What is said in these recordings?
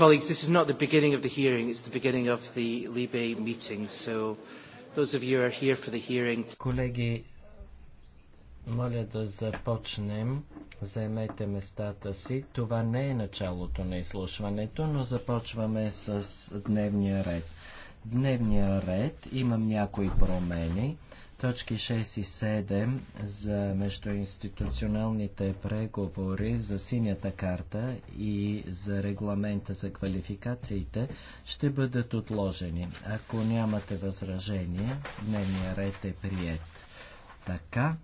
Colleagues, this is not the beginning of the hearing, it's the beginning of the Libe meeting, so those of you who are here for the hearing... Колеги, моля да започнем. Заемете местата си. Това не е началото на изслушването, но започваме с дневния ред. Дневния ред имам някои промени. Точки 6 и 7 за междуинституционалните преговори за синята карта и за регламента за квалификациите ще бъдат отложени. Ако нямате възражение, дневния ред е прият. Така,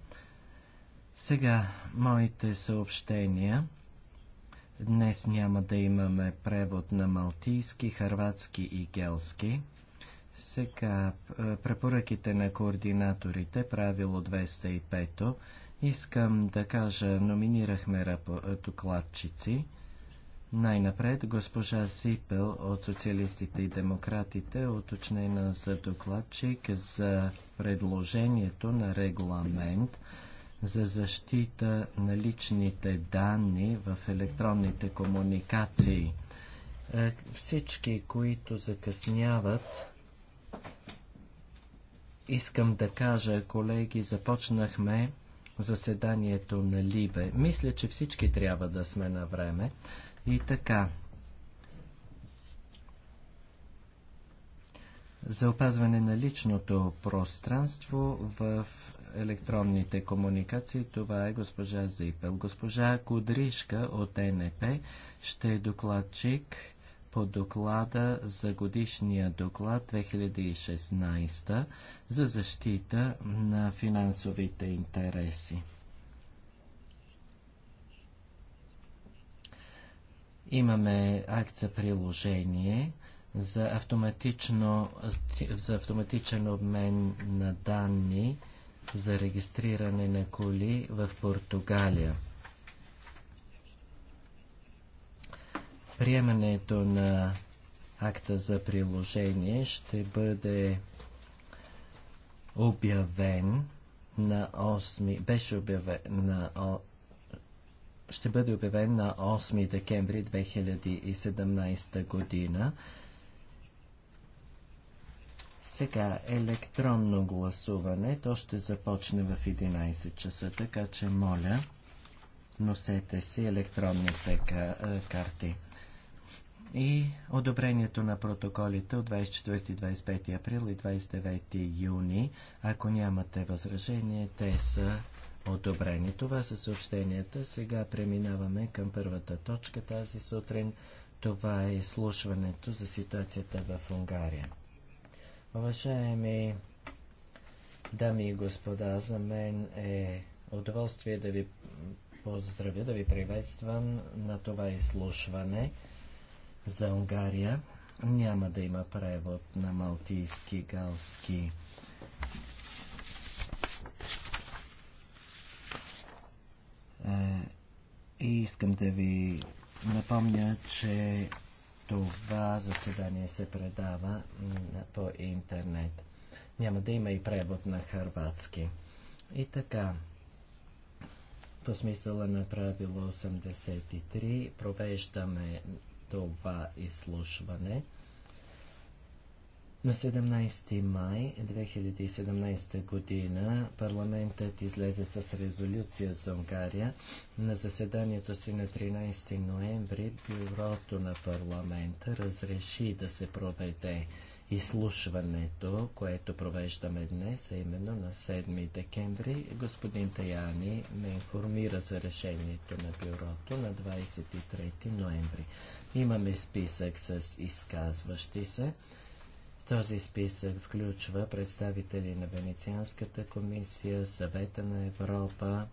сега моите съобщения. Днес няма да имаме превод на малтийски, харватски и гелски. Сега препоръките на координаторите, правило 205. Искам да кажа, номинирахме е, докладчици. Най-напред госпожа Сипел от Социалистите и Демократите уточнена за докладчик за предложението на регламент за защита на личните данни в електронните комуникации. Е, всички, които закъсняват, искам да кажа, колеги, започнахме заседанието на Либе. Мисля, че всички трябва да сме на време. И така. За опазване на личното пространство в електронните комуникации. Това е госпожа Зипел. Госпожа Кудришка от НП ще е докладчик по доклада за годишния доклад 2016 за защита на финансовите интереси. Имаме акт за приложение за, автоматично, за автоматичен обмен на данни за регистриране на коли в Португалия. приемането на акта за приложение ще бъде обявен на 8, беше обявен на, ще бъде обявен на 8 декември 2017 година. Сега електронно гласуване, то ще започне в 11 часа, така че моля, носете си електронните е, карти и одобрението на протоколите от 24-25 април и 29 юни. Ако нямате възражение, те са одобрени. Това са съобщенията. Сега преминаваме към първата точка тази сутрин. Това е изслушването за ситуацията в Унгария. Уважаеми дами и господа, за мен е удоволствие да ви поздравя, да ви приветствам на това изслушване за Унгария. Няма да има превод на малтийски, галски. Е, и искам да ви напомня, че това заседание се предава по интернет. Няма да има и превод на харватски. И така, по смисъла на правило 83 провеждаме това изслушване. На 17 май 2017 година парламентът излезе с резолюция за Унгария. На заседанието си на 13 ноември бюрото на парламента разреши да се проведе изслушването, което провеждаме днес, а именно на 7 декември. Господин Таяни ме информира за решението на бюрото на 23 ноември. Имаме списък с изказващи се. Този списък включва представители на Венецианската комисия, Съвета на Европа,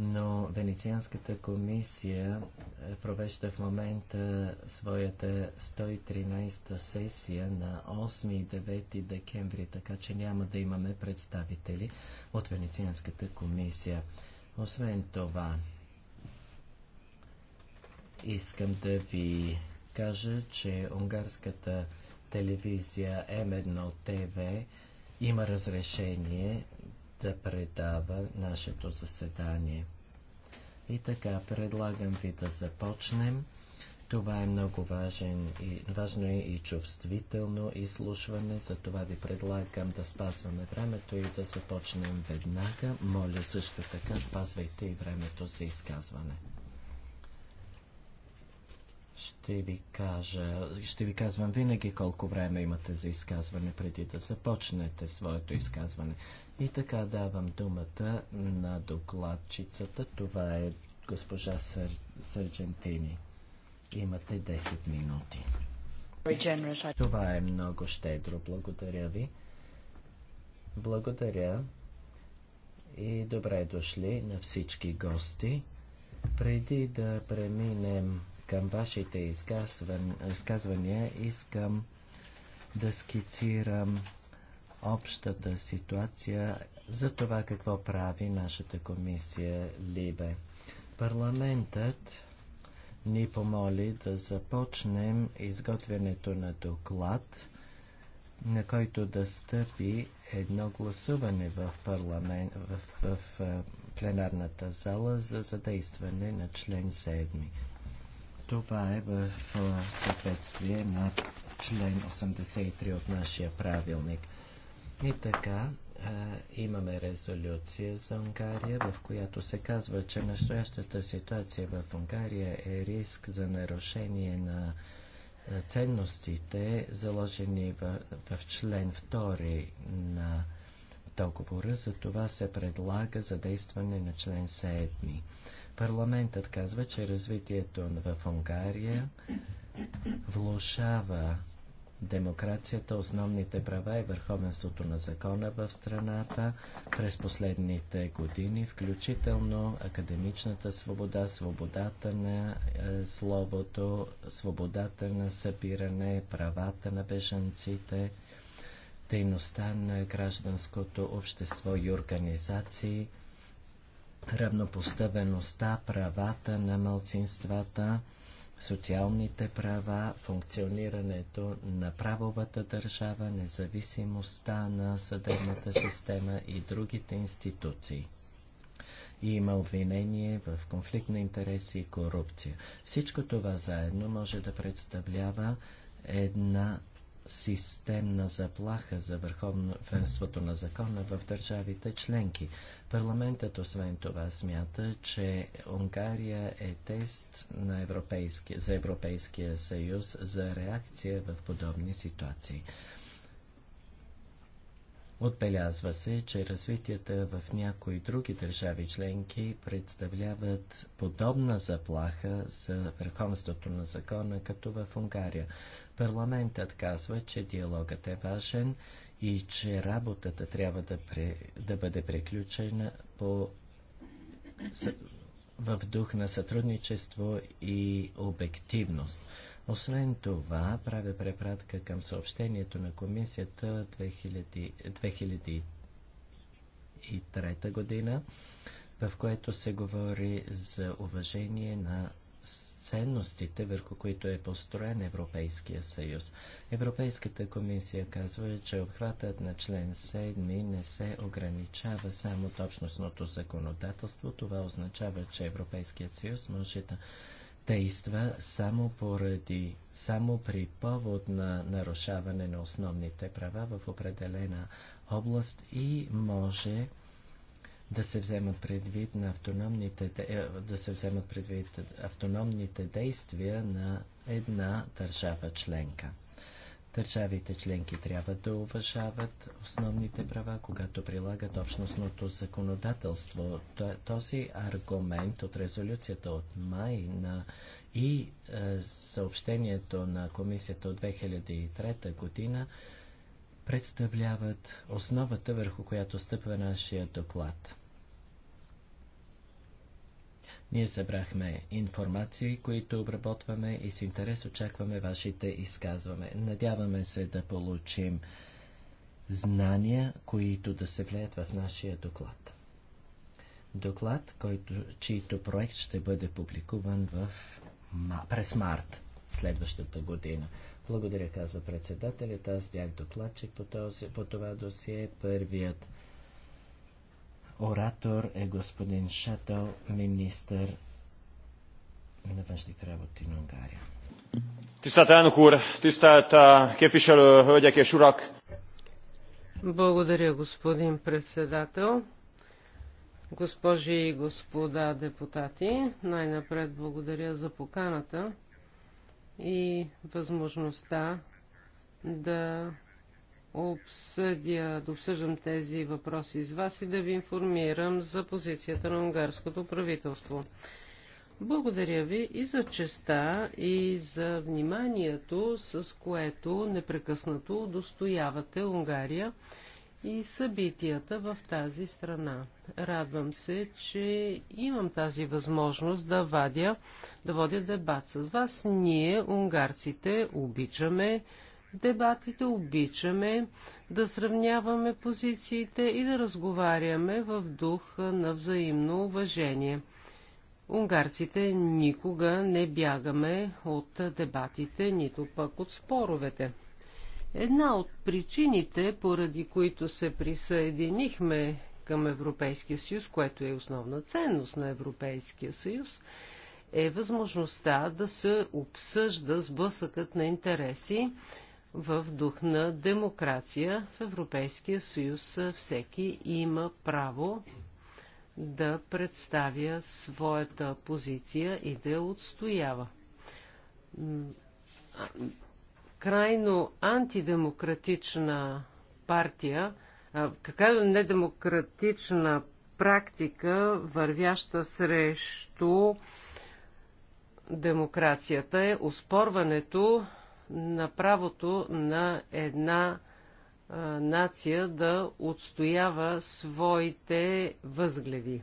но Венецианската комисия е, провежда в момента своята 113-та сесия на 8 и 9 декември, така че няма да имаме представители от Венецианската комисия. Освен това, Искам да ви кажа, че унгарската телевизия М1 ТВ има разрешение да предава нашето заседание. И така, предлагам ви да започнем. Това е много важен и, важно е и чувствително изслушване, затова ви предлагам да спазваме времето и да започнем веднага. Моля също така, спазвайте и времето за изказване. Ще ви, кажа, ще ви казвам винаги колко време имате за изказване преди да започнете своето изказване. И така давам думата на докладчицата. Това е госпожа Сър... Сърджентини. Имате 10 минути. Това е много щедро. Благодаря ви. Благодаря и добре дошли на всички гости. Преди да преминем към вашите изказвания искам да скицирам общата ситуация за това какво прави нашата комисия Либе. Парламентът ни помоли да започнем изготвянето на доклад, на който да стъпи едно гласуване в, парламент, в, в, в пленарната зала за задействане на член 7. Това е в съответствие на член 83 от нашия правилник. И така, имаме резолюция за Унгария, в която се казва, че настоящата ситуация в Унгария е риск за нарушение на ценностите, заложени в, в член 2 на договора. За това се предлага задействане на член 7. Парламентът казва, че развитието в Унгария влушава демокрацията, основните права и върховенството на закона в страната през последните години, включително академичната свобода, свободата на е, словото, свободата на събиране, правата на бежанците, дейността на гражданското общество и организации – равнопоставеността, правата на малцинствата, социалните права, функционирането на правовата държава, независимостта на съдебната система и другите институции. И има обвинение в конфликт на интереси и корупция. Всичко това заедно може да представлява една системна заплаха за върховенството на закона в държавите членки. Парламентът освен това смята, че Унгария е тест на европейски, за Европейския съюз за реакция в подобни ситуации. Отбелязва се, че развитията в някои други държави членки представляват подобна заплаха за върховенството на закона, като в Унгария. Парламентът казва, че диалогът е важен и че работата трябва да, пре, да бъде приключена по, в дух на сътрудничество и обективност. Освен това, правя препратка към съобщението на комисията 2000, 2003 година, в което се говори за уважение на ценностите, върху които е построен Европейския съюз. Европейската комисия казва, че обхватът на член 7 не се ограничава само точностното законодателство. Това означава, че Европейският съюз може да действа само поради, само при повод на нарушаване на основните права в определена област и може да се вземат предвид на автономните, е, да се вземат предвид автономните действия на една държава членка. Държавите членки трябва да уважават основните права, когато прилагат общностното законодателство. Този аргумент от резолюцията от май на и е, съобщението на комисията от 2003 година представляват основата, върху която стъпва нашия доклад. Ние събрахме информации, които обработваме и с интерес очакваме вашите изказване. Надяваме се да получим знания, които да се влеят в нашия доклад. Доклад, който, чийто проект ще бъде публикуван в, през март следващата година. Благодаря, казва председателят. Аз бях докладчик по, този, по това досие. Първият Оратор е господин Шатъл, министър на външните работи на Унгария. Тистата Енхур, тистата tisztelt képviselő, Шурак. Благодаря, господин председател. Госпожи и господа депутати, най-напред благодаря за поканата и възможността да обсъдя, да обсъждам тези въпроси с вас и да ви информирам за позицията на унгарското правителство. Благодаря ви и за честа, и за вниманието, с което непрекъснато удостоявате Унгария и събитията в тази страна. Радвам се, че имам тази възможност да вадя, да водя дебат с вас. Ние, унгарците, обичаме дебатите, обичаме да сравняваме позициите и да разговаряме в дух на взаимно уважение. Унгарците никога не бягаме от дебатите, нито пък от споровете. Една от причините, поради които се присъединихме към Европейския съюз, което е основна ценност на Европейския съюз, е възможността да се обсъжда сблъсъкът на интереси в дух на демокрация. В Европейския съюз всеки има право да представя своята позиция и да я отстоява. Крайно антидемократична партия, крайно недемократична практика, вървяща срещу демокрацията е оспорването на правото на една а, нация да отстоява своите възгледи.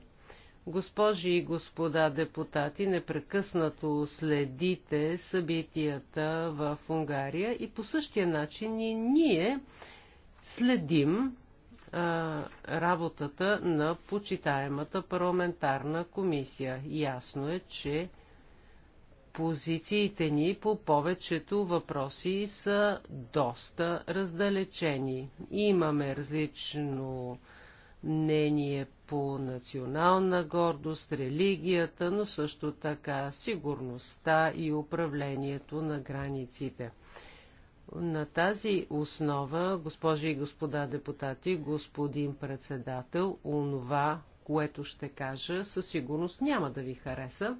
Госпожи и господа депутати, непрекъснато следите събитията в Унгария и по същия начин и ние следим а, работата на почитаемата парламентарна комисия. Ясно е, че позициите ни по повечето въпроси са доста раздалечени. Имаме различно мнение по национална гордост, религията, но също така сигурността и управлението на границите. На тази основа, госпожи и господа депутати, господин председател, онова, което ще кажа, със сигурност няма да ви хареса,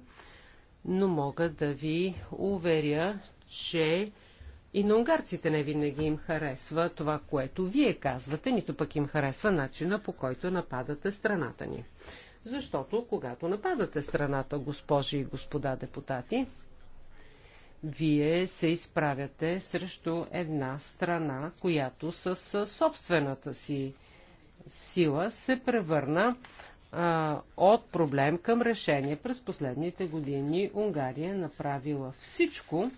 но мога да ви уверя, че и на унгарците не винаги им харесва това, което вие казвате, нито пък им харесва начина по който нападате страната ни. Защото, когато нападате страната, госпожи и господа депутати, вие се изправяте срещу една страна, която с собствената си сила се превърна а, от проблем към решение. През последните години Унгария е направила всичко,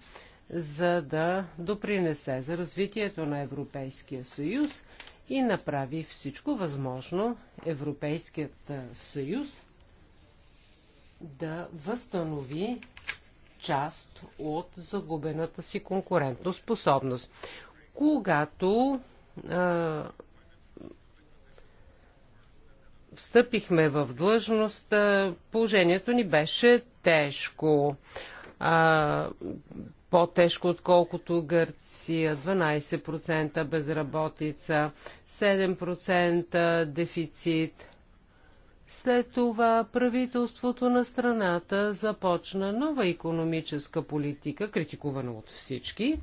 за да допринесе за развитието на Европейския съюз и направи всичко възможно Европейският съюз да възстанови част от загубената си конкурентоспособност. Когато встъпихме в длъжност, положението ни беше тежко. по-тежко, отколкото Гърция. 12% безработица, 7% дефицит. След това правителството на страната започна нова економическа политика, критикувана от всички.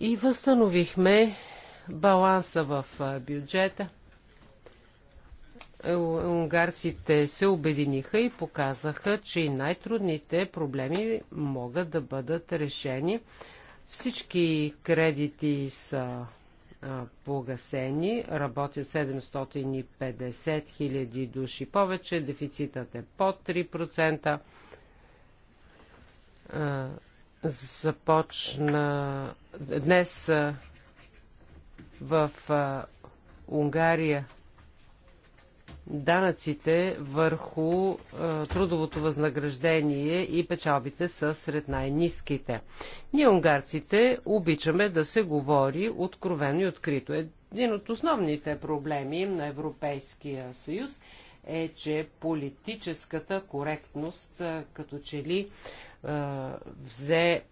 И възстановихме баланса в бюджета унгарците се обединиха и показаха, че и най-трудните проблеми могат да бъдат решени. Всички кредити са погасени, работят 750 хиляди души повече, дефицитът е под 3%. Започна днес в Унгария данъците върху е, трудовото възнаграждение и печалбите са сред най-низките. Ние, унгарците, обичаме да се говори откровено и открито. Един от основните проблеми на Европейския съюз е, че политическата коректност е, като че ли е, взе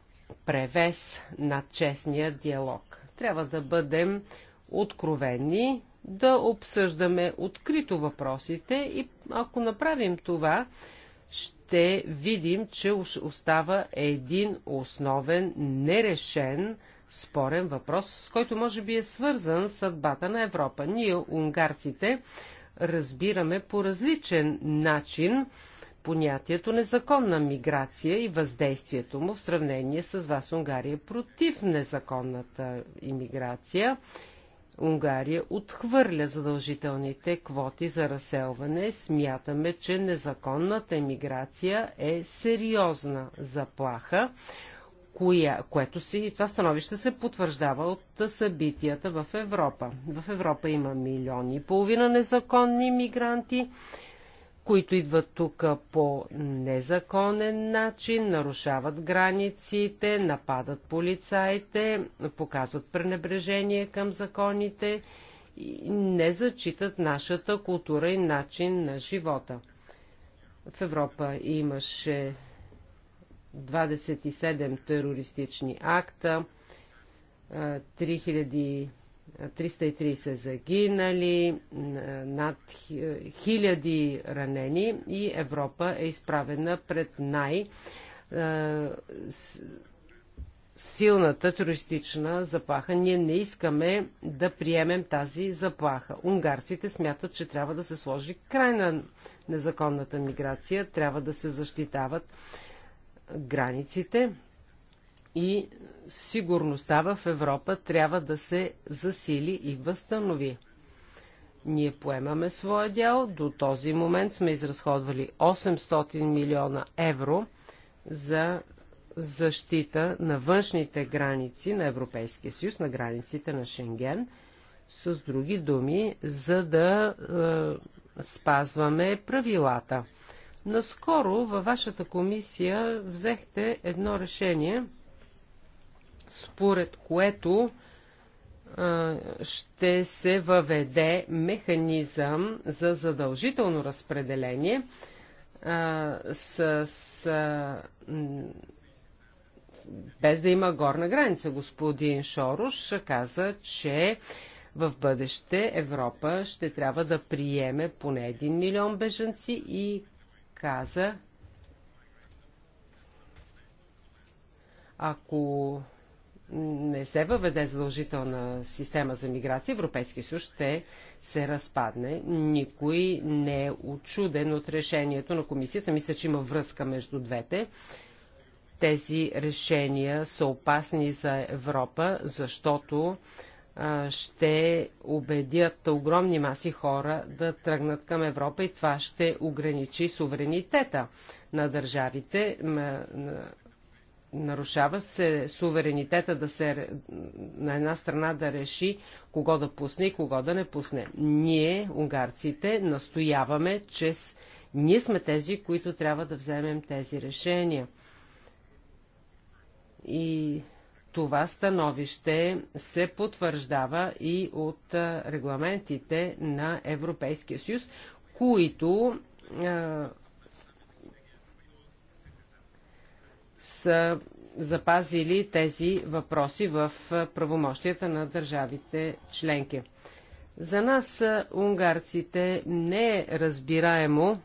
превес на честния диалог. Трябва да бъдем откровени, да обсъждаме открито въпросите и ако направим това, ще видим, че остава един основен, нерешен, спорен въпрос, с който може би е свързан съдбата на Европа. Ние, унгарците, разбираме по различен начин понятието незаконна миграция и въздействието му в сравнение с вас Унгария е против незаконната иммиграция Унгария отхвърля задължителните квоти за разселване. Смятаме, че незаконната емиграция е сериозна заплаха, коя, което си, това становище се потвърждава от събитията в Европа. В Европа има милиони и половина незаконни мигранти, които идват тук по незаконен начин, нарушават границите, нападат полицаите, показват пренебрежение към законите и не зачитат нашата култура и начин на живота. В Европа имаше 27 терористични акта, 3000 330 загинали, над хиляди ранени и Европа е изправена пред най- силната туристична заплаха. Ние не искаме да приемем тази заплаха. Унгарците смятат, че трябва да се сложи край на незаконната миграция, трябва да се защитават границите и сигурността в Европа трябва да се засили и възстанови. Ние поемаме своя дял. До този момент сме изразходвали 800 милиона евро за защита на външните граници на Европейския съюз, на границите на Шенген. С други думи, за да е, спазваме правилата. Наскоро във вашата комисия взехте едно решение – според което ще се въведе механизъм за задължително разпределение с, без да има горна граница. Господин Шорош каза, че в бъдеще Европа ще трябва да приеме поне 1 милион беженци и каза, ако не се въведе задължителна система за миграция, Европейския съюз ще се разпадне. Никой не е очуден от решението на комисията. Мисля, че има връзка между двете. Тези решения са опасни за Европа, защото ще убедят огромни маси хора да тръгнат към Европа и това ще ограничи суверенитета на държавите нарушава се суверенитета да се, на една страна да реши кого да пусне и кого да не пусне. Ние, унгарците, настояваме, че с... ние сме тези, които трябва да вземем тези решения. И това становище се потвърждава и от регламентите на Европейския съюз, които са запазили тези въпроси в правомощията на държавите членки. За нас, унгарците, не е разбираемо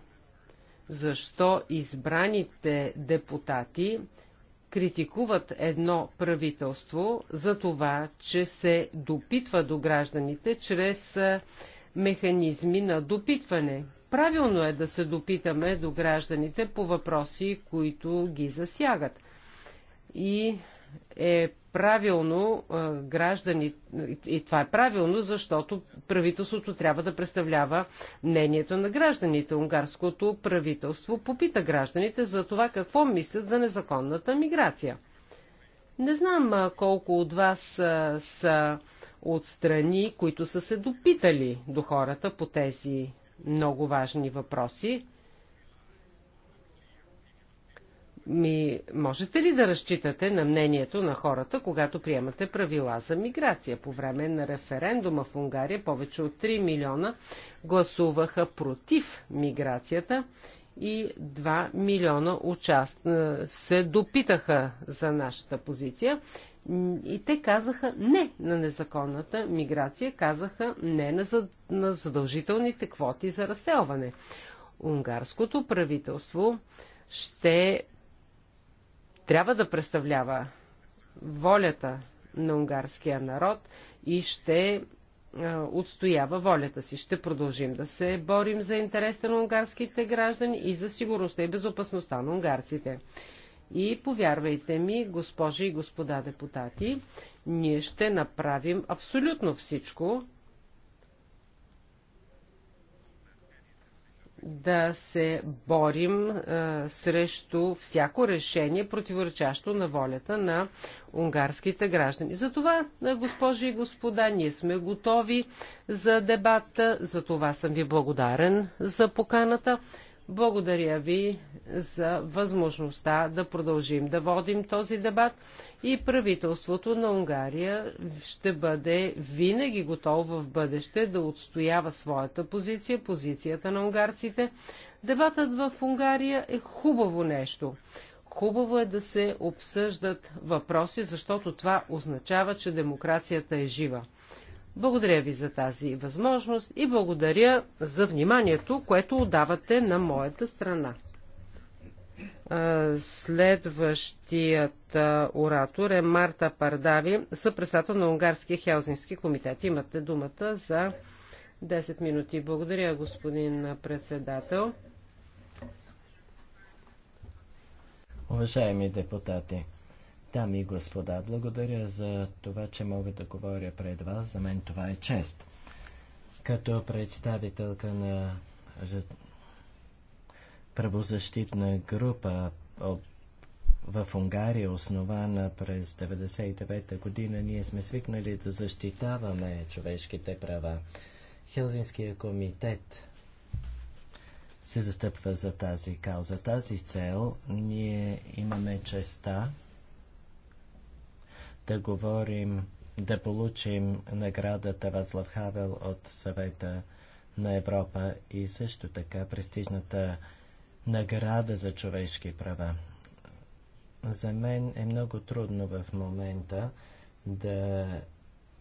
защо избраните депутати критикуват едно правителство за това, че се допитва до гражданите чрез механизми на допитване, Правилно е да се допитаме до гражданите по въпроси, които ги засягат. И е правилно граждани, и това е правилно, защото правителството трябва да представлява мнението на гражданите. Унгарското правителство попита гражданите за това какво мислят за незаконната миграция. Не знам колко от вас са, са от страни, които са се допитали до хората по тези много важни въпроси. Ми, можете ли да разчитате на мнението на хората, когато приемате правила за миграция? По време на референдума в Унгария повече от 3 милиона гласуваха против миграцията и 2 милиона участ... се допитаха за нашата позиция. И те казаха не на незаконната миграция, казаха не на, задължителните квоти за разселване. Унгарското правителство ще трябва да представлява волята на унгарския народ и ще отстоява волята си. Ще продължим да се борим за интереса на унгарските граждани и за сигурността и безопасността на унгарците. И повярвайте ми, госпожи и господа депутати, ние ще направим абсолютно всичко да се борим а, е, срещу всяко решение, противоречащо на волята на унгарските граждани. Затова, е, госпожи и господа, ние сме готови за дебата, за това съм ви благодарен за поканата. Благодаря ви за възможността да продължим да водим този дебат и правителството на Унгария ще бъде винаги готово в бъдеще да отстоява своята позиция, позицията на унгарците. Дебатът в Унгария е хубаво нещо. Хубаво е да се обсъждат въпроси, защото това означава, че демокрацията е жива. Благодаря ви за тази възможност и благодаря за вниманието, което отдавате на моята страна. Следващият оратор е Марта Пардави, съпредседател на Унгарския хелзински комитет. Имате думата за 10 минути. Благодаря, господин председател. Уважаеми депутати, Дами и господа, благодаря за това, че мога да говоря пред вас. За мен това е чест. Като представителка на правозащитна група в Унгария, основана през 1999 година, ние сме свикнали да защитаваме човешките права. Хелзинския комитет се застъпва за тази кауза. Тази цел ние имаме честа да говорим, да получим наградата Вазлав Хавел от съвета на Европа и също така престижната награда за човешки права. За мен е много трудно в момента да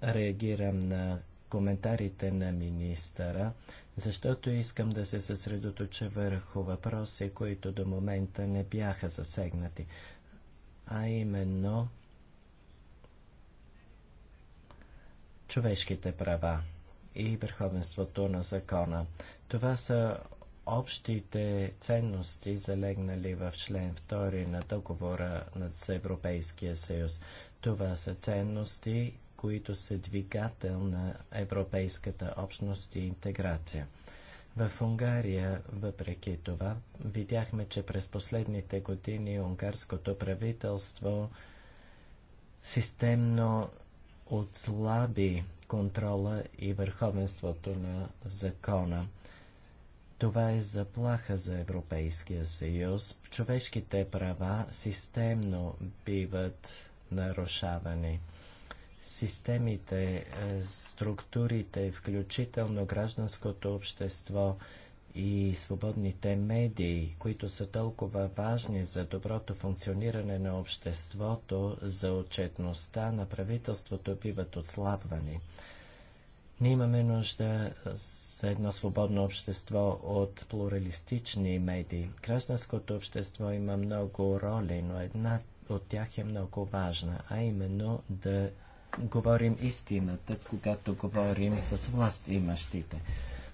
реагирам на коментарите на министъра, защото искам да се съсредоточа върху въпроси, които до момента не бяха засегнати, а именно човешките права и върховенството на закона. Това са общите ценности, залегнали в член 2 на договора над Европейския съюз. Това са ценности, които са двигател на европейската общност и интеграция. В Унгария, въпреки това, видяхме, че през последните години унгарското правителство системно отслаби контрола и върховенството на закона. Това е заплаха за Европейския съюз. Човешките права системно биват нарушавани. Системите, е, структурите, включително гражданското общество, и свободните медии, които са толкова важни за доброто функциониране на обществото, за отчетността на правителството, биват отслабвани. Ние имаме нужда за едно свободно общество от плуралистични медии. Гражданското общество има много роли, но една от тях е много важна, а именно да говорим истината, когато говорим с власт имащите.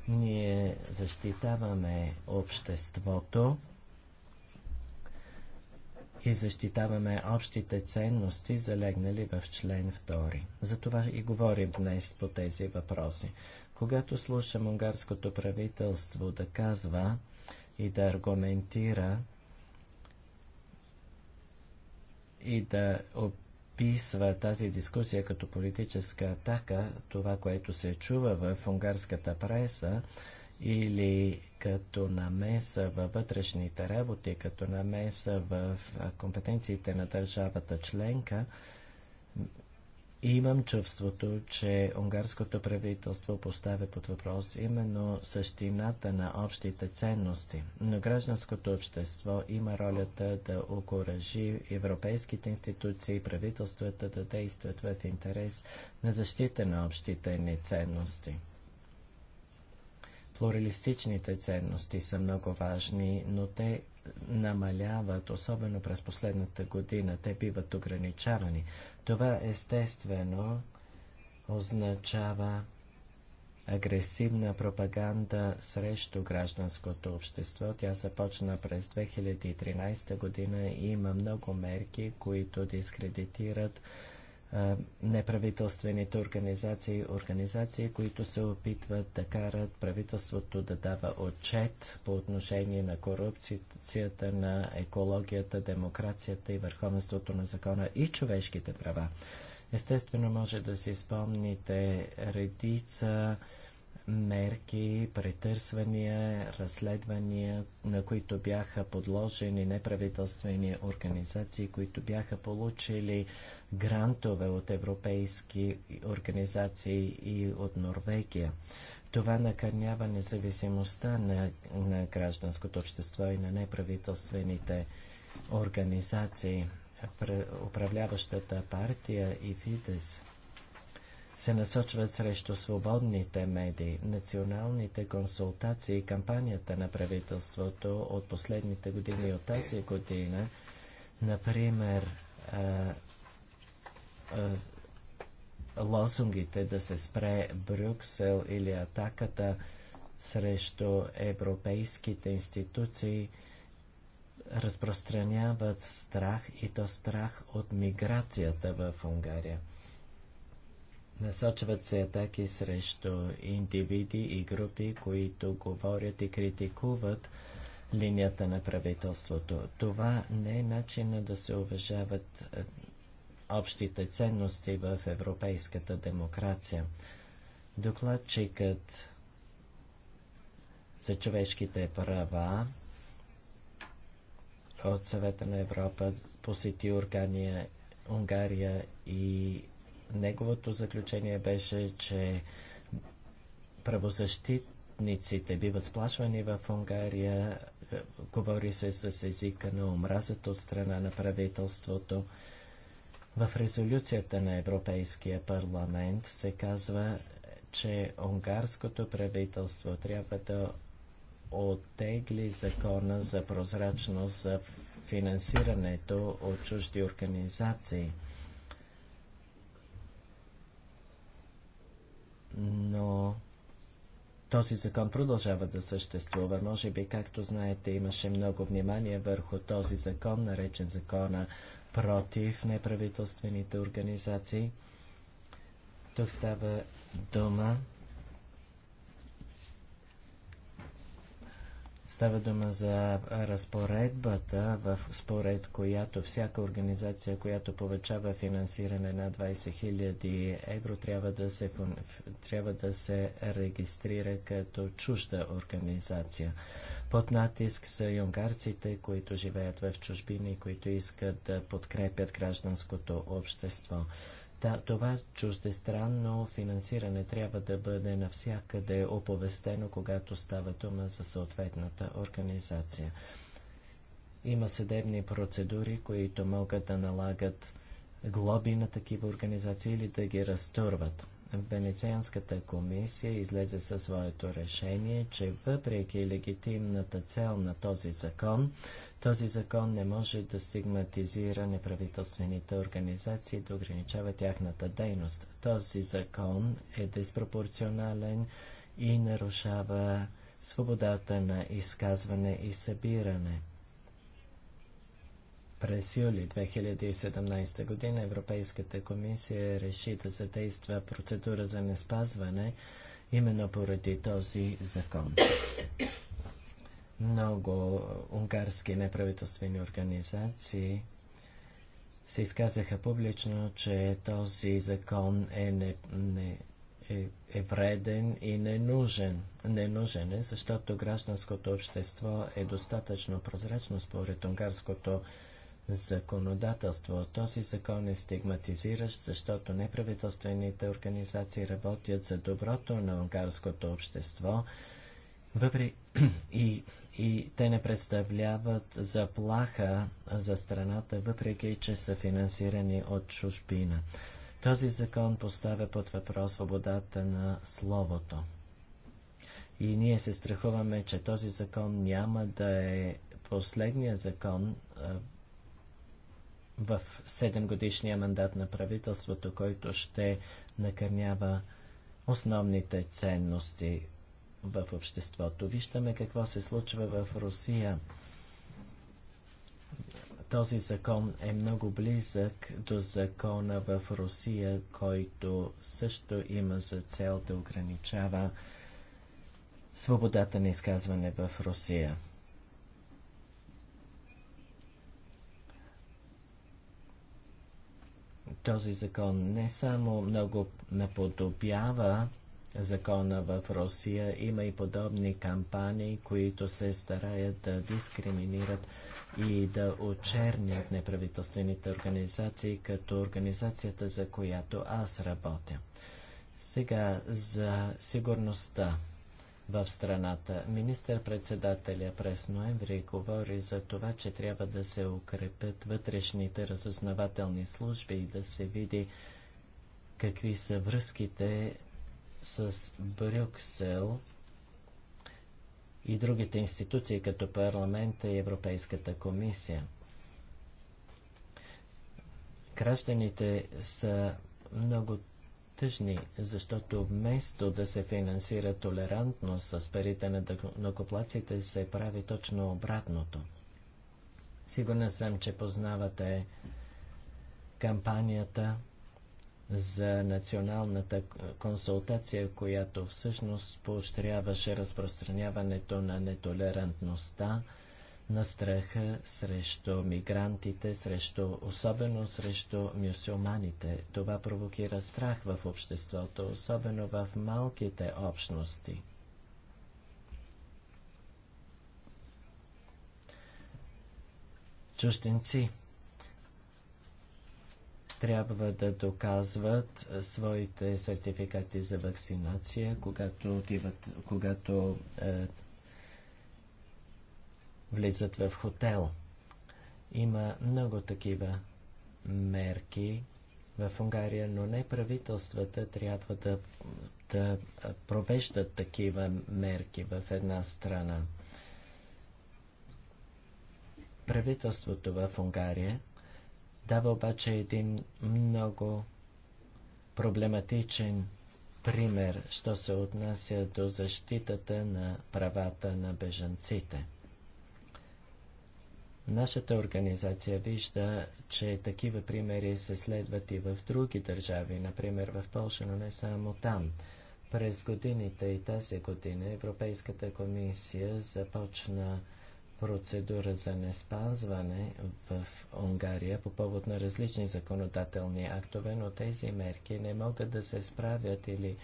Ние защитаваме обществото и защитаваме общите ценности, залегнали в член 2. Затова и говорим днес по тези въпроси. Когато слушам унгарското правителство да казва и да аргументира и да описва тази дискусия като политическа атака, това, което се чува в унгарската преса, или като намеса във вътрешните работи, като намеса в компетенциите на държавата членка, и имам чувството, че унгарското правителство поставя под въпрос именно същината на общите ценности. Но гражданското общество има ролята да окоръжи европейските институции и правителствата да действат в интерес на защита на общите ни ценности. Плуралистичните ценности са много важни, но те намаляват, особено през последната година. Те биват ограничавани. Това естествено означава агресивна пропаганда срещу гражданското общество. Тя започна през 2013 година и има много мерки, които дискредитират неправителствените организации, организации, които се опитват да карат правителството да дава отчет по отношение на корупцията, на екологията, демокрацията и върховенството на закона и човешките права. Естествено, може да си спомните редица мерки, претърсвания, разследвания, на които бяха подложени неправителствени организации, които бяха получили грантове от европейски организации и от Норвегия. Това накърнява независимостта на, на гражданското общество и на неправителствените организации. Управляващата партия и Фидес – се насочват срещу свободните медии. Националните консултации и кампанията на правителството от последните години и от тази година, например, а, а, лозунгите да се спре Брюксел или атаката срещу европейските институции разпространяват страх и то страх от миграцията в Унгария. Насочват се атаки срещу индивиди и групи, които говорят и критикуват линията на правителството. Това не е начина да се уважават е, общите ценности в европейската демокрация. Докладчикът за човешките права от Съвета на Европа посети Ургания, Унгария и неговото заключение беше, че правозащитниците биват сплашвани в Унгария, говори се с езика на омразата от страна на правителството. В резолюцията на Европейския парламент се казва, че унгарското правителство трябва да оттегли закона за прозрачност за финансирането от чужди организации – но този закон продължава да съществува. Може би, както знаете, имаше много внимание върху този закон, наречен закона против неправителствените организации. Тук става дума Става дума за разпоредбата, в според която всяка организация, която получава финансиране на 20 000 евро, трябва да се, трябва да се регистрира като чужда организация. Под натиск са и унгарците, които живеят в чужбина и които искат да подкрепят гражданското общество това чуждестранно финансиране трябва да бъде навсякъде оповестено, когато става дума за съответната организация. Има съдебни процедури, които могат да налагат глоби на такива организации или да ги разтурват. Венецианската комисия излезе със своето решение, че въпреки легитимната цел на този закон, този закон не може да стигматизира неправителствените организации, да ограничава тяхната дейност. Този закон е диспропорционален и нарушава свободата на изказване и събиране. През юли 2017 година Европейската комисия реши да задейства процедура за неспазване именно поради този закон. Много унгарски неправителствени организации се изказаха публично, че този закон е, не, не, е, е вреден и ненужен. Ненужен е, защото гражданското общество е достатъчно прозрачно според унгарското общество законодателство. Този закон е стигматизиращ, защото неправителствените организации работят за доброто на унгарското общество, въпреки и, и те не представляват заплаха за страната, въпреки че са финансирани от чужбина. Този закон поставя под въпрос свободата на словото. И ние се страхуваме, че този закон няма да е последния закон, в 7 годишния мандат на правителството, който ще накърнява основните ценности в обществото. Виждаме какво се случва в Русия. Този закон е много близък до закона в Русия, който също има за цел да ограничава свободата на изказване в Русия. този закон не само много наподобява закона в Русия, има и подобни кампании, които се стараят да дискриминират и да очернят неправителствените организации, като организацията, за която аз работя. Сега за сигурността в страната. Министър-председателя през ноември говори за това, че трябва да се укрепят вътрешните разузнавателни служби и да се види какви са връзките с Брюксел и другите институции, като парламента и Европейската комисия. Гражданите са много тъжни, защото вместо да се финансира толерантно с парите на накоплаците, се прави точно обратното. Сигурна съм, че познавате кампанията за националната консултация, която всъщност поощряваше разпространяването на нетолерантността на страха срещу мигрантите, срещу, особено срещу мюсюлманите. Това провокира страх в обществото, особено в малките общности. Чужденци трябва да доказват своите сертификати за вакцинация, когато, отиват, когато е, влизат в хотел. Има много такива мерки в Унгария, но не правителствата трябва да, да провеждат такива мерки в една страна. Правителството в Унгария дава обаче един много проблематичен пример, що се отнася до защитата на правата на бежанците. Нашата организация вижда, че такива примери се следват и в други държави, например в Польша, но не само там. През годините и тази година Европейската комисия започна процедура за неспазване в Унгария по повод на различни законодателни актове, но тези мерки не могат да се справят или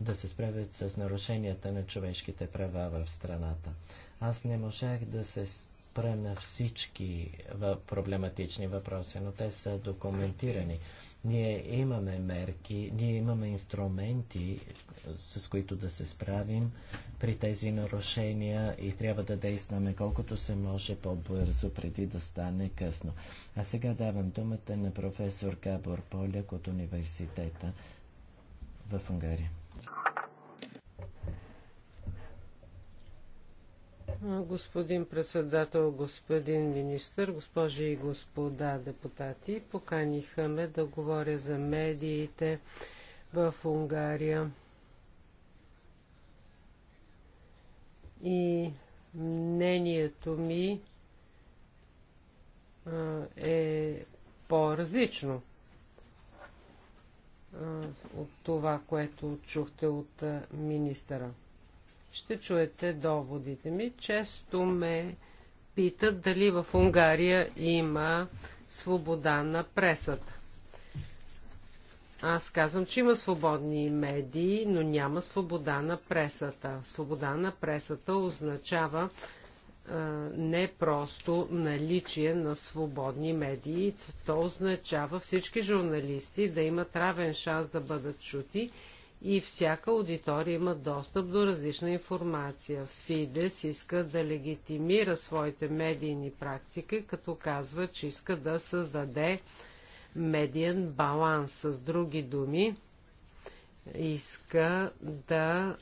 да се справят с нарушенията на човешките права в страната. Аз не можах да се спра на всички проблематични въпроси, но те са документирани. Ние имаме мерки, ние имаме инструменти, с които да се справим при тези нарушения и трябва да действаме колкото се може по-бързо, преди да стане късно. А сега давам думата на професор Габор Поляк от университета в Унгария. господин председател, господин министр, госпожи и господа депутати. Поканиха ме да говоря за медиите в Унгария. И мнението ми е по-различно от това, което чухте от министъра ще чуете доводите ми. Често ме питат дали в Унгария има свобода на пресата. Аз казвам, че има свободни медии, но няма свобода на пресата. Свобода на пресата означава а, не просто наличие на свободни медии, то означава всички журналисти да имат равен шанс да бъдат чути и всяка аудитория има достъп до различна информация. Фидес иска да легитимира своите медийни практики, като казва, че иска да създаде медиен баланс. С други думи, иска да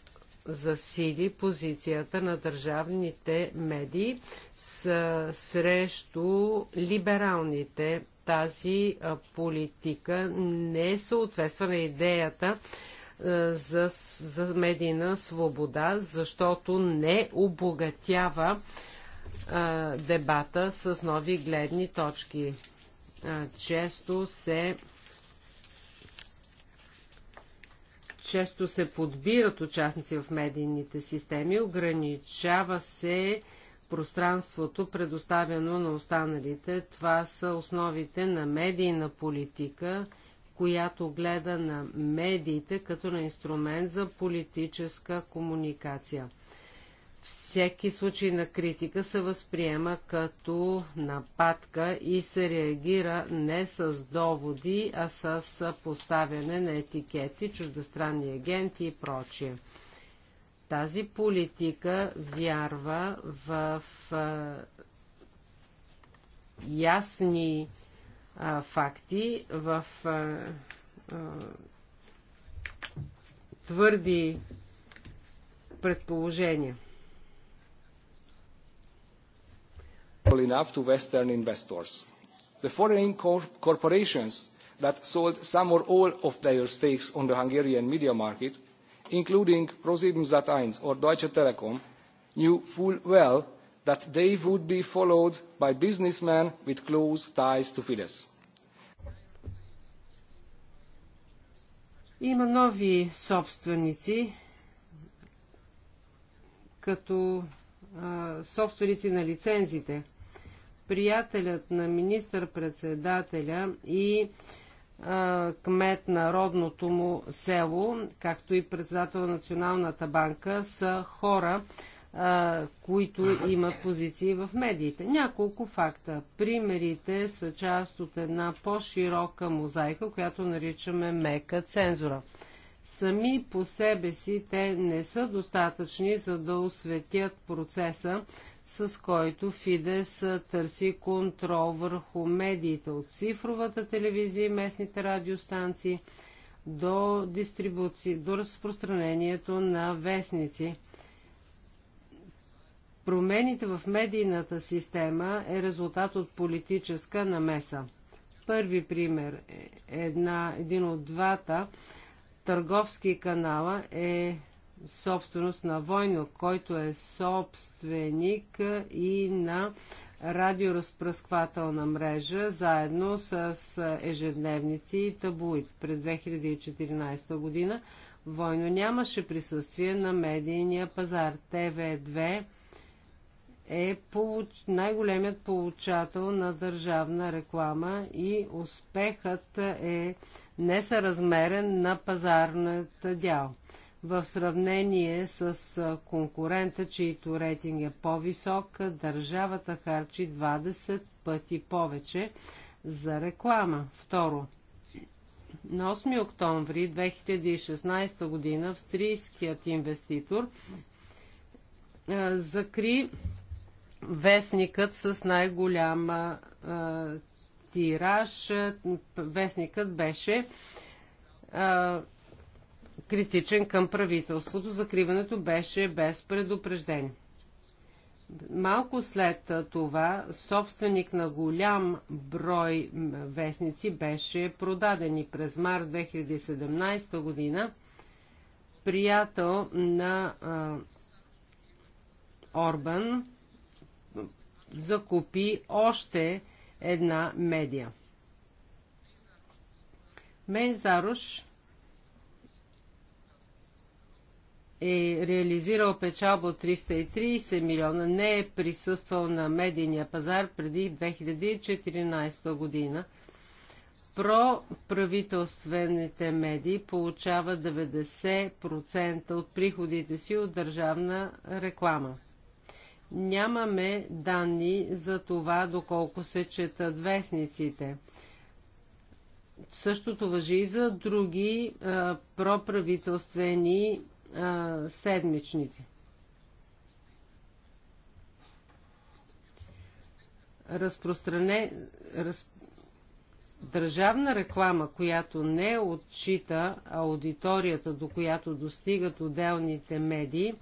засили позицията на държавните медии с, срещу либералните. Тази а, политика не съответства на идеята е, за, за медийна свобода, защото не обогатява а, е, дебата с нови гледни точки. А, е, често се често се подбират участници в медийните системи, ограничава се пространството, предоставено на останалите. Това са основите на медийна политика – която гледа на медиите като на инструмент за политическа комуникация. Всеки случай на критика се възприема като нападка и се реагира не с доводи, а с поставяне на етикети, чуждестранни агенти и прочие. Тази политика вярва в ясни а, факти, в а, а, твърди предположения. enough to Western investors. The foreign corporations that sold some or all of their stakes on the Hungarian media market, including ProSiebenSat.1 or Deutsche Telekom, knew full well that they would be followed by businessmen with close ties to Fidesz Има нови собственици, като а, собственици на лицензите. Приятелят на министър-председателя и а, кмет на родното му село, както и председател на Националната банка, са хора, които имат позиции в медиите. Няколко факта. Примерите са част от една по-широка мозайка, която наричаме мека цензура. Сами по себе си те не са достатъчни, за да осветят процеса, с който Фидес търси контрол върху медиите от цифровата телевизия и местните радиостанции до, дистрибуции, до разпространението на вестници Промените в медийната система е резултат от политическа намеса. Първи пример е една, един от двата търговски канала е собственост на Войно, който е собственик и на радиоразпръсквателна мрежа, заедно с ежедневници и табуит. През 2014 година Войно нямаше присъствие на медийния пазар. ТВ2 е най-големият получател на държавна реклама и успехът е несъразмерен на пазарната дял. В сравнение с конкурента, чието рейтинг е по-висок, държавата харчи 20 пъти повече за реклама. Второ, на 8 октомври 2016 година австрийският инвеститор закри вестникът с най-голяма тираж. Вестникът беше а, критичен към правителството. Закриването беше без предупреждение. Малко след това собственик на голям брой вестници беше продаден и през март 2017 година приятел на а, Орбан закупи още една медия. Мен Заруш е реализирал печалба от 330 милиона, не е присъствал на медийния пазар преди 2014 година. Проправителствените медии получават 90% от приходите си от държавна реклама. Нямаме данни за това, доколко се четат вестниците. Същото въжи и за други а, проправителствени а, седмичници. Разпростране, раз, държавна реклама, която не отчита аудиторията, до която достигат отделните медии,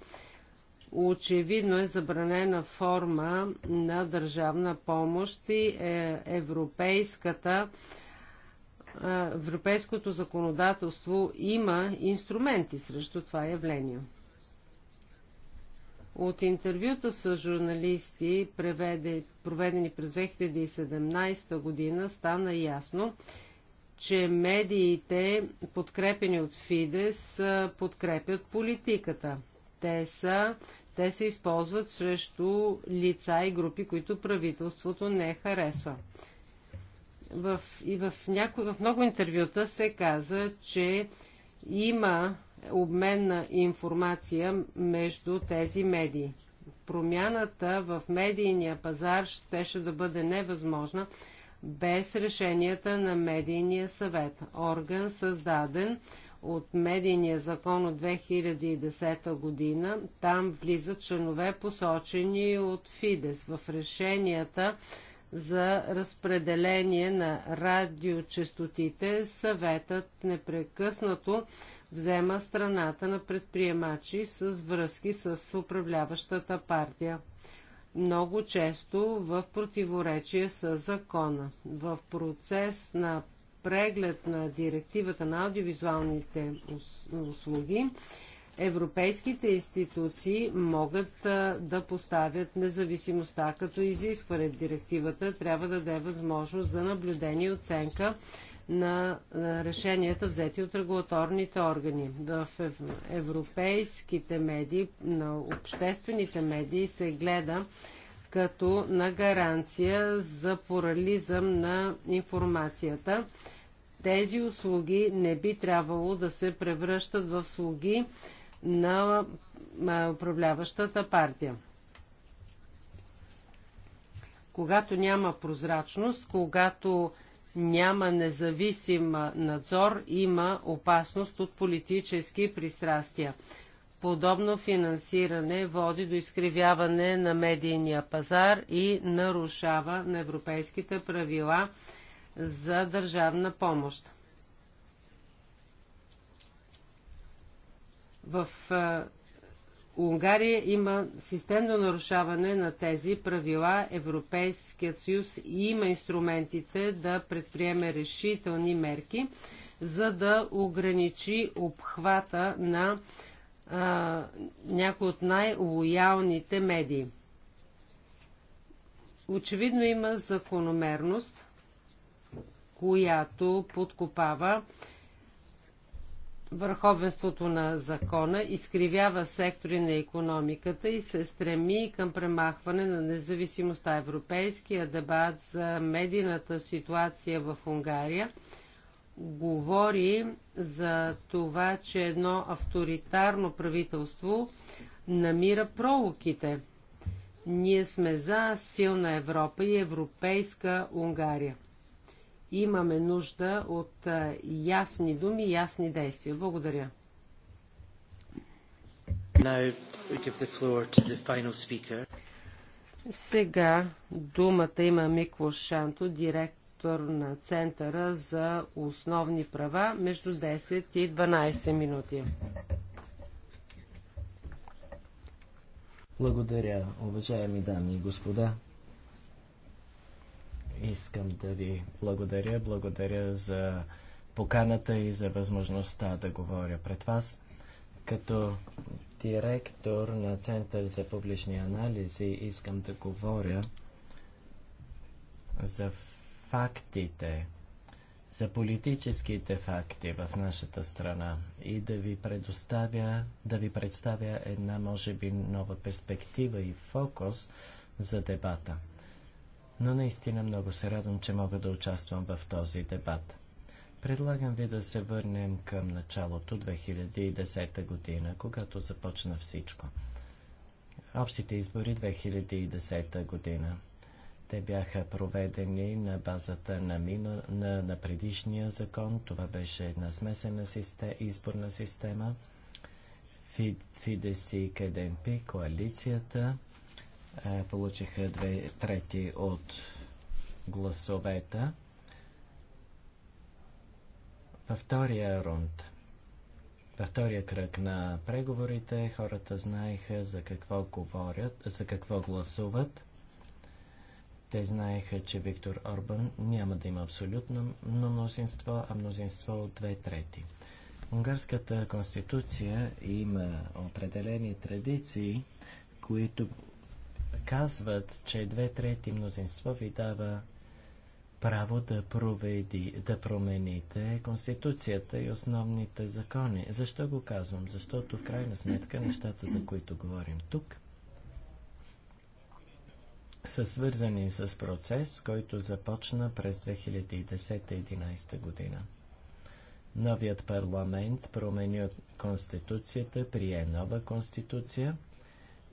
очевидно е забранена форма на държавна помощ и е, европейската е, европейското законодателство има инструменти срещу това явление. От интервюта с журналисти, проведени през 2017 година, стана ясно, че медиите, подкрепени от Фидес, е, подкрепят политиката. Те са те се използват срещу лица и групи, които правителството не харесва. В, и в, няко, в много интервюта се каза, че има обмен на информация между тези медии. Промяната в медийния пазар щеше да бъде невъзможна без решенията на медийния съвет, орган създаден от медийния закон от 2010 година. Там влизат членове посочени от Фидес в решенията за разпределение на радиочестотите. Съветът непрекъснато взема страната на предприемачи с връзки с управляващата партия много често в противоречие с закона. В процес на преглед на директивата на аудиовизуалните услуги, европейските институции могат да поставят независимостта като изискване. Директивата трябва да даде възможност за наблюдение и оценка на решенията взети от регулаторните органи. В европейските медии, на обществените медии се гледа като на гаранция за порализъм на информацията. Тези услуги не би трябвало да се превръщат в слуги на управляващата партия. Когато няма прозрачност, когато няма независим надзор, има опасност от политически пристрастия. Подобно финансиране води до изкривяване на медийния пазар и нарушава на европейските правила за държавна помощ. В Унгария има системно нарушаване на тези правила. Европейският съюз има инструментите да предприеме решителни мерки, за да ограничи обхвата на а, някои от най-лоялните медии. Очевидно има закономерност, която подкопава върховенството на закона, изкривява сектори на економиката и се стреми към премахване на независимостта. Европейския дебат за медийната ситуация в Унгария – говори за това, че едно авторитарно правителство намира пролуките. Ние сме за силна Европа и европейска Унгария. Имаме нужда от ясни думи и ясни действия. Благодаря. Сега думата има Микло Шанто, директор директор на Центъра за основни права, между 10 и 12 минути. Благодаря, уважаеми дами и господа. Искам да ви благодаря. Благодаря за поканата и за възможността да говоря пред вас. Като директор на Център за публични анализи искам да говоря за фактите, за политическите факти в нашата страна и да ви предоставя, да ви представя една, може би, нова перспектива и фокус за дебата. Но наистина много се радвам, че мога да участвам в този дебат. Предлагам ви да се върнем към началото 2010 година, когато започна всичко. Общите избори 2010 година. Те бяха проведени на базата на, минор, на, на предишния закон. Това беше една смесена система, изборна система. Фидес и КДНП, коалицията, получиха две трети от гласовете. Във втория рунд, във втория кръг на преговорите, хората знаеха за какво говорят, за какво гласуват – те знаеха, че Виктор Орбан няма да има абсолютно мнозинство, а мнозинство от две трети. Унгарската конституция има определени традиции, които казват, че две трети мнозинство ви дава право да, проведи, да промените Конституцията и основните закони. Защо го казвам? Защото в крайна сметка нещата, за които говорим тук, са свързани с процес, който започна през 2010-2011 година. Новият парламент промени конституцията, прие нова конституция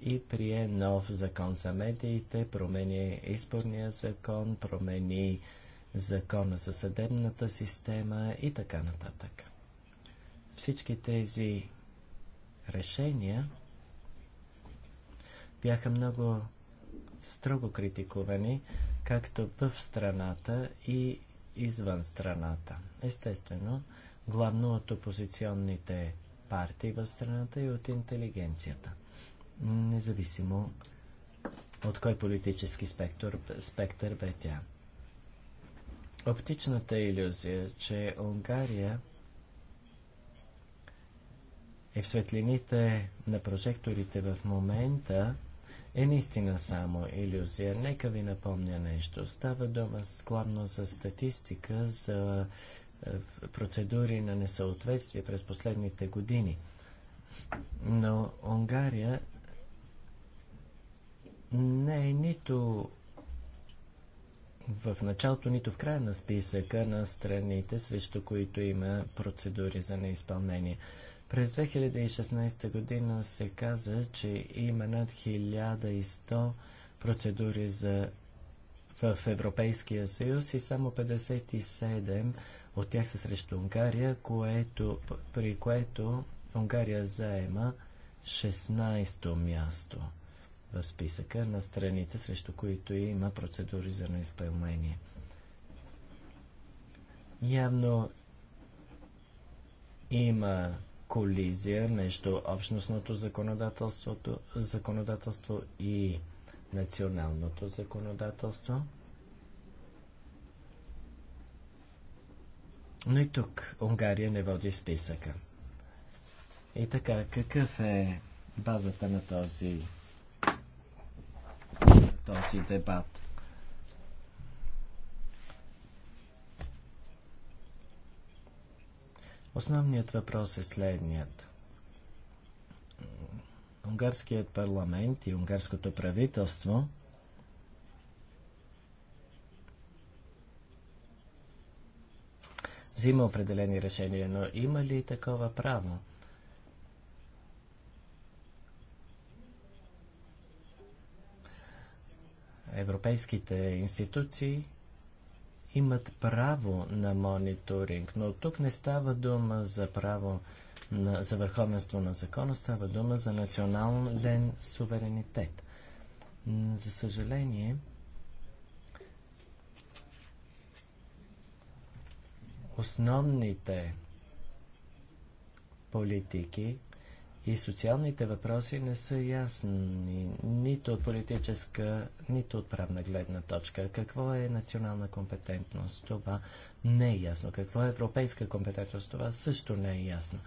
и прие нов закон за медиите, промени изборния закон, промени закона за съдебната система и така нататък. Всички тези решения бяха много строго критикувани, както в страната и извън страната. Естествено, главно от опозиционните партии в страната и от интелигенцията. Независимо от кой политически спектър, спектър бе тя. Оптичната иллюзия, че Унгария е в светлините на прожекторите в момента, е наистина само иллюзия. Нека ви напомня нещо. Става дума складно за статистика, за е, процедури на несъответствие през последните години. Но Унгария не е нито в началото, нито в края на списъка на страните, срещу които има процедури за неизпълнение. През 2016 година се каза, че има над 1100 процедури за в Европейския съюз и само 57 от тях са срещу Унгария, което, при което Унгария заема 16-то място в списъка на страните, срещу които има процедури за неизпълнение. Явно има колизия между общностното законодателство и националното законодателство. Но и тук Унгария не води списъка. И така, какъв е базата на този, този дебат? Основният въпрос е следният. Унгарският парламент и унгарското правителство взима определени решения, но има ли такова право? Европейските институции имат право на мониторинг, но тук не става дума за право на, за върховенство на закона, става дума за национален суверенитет. За съжаление, основните политики и социалните въпроси не са ясни нито от политическа, нито от правна гледна точка. Какво е национална компетентност? Това не е ясно. Какво е европейска компетентност? Това също не е ясно.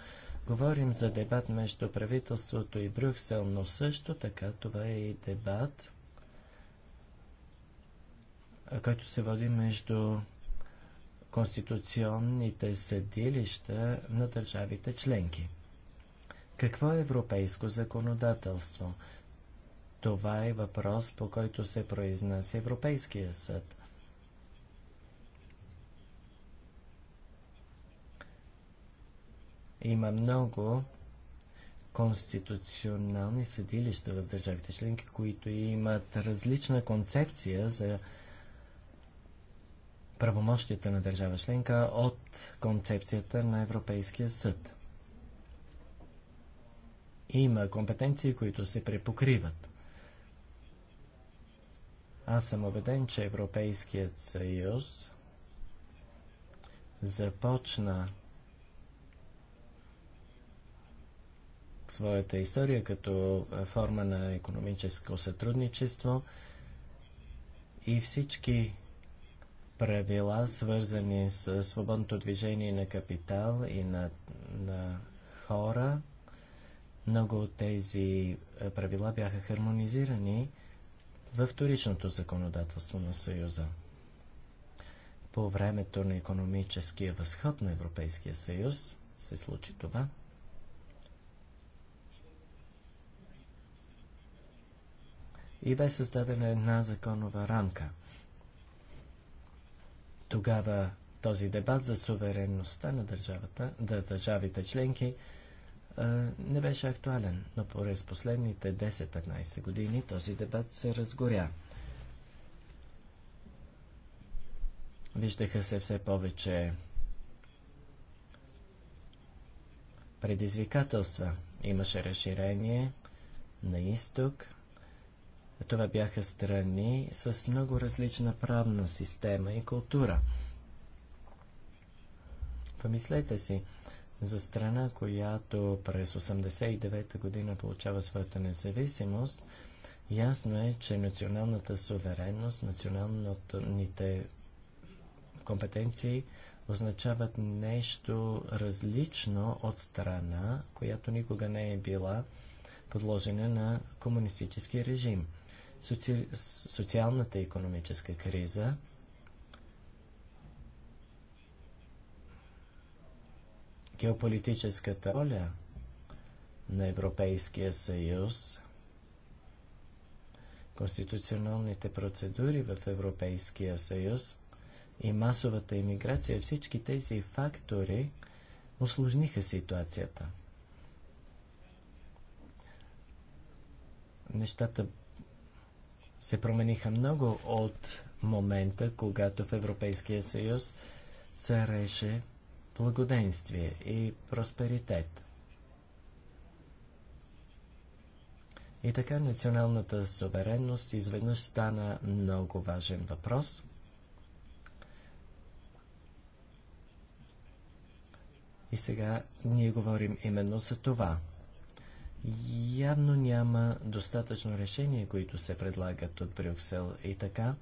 Говорим за дебат между правителството и Брюксел, но също така това е и дебат, който се води между конституционните съдилища на държавите членки. Какво е европейско законодателство? Това е въпрос, по който се произнася Европейския съд. Има много конституционални съдилища в държавите членки, които имат различна концепция за правомощията на държава членка от концепцията на Европейския съд има компетенции, които се препокриват. Аз съм убеден, че Европейският съюз започна своята история като форма на економическо сътрудничество и всички правила, свързани с свободното движение на капитал и на, на хора, много от тези е, правила бяха хармонизирани във вторичното законодателство на Съюза. По времето на економическия възход на Европейския съюз се случи това. И бе създадена една законова рамка. Тогава този дебат за суверенността на, държавата, на държавите членки не беше актуален, но през последните 10-15 години този дебат се разгоря. Виждаха се все повече предизвикателства. Имаше разширение на изток. Това бяха страни с много различна правна система и култура. Помислете си, за страна, която през 1989 година получава своята независимост, ясно е, че националната суверенност, националните компетенции означават нещо различно от страна, която никога не е била подложена на комунистически режим. Соци... Социалната и економическа криза – геополитическата роля на Европейския съюз, конституционалните процедури в Европейския съюз и масовата иммиграция, всички тези фактори осложниха ситуацията. Нещата се промениха много от момента, когато в Европейския съюз цареше благоденствие и просперитет. И така националната суверенност изведнъж стана много важен въпрос. И сега ние говорим именно за това. Явно няма достатъчно решения, които се предлагат от Брюксел и така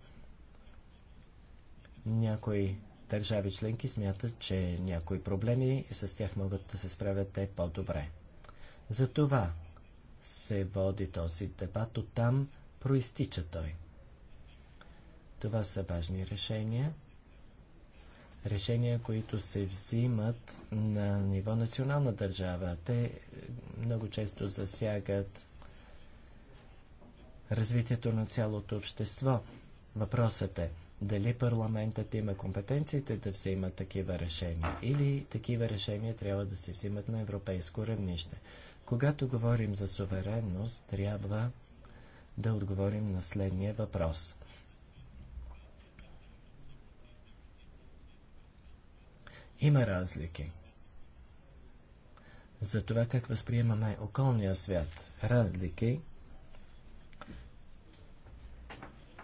някои държави членки смятат, че някои проблеми с тях могат да се справят те по-добре. Затова се води този дебат, оттам проистича той. Това са важни решения. Решения, които се взимат на ниво национална държава. Те е, много често засягат развитието на цялото общество. Въпросът е – дали парламентът има компетенциите да взима такива решения или такива решения трябва да се взимат на европейско равнище. Когато говорим за суверенност, трябва да отговорим на следния въпрос. Има разлики за това как възприемаме околния свят. Разлики,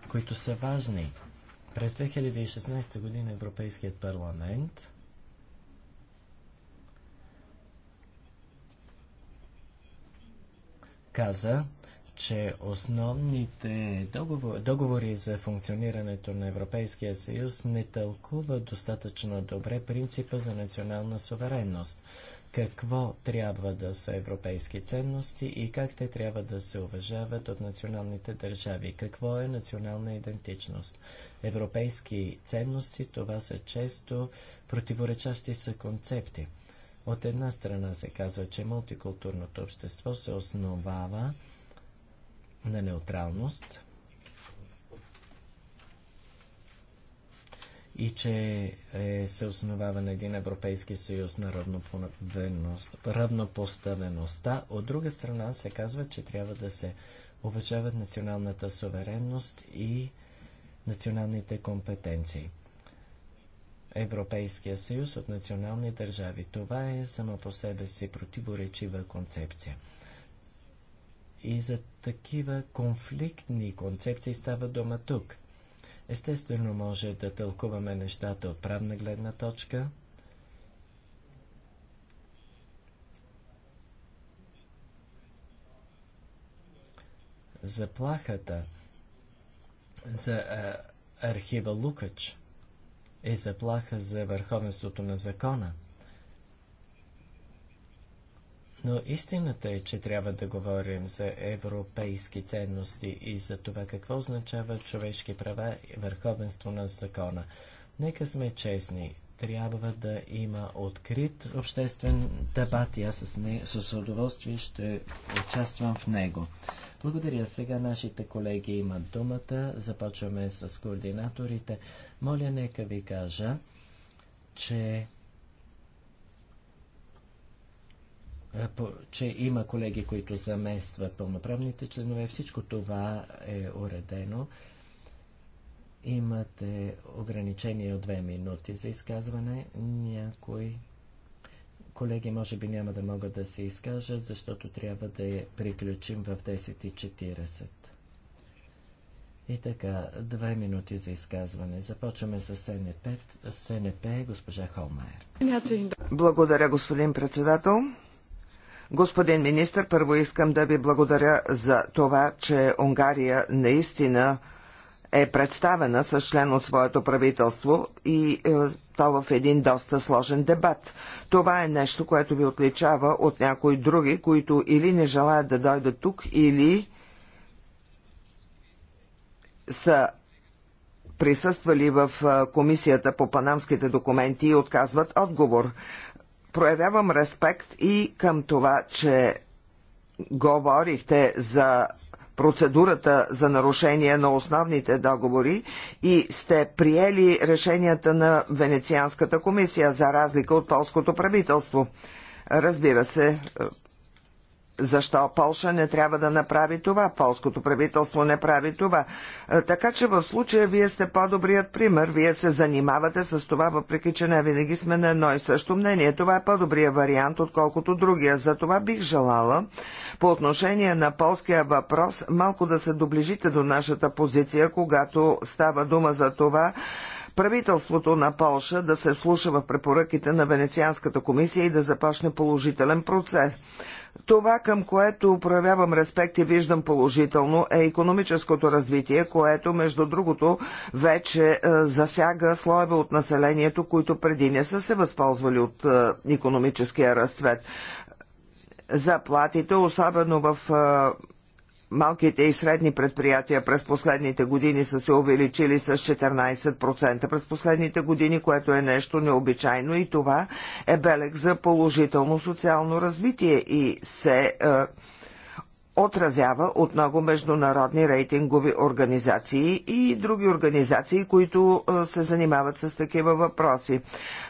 които са важни – през 2016 година Европейският парламент каза, че основните договори, договори за функционирането на Европейския съюз не тълкуват достатъчно добре принципа за национална суверенност какво трябва да са европейски ценности и как те трябва да се уважават от националните държави. Какво е национална идентичност? Европейски ценности това са често противоречащи са концепти. От една страна се казва, че мултикултурното общество се основава на неутралност, и че е, се основава на един Европейски съюз на равнопоставеността. От друга страна се казва, че трябва да се уважават националната суверенност и националните компетенции. Европейския съюз от национални държави. Това е само по себе си противоречива концепция. И за такива конфликтни концепции става дома тук – Естествено може да тълкуваме нещата от правна гледна точка. Заплахата за архива Лукач е заплаха за върховенството на закона – но истината е, че трябва да говорим за европейски ценности и за това какво означава човешки права и върховенство на закона. Нека сме честни. Трябва да има открит обществен дебат и аз с, не, с удоволствие ще участвам в него. Благодаря. Сега нашите колеги имат думата. Започваме с координаторите. Моля, нека ви кажа, че Е, че има колеги, които заместват пълноправните членове. Всичко това е уредено. Имате ограничение от две минути за изказване. Някой колеги може би няма да могат да се изкажат, защото трябва да приключим в 10.40. И така, две минути за изказване. Започваме с СНП, СНП госпожа Холмайер. Благодаря, господин председател. Господин министр, първо искам да ви благодаря за това, че Унгария наистина е представена с член от своето правителство и е, то в един доста сложен дебат. Това е нещо, което ви отличава от някои други, които или не желаят да дойдат тук, или са присъствали в е, комисията по панамските документи и отказват отговор проявявам респект и към това, че говорихте за процедурата за нарушение на основните договори и сте приели решенията на Венецианската комисия, за разлика от полското правителство. Разбира се, защо Полша не трябва да направи това? Полското правителство не прави това. Е, така че в случая вие сте по-добрият пример. Вие се занимавате с това, въпреки че не винаги сме на едно и също мнение. Това е по добрият вариант, отколкото другия. За това бих желала по отношение на полския въпрос малко да се доближите до нашата позиция, когато става дума за това, правителството на Полша да се вслуша в препоръките на Венецианската комисия и да започне положителен процес. Това, към което проявявам респект и виждам положително, е економическото развитие, което, между другото, вече е, засяга слоеве от населението, които преди не са се възползвали от е, економическия разцвет. Заплатите, особено в е, малките и средни предприятия през последните години са се увеличили с 14% през последните години, което е нещо необичайно и това е белег за положително социално развитие и се е, отразява от много международни рейтингови организации и други организации, които се занимават с такива въпроси.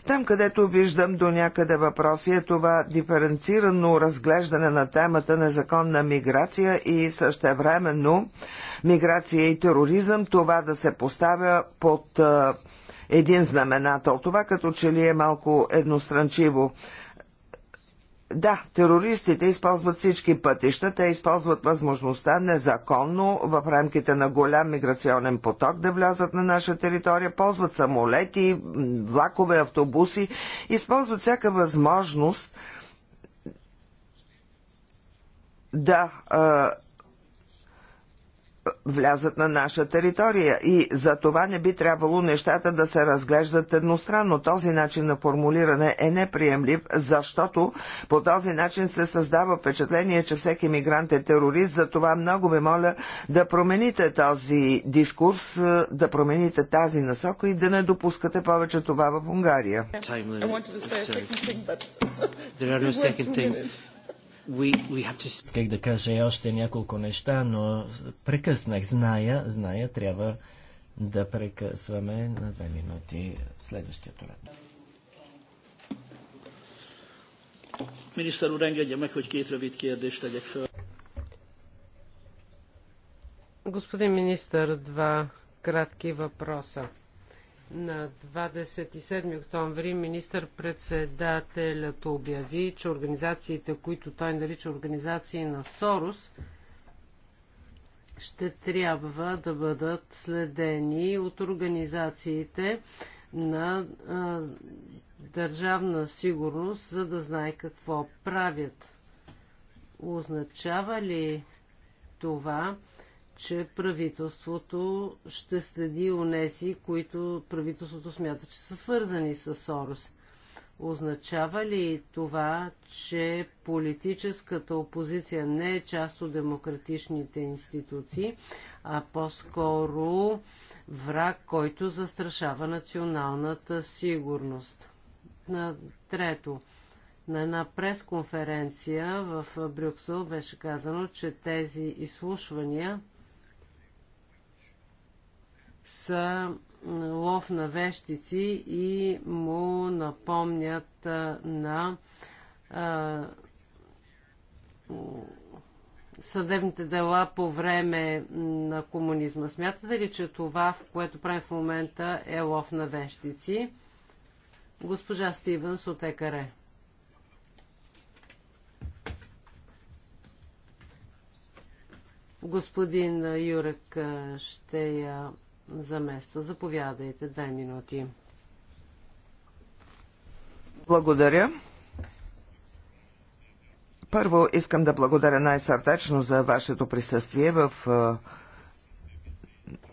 Там, където виждам до някъде въпроси е това диференцирано разглеждане на темата незаконна миграция и същевременно миграция и тероризъм, това да се поставя под един знаменател. Това като че ли е малко едностранчиво. Да, терористите използват всички пътища, те използват възможността незаконно в рамките на голям миграционен поток да влязат на наша територия, ползват самолети, влакове, автобуси, използват всяка възможност да влязат на наша територия и за това не би трябвало нещата да се разглеждат едностранно. Този начин на формулиране е неприемлив, защото по този начин се създава впечатление, че всеки мигрант е терорист. За това много ви моля да промените този дискурс, е, да промените тази насока и да не допускате повече това в Унгария. Исках да кажа и още няколко неща, но прекъснах. Зная, зная, трябва да прекъсваме на две минути следващия уред. Министър úr, engedje meg, hogy két rövid kérdést tegyek föl. Господин министър, два кратки въпроса. На 27 октомври министър-председателят обяви, че организациите, които той нарича организации на Сорос, ще трябва да бъдат следени от организациите на а, държавна сигурност, за да знае какво правят. Означава ли това, че правителството ще следи унеси, които правителството смята, че са свързани с Сорос. Означава ли това, че политическата опозиция не е част от демократичните институции, а по-скоро враг, който застрашава националната сигурност? На трето, на една пресконференция в Брюксел беше казано, че тези изслушвания са лов на вещици и му напомнят на а, съдебните дела по време на комунизма. Смятате ли, че това, в което правим в момента, е лов на вещици? Госпожа Стивенс от ЕКАРЕ. Господин Юрек ще я за место. Заповядайте, две минути. Благодаря. Първо искам да благодаря най-сърдечно за вашето присъствие в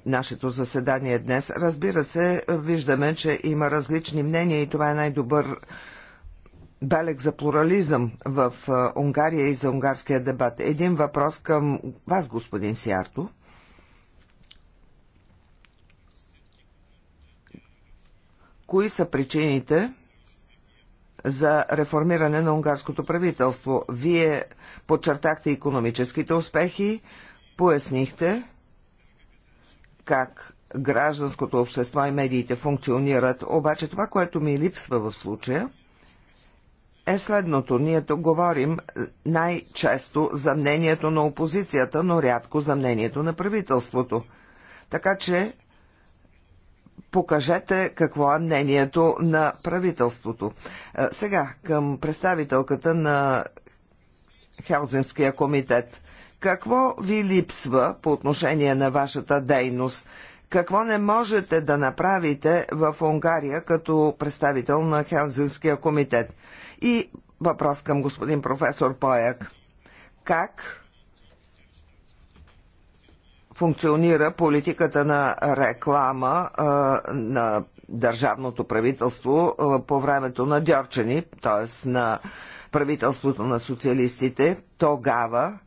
нашето заседание днес. Разбира се, виждаме, че има различни мнения и това е най-добър белег за плурализъм в Унгария и за унгарския дебат. Един въпрос към вас, господин Сиарто. кои са причините за реформиране на унгарското правителство? Вие подчертахте економическите успехи, пояснихте как гражданското общество и медиите функционират, обаче това, което ми липсва в случая – е следното. Ние тук говорим най-често за мнението на опозицията, но рядко за мнението на правителството. Така че покажете какво е мнението на правителството. Е, сега към представителката на Хелзинския комитет. Какво ви липсва по отношение на вашата дейност? Какво не можете да направите в Унгария като представител на Хелзинския комитет? И въпрос към господин професор Пояк. Как функционира политиката на реклама на държавното правителство по времето на Дьорчани, т.е. на правителството на социалистите, тогава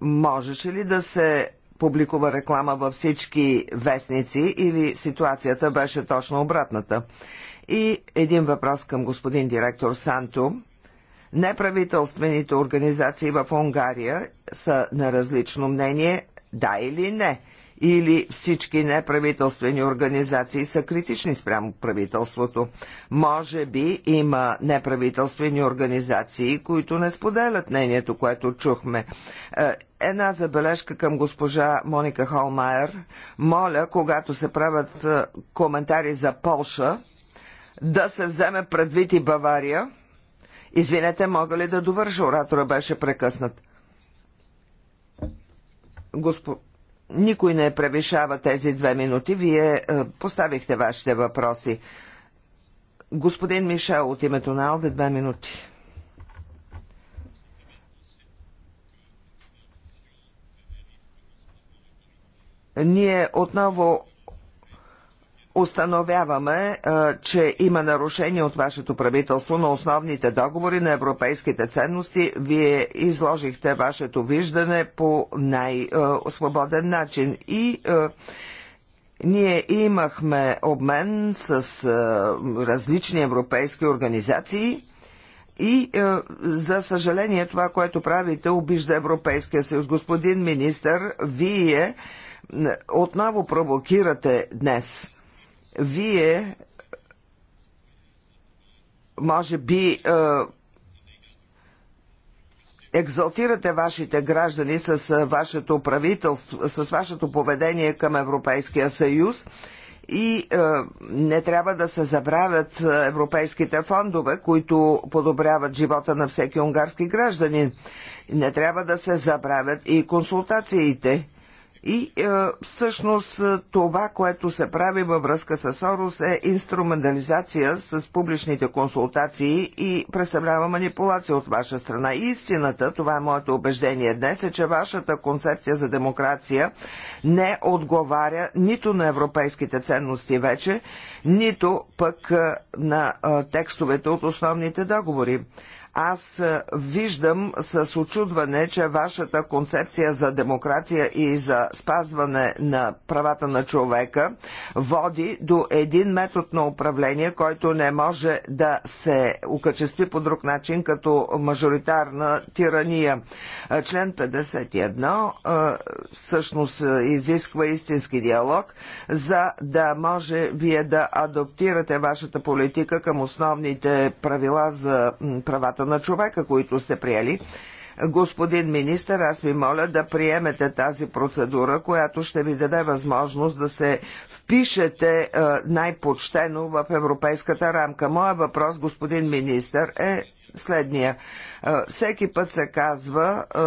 можеше ли да се публикува реклама във всички вестници или ситуацията беше точно обратната? И един въпрос към господин директор Санто. Неправителствените организации в Унгария са на различно мнение да или не? Или всички неправителствени организации са критични спрямо правителството? Може би има неправителствени организации, които не споделят мнението, което чухме. Е, една забележка към госпожа Моника Холмайер. Моля, когато се правят е, коментари за Полша, да се вземе предвид и Бавария. Извинете, мога ли да довърша? Оратора беше прекъснат. Госпо... Никой не превишава тези две минути. Вие а, е, поставихте вашите въпроси. Господин Мишел от името на Алде, две минути. Ние отново Установяваме, че има нарушение от вашето правителство на основните договори на европейските ценности. Вие изложихте вашето виждане по най-свободен начин и ние имахме обмен с различни европейски организации. И е, за съжаление това, което правите, обижда Европейския съюз. Господин министър, вие отново провокирате днес вие може би екзалтирате вашите граждани с вашето правителство, с вашето поведение към Европейския съюз и е, не трябва да се забравят европейските фондове, които подобряват живота на всеки унгарски гражданин. Не трябва да се забравят и консултациите. И е, всъщност е, това, което се прави във връзка с Орус е инструментализация с публичните консултации и представлява манипулация от ваша страна. И истината, това е моето убеждение днес, е, че вашата концепция за демокрация не отговаря нито на европейските ценности вече, нито пък е, на е, текстовете от основните договори. Аз е, виждам с очудване, че вашата концепция за демокрация и за спазване на правата на човека води до един метод на управление, който не може да се укачестви по друг начин като мажоритарна тирания. Е, член 51 е, всъщност изисква истински диалог за да може вие да адаптирате вашата политика към основните правила за правата на човека, които сте приели. Господин министър, аз ви моля да приемете тази процедура, която ще ви даде възможност да се впишете е, най-почтено в европейската рамка. Моя въпрос, господин министър, е следния. Е, всеки път се казва, е,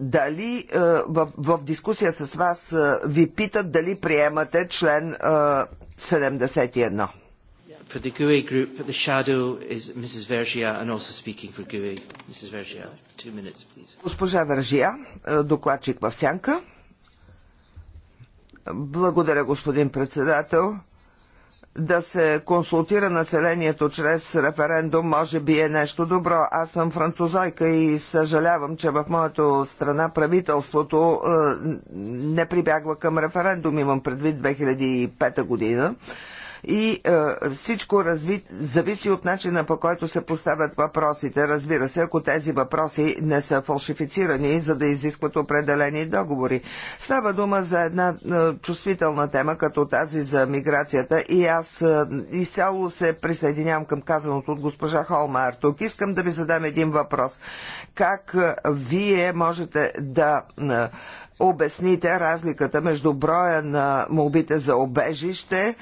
дали в, в дискусия с вас ви питат дали приемате член 71? For the GUE group, the shadow is Mrs. Vergia and also speaking for GUE. Mrs. Vergia, two minutes, please. Госпожа Вержия, докладчик в сянка. Благодаря, господин председател да се консултира населението чрез референдум може би е нещо добро. Аз съм французойка и съжалявам, че в моята страна правителството е, не прибягва към референдум, имам предвид 2005 година и е, всичко разви... зависи от начина по който се поставят въпросите. Разбира се, ако тези въпроси не са фалшифицирани, за да изискват определени договори. Става дума за една е, чувствителна тема, като тази за миграцията и аз е, изцяло се присъединявам към казаното от госпожа Холмар. Тук искам да ви задам един въпрос. Как е, вие можете да е, обясните разликата между броя на молбите за обежище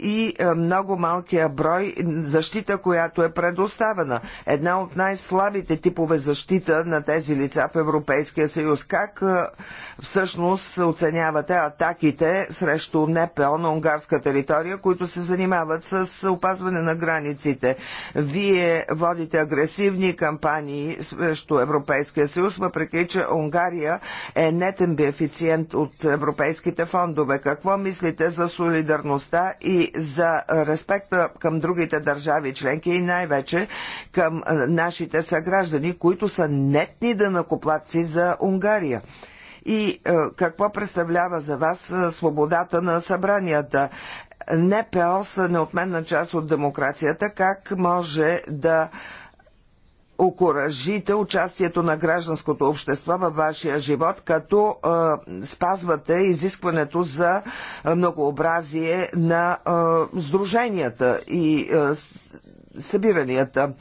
и е, много малкия брой защита, която е предоставена. Една от най-слабите типове защита на тези лица в Европейския съюз. Как е, всъщност оценявате атаките срещу НПО на унгарска територия, които се занимават с опазване на границите? Вие водите агресивни кампании срещу Европейския съюз, въпреки че Унгария е нетен бенефициент от европейските фондове. Какво мислите за солидарността и за респекта към другите държави членки и най-вече към нашите съграждани, които са нетни накоплатци за Унгария и какво представлява за вас свободата на събранията. НПО са неотменна част от демокрацията. Как може да окоръжите участието на гражданското общество във вашия живот, като е, спазвате изискването за многообразие на е, сдруженията и е, събиранията.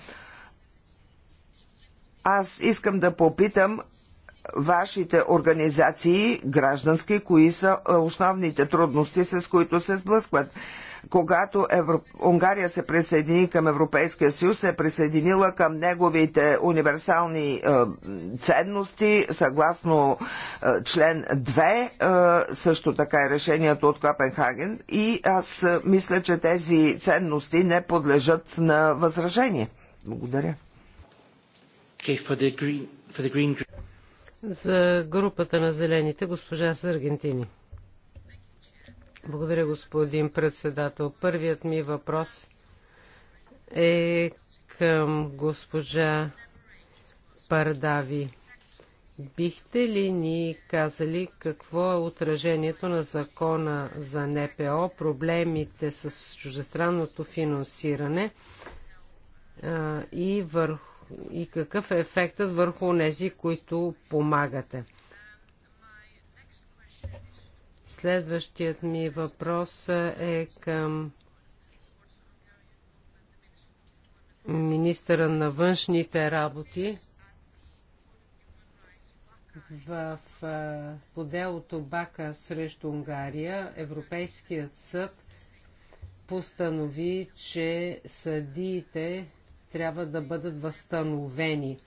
Аз искам да попитам вашите организации граждански, кои са е, основните трудности, с които се сблъскват. Когато Евро... Унгария се присъедини към Европейския съюз, се е присъединила към неговите универсални е, ценности, съгласно е, член 2, е, също така и е решението от Копенхаген. И аз е, мисля, че тези ценности не подлежат на възражение. Благодаря. Okay, for the green, for the green... За групата на зелените, госпожа Саргентини. Благодаря, господин председател. Първият ми въпрос е към госпожа Пардави. Бихте ли ни казали какво е отражението на закона за НПО, проблемите с чужестранното финансиране а, и върху и какъв е ефектът върху тези, които помагате. Следващият ми въпрос е към министъра на външните работи в поделото Бака срещу Унгария Европейският съд постанови, че съдиите трябва да бъдат възстановени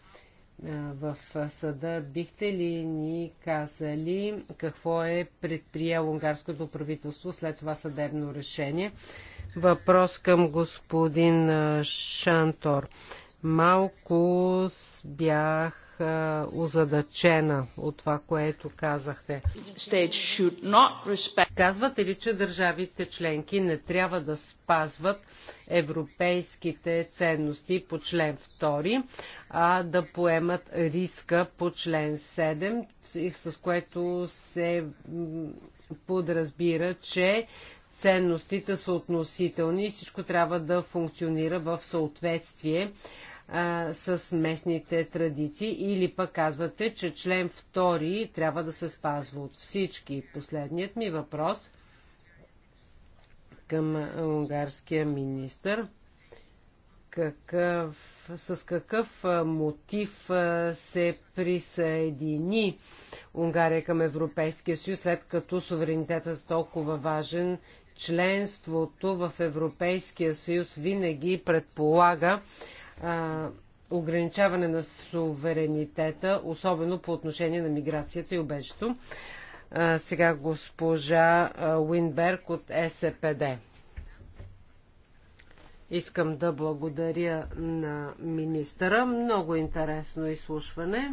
в съда. Бихте ли ни казали какво е предприело унгарското правителство след това съдебно решение? Въпрос към господин Шантор. Малко бях озадачена от това, което казахте. Казвате ли, че държавите членки не трябва да спазват европейските ценности по член 2, а да поемат риска по член 7, с което се подразбира, че ценностите са относителни и всичко трябва да функционира в съответствие а, с местните традиции или пък казвате, че член 2 трябва да се спазва от всички. Последният ми въпрос към унгарския министр. Какъв, с какъв мотив се присъедини Унгария към Европейския съюз, след като суверенитетът е толкова важен членството в Европейския съюз винаги предполага а, ограничаване на суверенитета, особено по отношение на миграцията и обещето. Сега госпожа Уинберг от СПД. Искам да благодаря на министъра. Много интересно изслушване.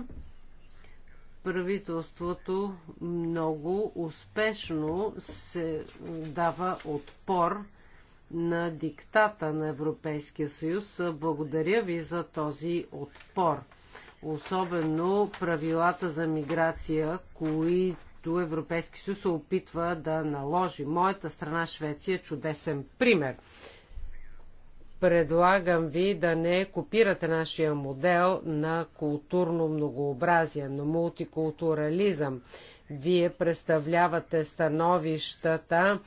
Правителството много успешно се дава отпор на диктата на Европейския съюз. Благодаря ви за този отпор. Особено правилата за миграция, които Европейски съюз се опитва да наложи. Моята страна Швеция е чудесен пример. Предлагам ви да не копирате нашия модел на културно многообразие, на мултикултурализъм. Вие представлявате становищата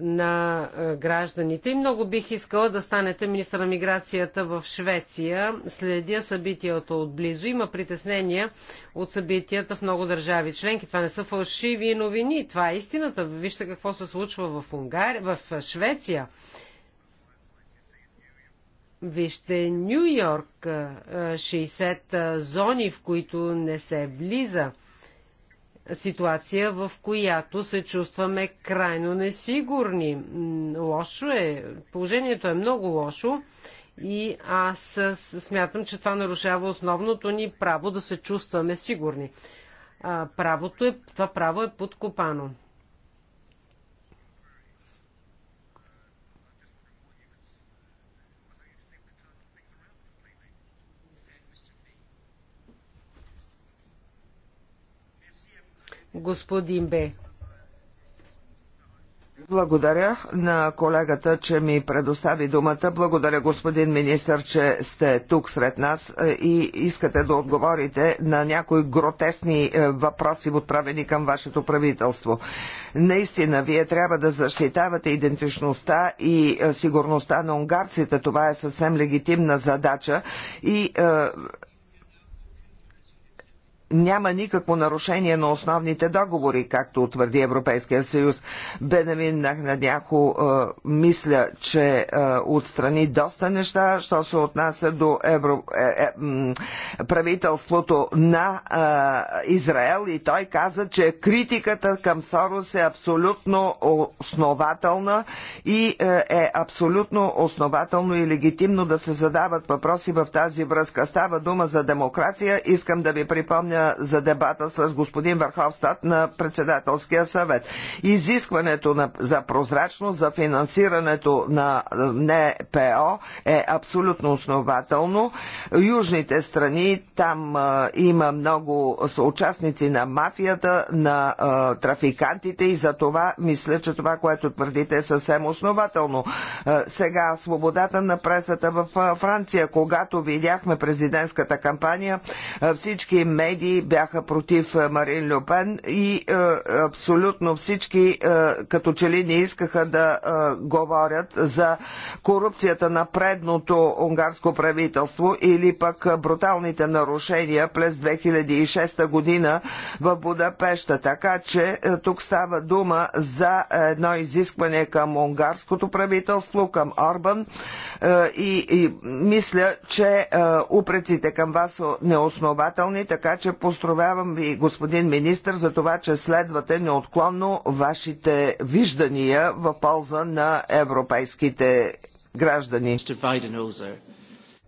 на е, гражданите. И много бих искала да станете министър на миграцията в Швеция. Следя събитията отблизо. Има притеснения от събитията в много държави членки. Това не са фалшиви новини. Това е истината. Вижте какво се случва в, Унгария, в е, Швеция. Вижте Нью Йорк, 60 е, зони, в които не се влиза ситуация, в която се чувстваме крайно несигурни. Лошо е. Положението е много лошо и аз смятам, че това нарушава основното ни право да се чувстваме сигурни. правото е, това право е подкопано. господин Б. Благодаря на колегата, че ми предостави думата. Благодаря, господин министр, че сте тук сред нас е, и искате да отговорите на някои гротесни е, въпроси, отправени към вашето правителство. Наистина, вие трябва да защитавате идентичността и е, сигурността на унгарците. Това е съвсем легитимна задача и няма никакво нарушение на основните договори, както утвърди Европейския съюз. Бенамин Нахнадяко, е, мисля, че е, отстрани доста неща, що се отнася до евро, е, е, правителството на е, Израел и той каза, че критиката към Сорос е абсолютно основателна и е, е абсолютно основателно и легитимно да се задават въпроси в тази връзка. Става дума за демокрация. Искам да ви припомня година за дебата с господин Върховстат на председателския съвет. Изискването на, за прозрачност за финансирането на е, НПО е абсолютно основателно. Южните страни, там а, е, има много съучастници на мафията, на а, е, трафикантите и за това мисля, че това, което твърдите е съвсем основателно. А, сега свободата на пресата в Франция, когато видяхме президентската кампания, всички медии партии бяха против е, Марин Люпен и е, е, абсолютно всички е, като че ли не искаха да е, говорят за корупцията на предното унгарско правителство или пък бруталните нарушения през 2006 година в Будапеща. Така че е, тук става дума за едно изискване към унгарското правителство, към Орбан и, и мисля, че упреците към вас са неоснователни, така че Поздравявам ви, господин министр, за това, че следвате неотклонно вашите виждания в полза на европейските граждани.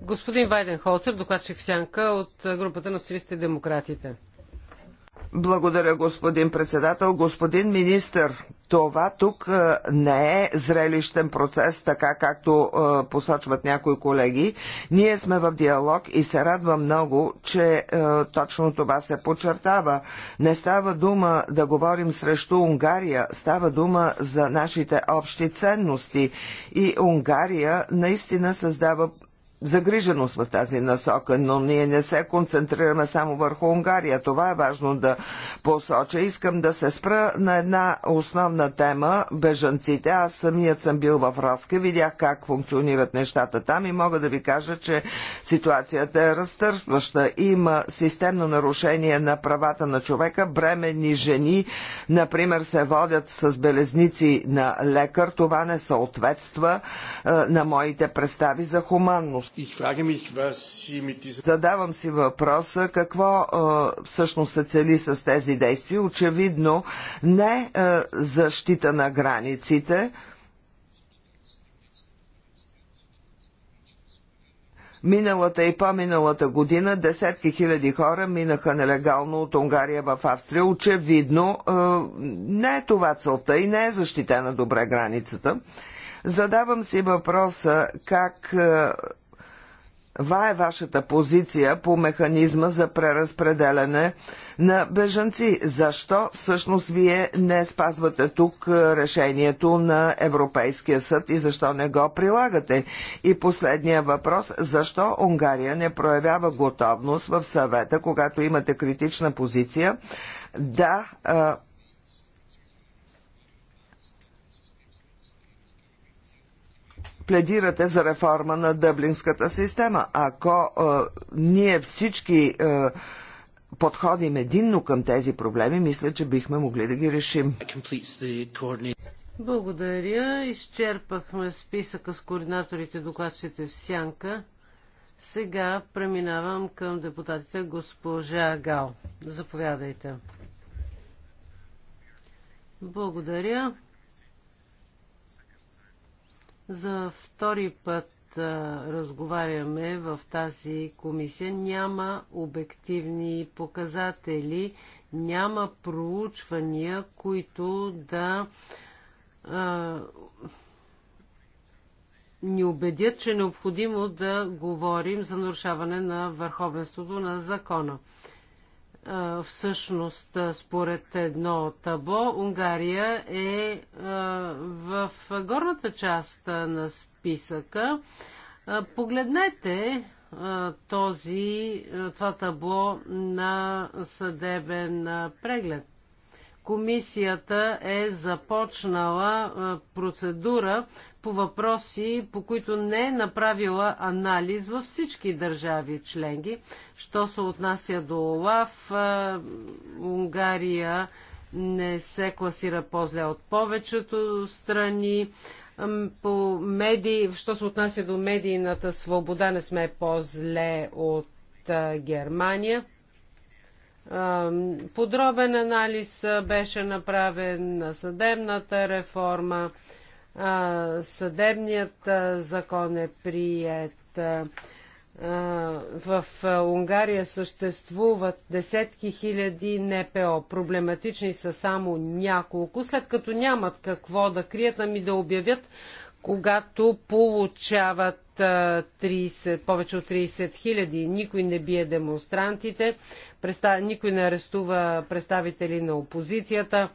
Господин Вайденхолцер, докладчик в сянка от групата на социалистите и демократите. Благодаря, господин председател. Господин министър, това тук е, не е зрелищен процес, така както е, посочват някои колеги. Ние сме в диалог и се радвам много, че е, точно това се подчертава. Не става дума да говорим срещу Унгария, става дума за нашите общи ценности. И Унгария наистина създава загриженост в тази насока, но ние не се концентрираме само върху Унгария. Това е важно да посоча. Искам да се спра на една основна тема – бежанците. Аз самият съм бил в Раска, видях как функционират нещата там и мога да ви кажа, че ситуацията е разтърсваща. Има системно нарушение на правата на човека. Бремени жени, например, се водят с белезници на лекар. Това не съответства е, на моите представи за хуманност. Задавам си въпроса какво всъщност се цели с тези действия. Очевидно не защита на границите, Миналата и по-миналата година десетки хиляди хора минаха нелегално от Унгария в Австрия. Очевидно не е това целта и не е защитена добре границата. Задавам си въпроса как каква е вашата позиция по механизма за преразпределяне на бежанци? Защо всъщност вие не спазвате тук е, решението на Европейския съд и защо не го прилагате? И последния въпрос, защо Унгария не проявява готовност в съвета, когато имате критична позиция, да е, пледирате за реформа на дъблинската система. Ако а, е, ние всички а, е, подходим единно към тези проблеми, мисля, че бихме могли да ги решим. Благодаря. Изчерпахме списъка с координаторите, докладчите в сянка. Сега преминавам към депутатите госпожа Гал. Заповядайте. Благодаря. За втори път а, разговаряме в тази комисия. Няма обективни показатели, няма проучвания, които да а, ни убедят, че е необходимо да говорим за нарушаване на върховенството на закона всъщност според едно табло, Унгария е в горната част на списъка. Погледнете този, това табло на съдебен преглед. Комисията е започнала процедура по въпроси, по които не е направила анализ във всички държави членки. Що се отнася до ОЛАВ, Унгария не се класира по-зле от повечето страни. По медии, що се отнася до медийната свобода, не сме по-зле от Германия. Подробен анализ беше направен на съдебната реформа, съдебният закон е прият. В Унгария съществуват десетки хиляди НПО. Проблематични са само няколко, след като нямат какво да крият, ами да обявят когато получават 30, повече от 30 хиляди. Никой не бие демонстрантите, преста... никой не арестува представители на опозицията,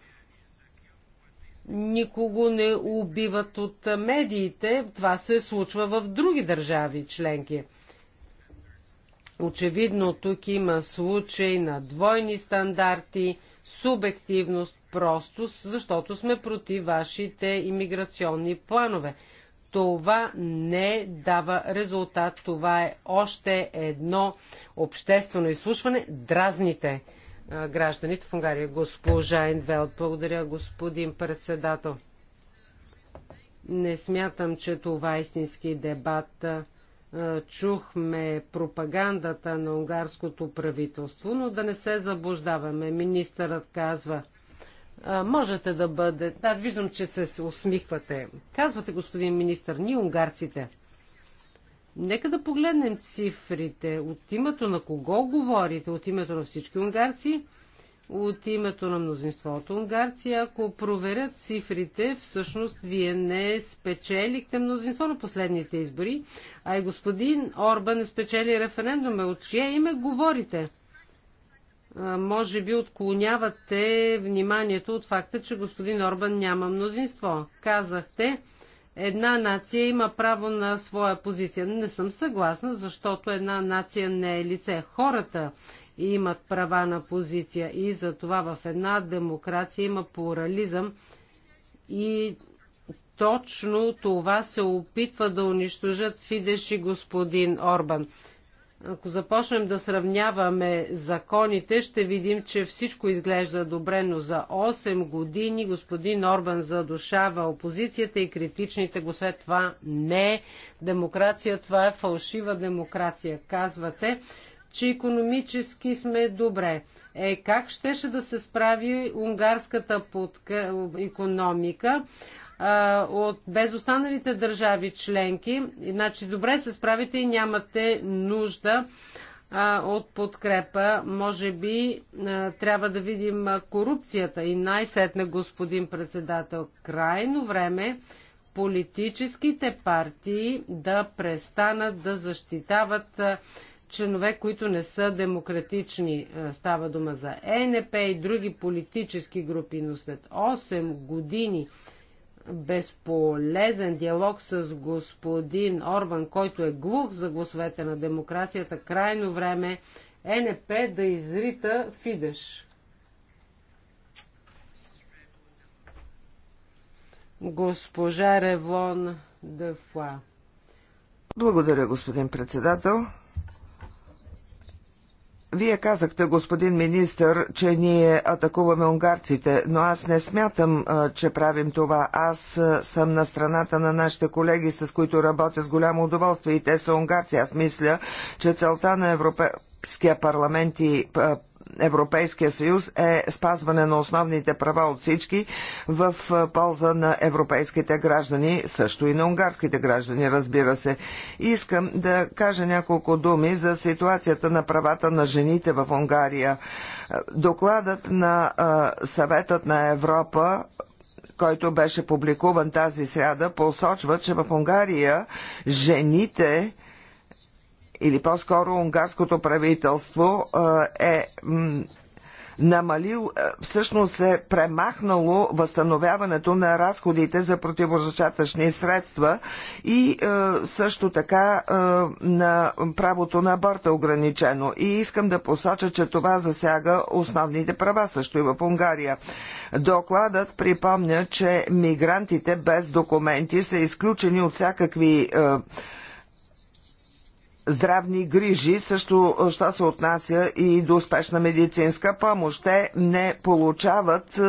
никого не убиват от медиите. Това се случва в други държави членки. Очевидно тук има случай на двойни стандарти, субективност, просто защото сме против вашите иммиграционни планове. Това не дава резултат. Това е още едно обществено изслушване. Дразните гражданите в Унгария. Госпожа Индвелт, благодаря, господин председател. Не смятам, че това е истински дебат. Чухме пропагандата на унгарското правителство, но да не се заблуждаваме. Министърът казва – а, можете да бъде. Да, виждам, че се усмихвате. Казвате, господин министр, ние унгарците. Нека да погледнем цифрите. От името на кого говорите? От името на всички унгарци? От името на мнозинството унгарци? Ако проверят цифрите, всъщност вие не спечелихте мнозинство на последните избори, а и господин Орбан не спечели референдума. От чие име говорите? може би отклонявате вниманието от факта, че господин Орбан няма мнозинство. Казахте, една нация има право на своя позиция. Не съм съгласна, защото една нация не е лице. Хората имат права на позиция и за това в една демокрация има плурализъм и точно това се опитва да унищожат Фидеш и господин Орбан. Ако започнем да сравняваме законите, ще видим, че всичко изглежда добре, но за 8 години господин Орбан задушава опозицията и критичните го след това не демокрация, това е фалшива демокрация. Казвате, че економически сме добре. Е, как щеше да се справи унгарската подка... економика, от, без останалите държави членки. значи добре се справите и нямате нужда а, от подкрепа. Може би а, трябва да видим корупцията и най-сетне, господин председател, крайно време политическите партии да престанат да защитават а, членове, които не са демократични. Става дума за ЕНП и други политически групи, но след 8 години безполезен диалог с господин Орбан, който е глух за гласовете на демокрацията, крайно време е НП да изрита Фидеш. Госпожа Ревон Дефла. Благодаря, господин председател. Вие казахте, господин министр, че ние атакуваме унгарците, но аз не смятам, че правим това. Аз съм на страната на нашите колеги, с които работя с голямо удоволствие и те са унгарци. Аз мисля, че целта на Европа Европейския парламент и Европейския съюз е спазване на основните права от всички в полза на европейските граждани, също и на унгарските граждани, разбира се. Искам да кажа няколко думи за ситуацията на правата на жените в Унгария. Докладът на Съветът на Европа който беше публикуван тази сряда, посочва, че в Унгария жените или по-скоро унгарското правителство е намалил, всъщност е премахнало възстановяването на разходите за противозачатъчни средства и е, също така е, на правото на аборт е ограничено. И искам да посоча, че това засяга основните права също и в Унгария. Докладът припомня, че мигрантите без документи са изключени от всякакви е, здравни грижи, също е, що се отнася и до успешна медицинска помощ. Те не получават е, е,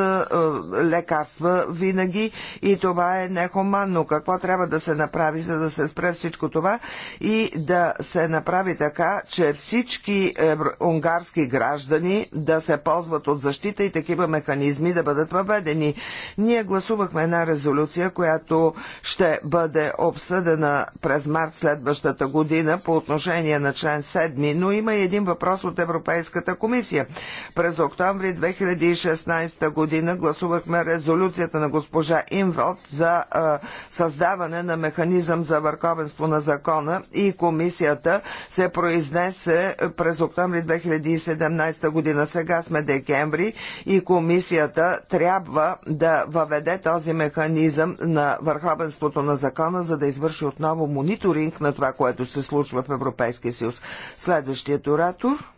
лекарства винаги и това е нехуманно. Какво трябва да се направи, за да се спре всичко това и да се направи така, че всички унгарски граждани да се ползват от защита и такива механизми да бъдат въведени. Ние гласувахме една резолюция, която ще бъде обсъдена през март следващата година по отношение на член 7, но има и един въпрос от Европейската комисия. През октомври 2016 година гласувахме резолюцията на госпожа Инвелт за а, създаване на механизъм за върховенство на закона и комисията се произнесе през октомври 2017 година. Сега сме декември и комисията трябва да въведе този механизъм на върховенството на закона, за да извърши отново мониторинг на това, което се случва в Европейския съюз. Следващият оратор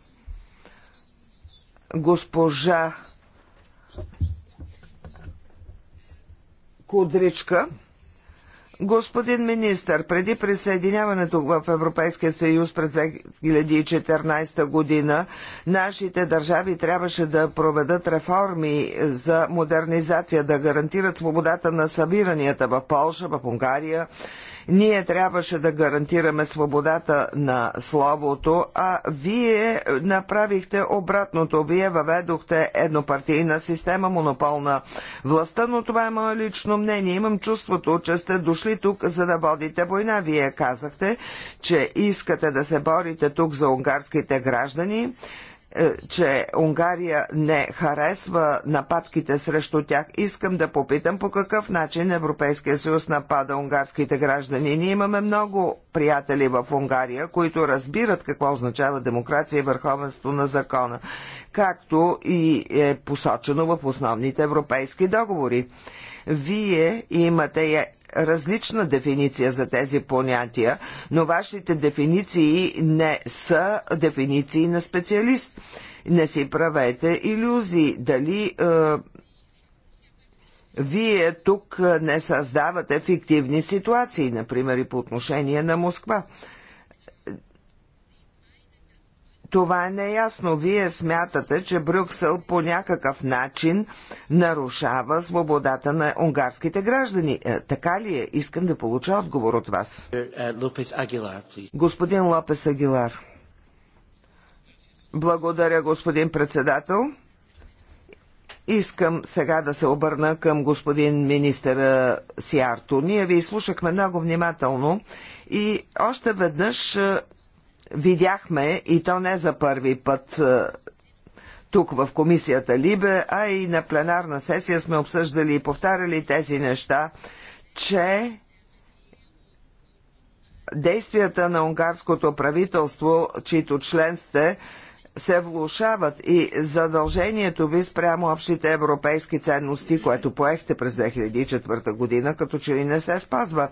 госпожа Кудричка. Господин министър, преди присъединяването в Европейския съюз през 2014 година, нашите държави трябваше да проведат реформи за модернизация, да гарантират свободата на събиранията в Полша, в Унгария ние трябваше да гарантираме свободата на словото, а вие направихте обратното. Вие въведохте еднопартийна система, монополна властта, но това е мое лично мнение. Имам чувството, че сте дошли тук, за да водите война. Вие казахте, че искате да се борите тук за унгарските граждани. Е, че Унгария не харесва нападките срещу тях, искам да попитам по какъв начин Европейския съюз напада унгарските граждани. Ние имаме много приятели в Унгария, които разбират какво означава демокрация и върховенство на закона, както и е посочено в основните европейски договори. Вие имате различна дефиниция за тези понятия, но вашите дефиниции не са дефиниции на специалист. Не си правете иллюзии дали е, вие тук е, не създавате фиктивни ситуации, например и по отношение на Москва това е неясно. Вие смятате, че Брюксел по някакъв начин нарушава свободата на унгарските граждани. Е, така ли е? Искам да получа отговор от вас. Е, е, господин Лопес Агилар. Благодаря, господин председател. Искам сега да се обърна към господин министър Сиарто. Ние ви слушахме много внимателно и още веднъж видяхме, и то не за първи път е, тук в комисията Либе, а и на пленарна сесия сме обсъждали и повтаряли тези неща, че действията на унгарското правителство, чието член сте, се влушават и задължението ви спрямо общите европейски ценности, което поехте през 2004 година, като че ли не се спазва.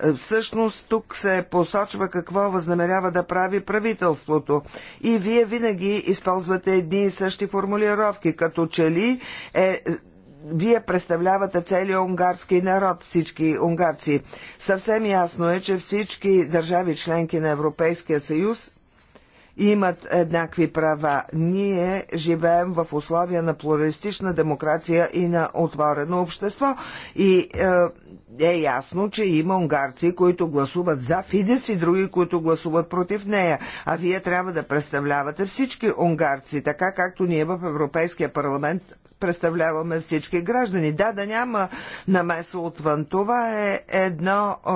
Е, всъщност тук се посочва какво възнамерява да прави правителството. И вие винаги използвате едни и същи формулировки, като че ли е вие представлявате целият унгарски народ, всички унгарци. Съвсем ясно е, че всички държави членки на Европейския съюз имат еднакви права. Ние живеем в условия на плуралистична демокрация и на отворено общество. И е, е ясно, че има унгарци, които гласуват за Фидес и други, които гласуват против нея. А вие трябва да представлявате всички унгарци, така както ние в Европейския парламент представляваме всички граждани. Да, да няма намеса отвън. Това е едно е,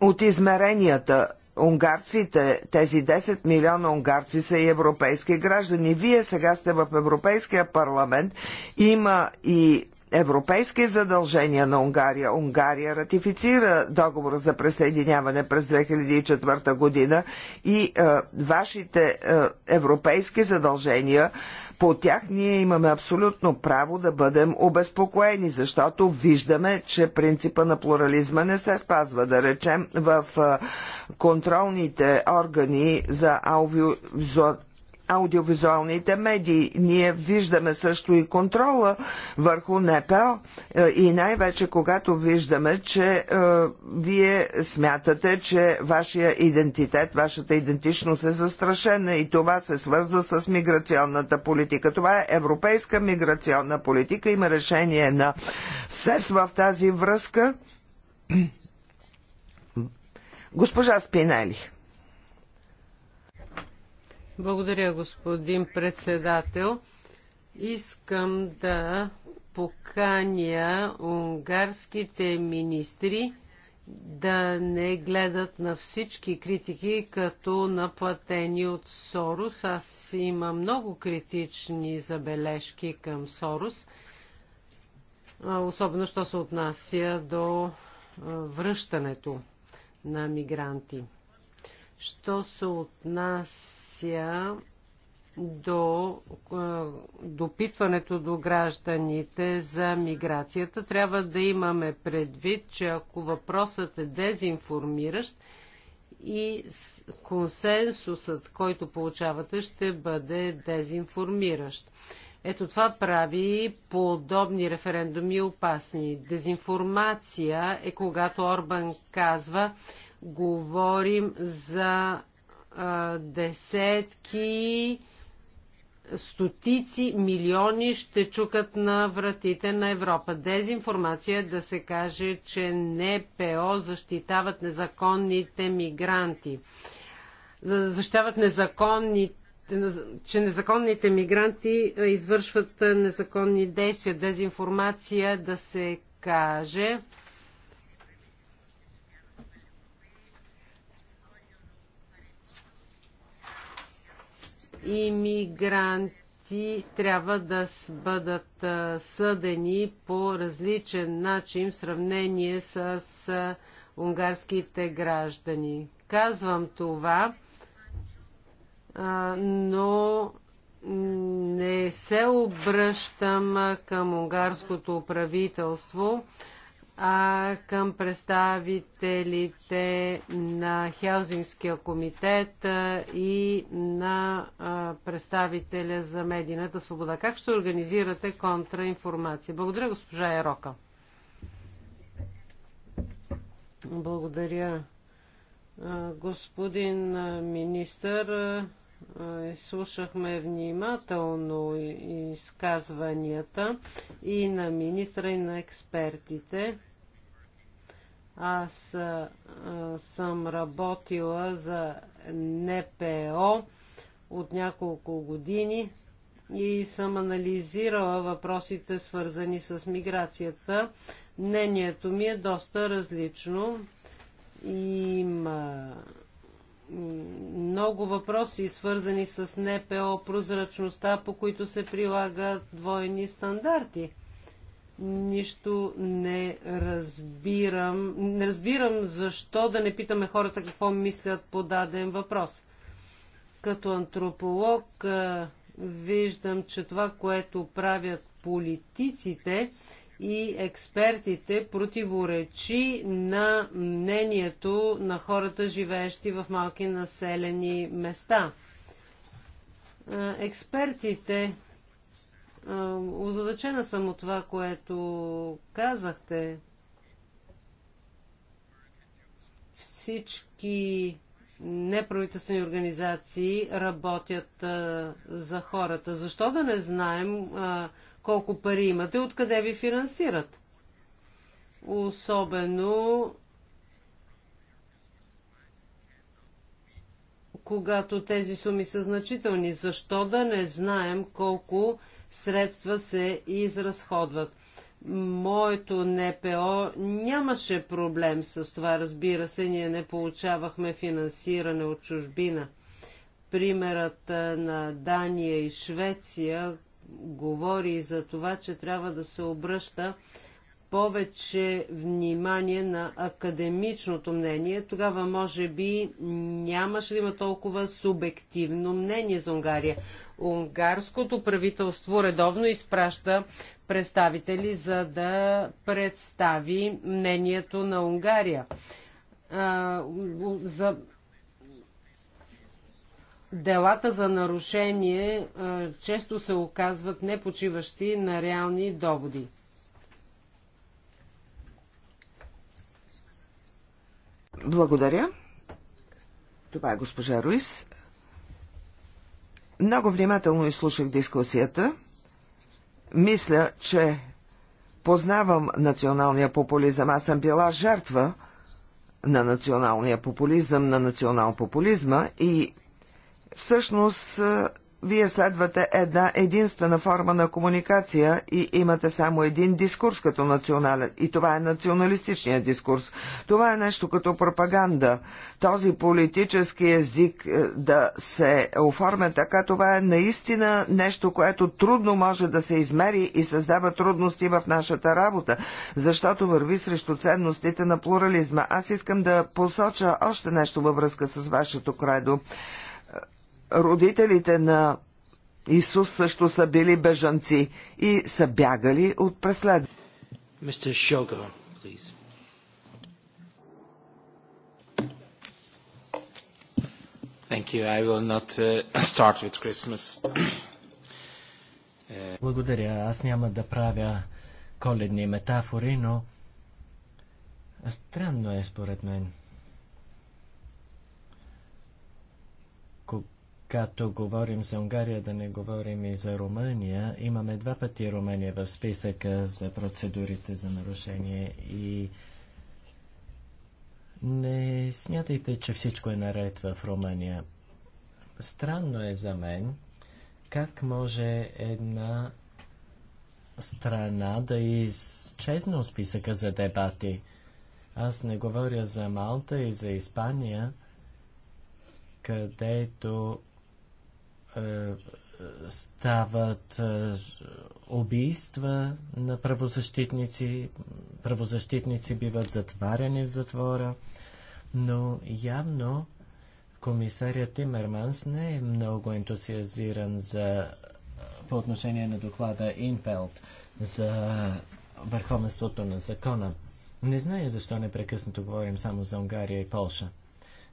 от измеренията унгарците, тези 10 милиона унгарци са и европейски граждани. Вие сега сте в Европейския парламент. Има и европейски задължения на Унгария. Унгария ратифицира договора за присъединяване през 2004 година и е, вашите е, европейски задължения по тях ние имаме абсолютно право да бъдем обезпокоени, защото виждаме, че принципа на плурализма не се спазва. Да речем, в контролните органи за аудиовизуалната аудиовизуалните медии. Ние виждаме също и контрола върху НПО е, и най-вече когато виждаме, че е, вие смятате, че вашия идентитет, вашата идентичност е застрашена и това се свързва с миграционната политика. Това е европейска миграционна политика. Има решение на СЕС в тази връзка. Госпожа Спинели. Благодаря, господин председател. Искам да поканя унгарските министри да не гледат на всички критики като наплатени от Сорос. Аз имам много критични забележки към Сорос, особено що се отнася до връщането на мигранти. Що се отнася отнася до е, допитването до гражданите за миграцията, трябва да имаме предвид, че ако въпросът е дезинформиращ и консенсусът, който получавате, ще бъде дезинформиращ. Ето това прави подобни референдуми опасни. Дезинформация е когато Орбан казва, говорим за десетки, стотици милиони ще чукат на вратите на Европа. Дезинформация е да се каже, че НПО защитават незаконните мигранти. Защитават незаконните че незаконните мигранти извършват незаконни действия. Дезинформация е да се каже, иммигранти трябва да бъдат съдени по различен начин в сравнение с унгарските граждани. Казвам това, но не се обръщам към унгарското правителство, а към представителите на Хелзинския комитет и на представителя за медийната свобода. Как ще организирате контраинформация? Благодаря, госпожа Ерока. Благодаря, господин министър. Е, слушахме внимателно изказванията и на министра, и на експертите. Аз а, съм работила за НПО от няколко години и съм анализирала въпросите, свързани с миграцията. Мнението ми е доста различно. Има много въпроси, свързани с НПО, прозрачността, по които се прилагат двойни стандарти нищо не разбирам. Не разбирам защо да не питаме хората какво мислят по даден въпрос. Като антрополог виждам, че това, което правят политиците и експертите, противоречи на мнението на хората, живеещи в малки населени места. Експертите Озадачена съм от това, което казахте. Всички неправителствени организации работят а, за хората. Защо да не знаем а, колко пари имате, откъде ви финансират? Особено когато тези суми са значителни. Защо да не знаем колко средства се изразходват. Моето НПО нямаше проблем с това, разбира се, ние не получавахме финансиране от чужбина. Примерът на Дания и Швеция говори за това, че трябва да се обръща повече внимание на академичното мнение. Тогава, може би, нямаше да има толкова субективно мнение за Унгария. Унгарското правителство редовно изпраща представители, за да представи мнението на Унгария. за делата за нарушение често се оказват непочиващи на реални доводи. Благодаря. Това е госпожа Руис. Много внимателно изслушах дискусията. Мисля, че познавам националния популизъм. Аз съм била жертва на националния популизъм, на национал-популизма и всъщност вие следвате една единствена форма на комуникация и имате само един дискурс като национален. И това е националистичният дискурс. Това е нещо като пропаганда. Този политически език е, да се оформя така, това е наистина нещо, което трудно може да се измери и създава трудности в нашата работа, защото върви срещу ценностите на плурализма. Аз искам да посоча още нещо във връзка с вашето кредо родителите на Исус също са били бежанци и са бягали от преследване. Thank you. I will not uh, start with Christmas. Uh, Благодаря. Аз няма да правя коледни метафори, но странно е според мен. Като говорим за Унгария, да не говорим и за Румъния, имаме два пъти Румъния в списъка за процедурите за нарушение и не смятайте, че всичко е наред в Румъния. Странно е за мен как може една страна да изчезне от списъка за дебати. Аз не говоря за Малта и за Испания, където е, стават е, убийства на правозащитници, правозащитници биват затваряни в затвора, но явно комисарият Тимерманс не е много ентусиазиран за, е, по отношение на доклада Инфелд за върховенството на закона. Не зная защо непрекъснато говорим само за Унгария и Полша.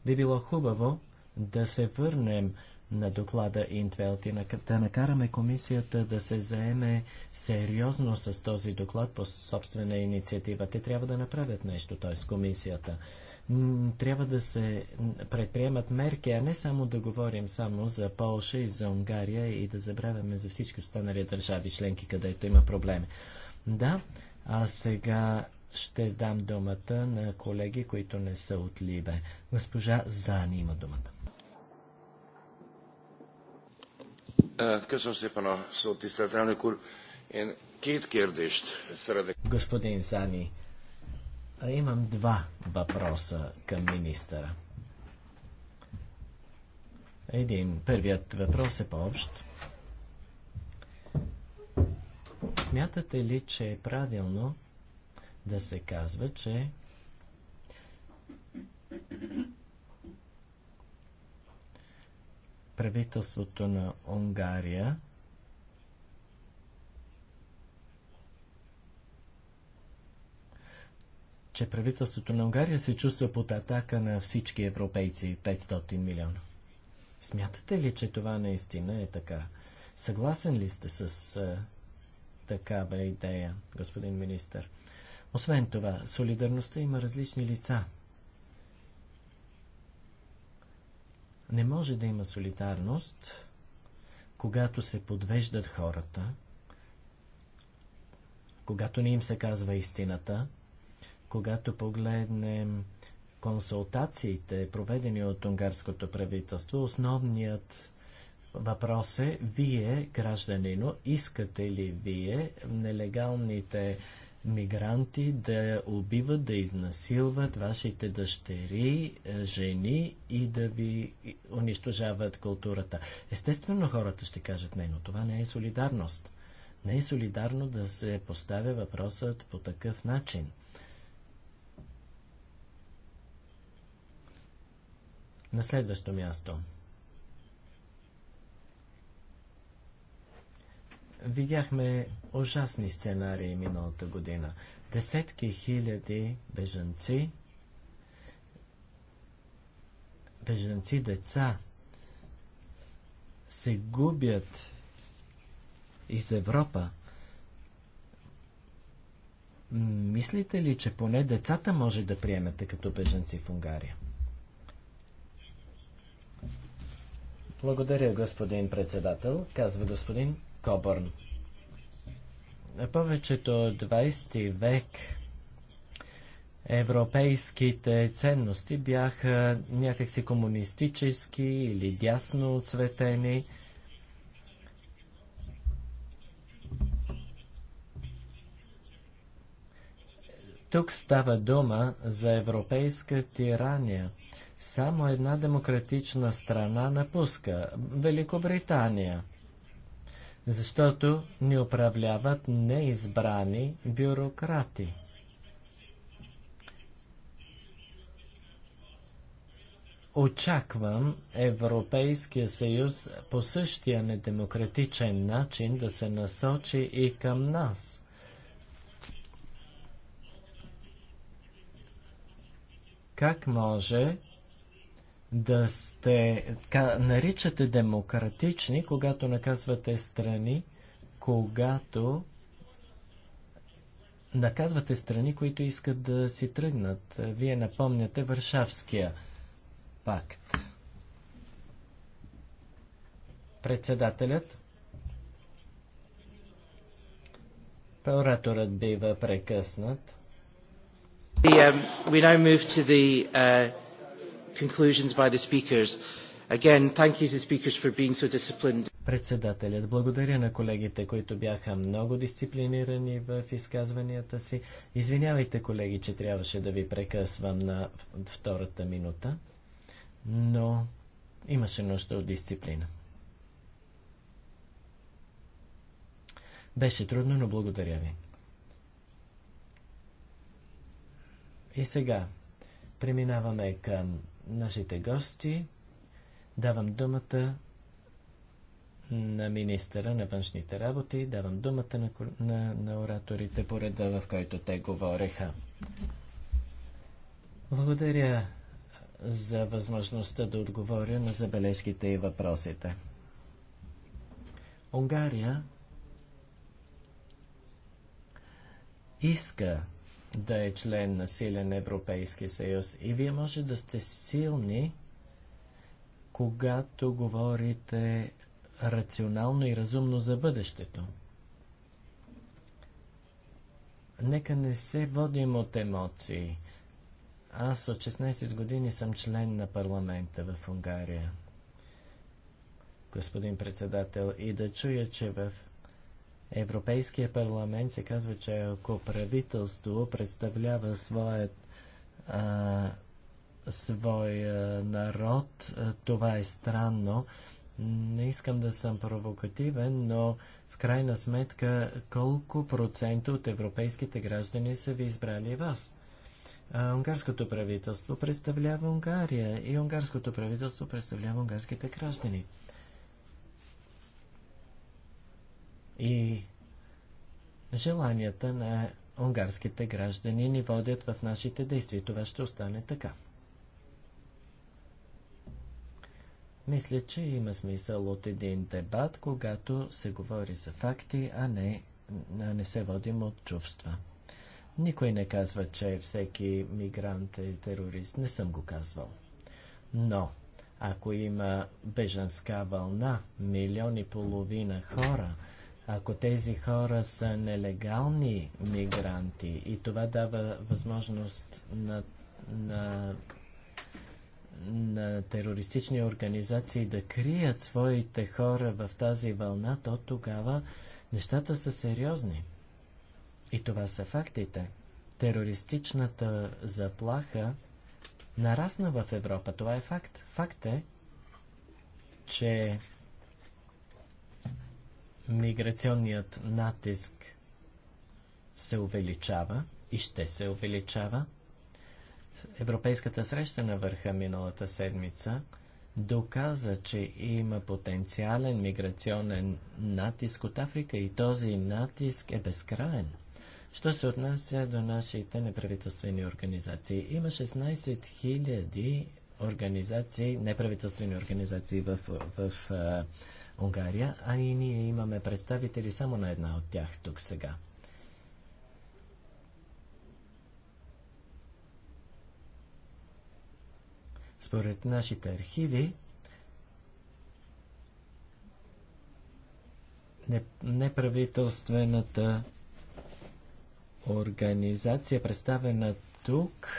Би било хубаво да се върнем на доклада Интвелт и да накараме комисията да се заеме сериозно с този доклад по собствена инициатива. Те трябва да направят нещо, т.е. комисията. Трябва да се предприемат мерки, а не само да говорим само за Полша и за Унгария и да забравяме за всички останали държави членки, където има проблеми. Да, а сега ще дам думата на колеги, които не са от Либе. Госпожа Зани има думата. Köszönöm szépen a szót, tisztelt elnök úr. Én két kérdést szeretnék. Господин Сани, имам два въпроса към министъра. Един, първият въпрос е по-общ. Смятате ли, че е правилно да се казва, че правителството на Унгария че правителството на Унгария се чувства под атака на всички европейци 500 милиона. Смятате ли, че това наистина е така? Съгласен ли сте с а, такава идея, господин министър? Освен това, солидарността има различни лица – Не може да има солидарност, когато се подвеждат хората, когато не им се казва истината, когато погледнем консултациите, проведени от унгарското правителство, основният въпрос е, вие, гражданино, искате ли вие нелегалните мигранти да убиват, да изнасилват вашите дъщери, е, жени и да ви унищожават културата. Естествено хората ще кажат не, но това не е солидарност. Не е солидарно да се поставя въпросът по такъв начин. На следващо място – Видяхме ужасни сценарии миналата година. Десетки хиляди бежанци, бежанци деца се губят из Европа. Мислите ли, че поне децата може да приемете като беженци в Унгария? Благодаря, господин председател, казва господин Кобърн. Повечето от 20 век европейските ценности бяха някакси комунистически или дясно оцветени. Тук става дума за европейска тирания. Само една демократична страна напуска Великобритания – защото ни управляват неизбрани бюрократи. Очаквам Европейския съюз по същия недемократичен начин да се насочи и към нас. Как може да сте, ка, наричате демократични, когато наказвате страни, когато наказвате страни, които искат да си тръгнат. Вие напомняте Варшавския пакт. Председателят Ораторът бива прекъснат. um, we now move to the, uh conclusions by the speakers. Again, thank you to speakers for being so disciplined. Председателят благодаря на колегите, които бяха много дисциплинирани в изказванията си. Извинявайте, колеги, че трябваше да ви прекъсвам на втората минута, но имаше нужда от дисциплина. Беше трудно, но благодаря ви. И сега преминаваме към нашите гости. Давам думата на министъра на външните работи, давам думата на, на, на ораторите по реда, в който те говореха. Благодаря за възможността да отговоря на забележките и въпросите. Унгария иска да е член на силен Европейски съюз. И вие може да сте силни, когато говорите рационално и разумно за бъдещето. Нека не се водим от емоции. Аз от 16 години съм член на парламента в Унгария. Господин председател, и да чуя, че в Европейския парламент се казва, че ако правителство представлява своят а, своя народ, това е странно. Не искам да съм провокативен, но в крайна сметка колко процента от европейските граждани са ви избрали вас? А, унгарското правителство представлява Унгария и унгарското правителство представлява унгарските граждани. и желанията на унгарските граждани ни водят в нашите действия. Това ще остане така. Мисля, че има смисъл от един дебат, когато се говори за факти, а не, а не се водим от чувства. Никой не казва, че всеки мигрант е терорист. Не съм го казвал. Но, ако има беженска вълна, милиони половина хора, ако тези хора са нелегални мигранти и това дава възможност на, на, на терористични организации да крият своите хора в тази вълна, то тогава нещата са сериозни. И това са фактите. Терористичната заплаха нарасна в Европа. Това е факт. Факт е, че миграционният натиск се увеличава и ще се увеличава. Европейската среща на върха миналата седмица доказа, че има потенциален миграционен натиск от Африка и този натиск е безкраен. Що се отнася до нашите неправителствени организации? Има 16 000 организации, неправителствени организации в, в, в Унгария, а и ние имаме представители само на една от тях тук сега. Според нашите архиви, неправителствената организация, представена тук,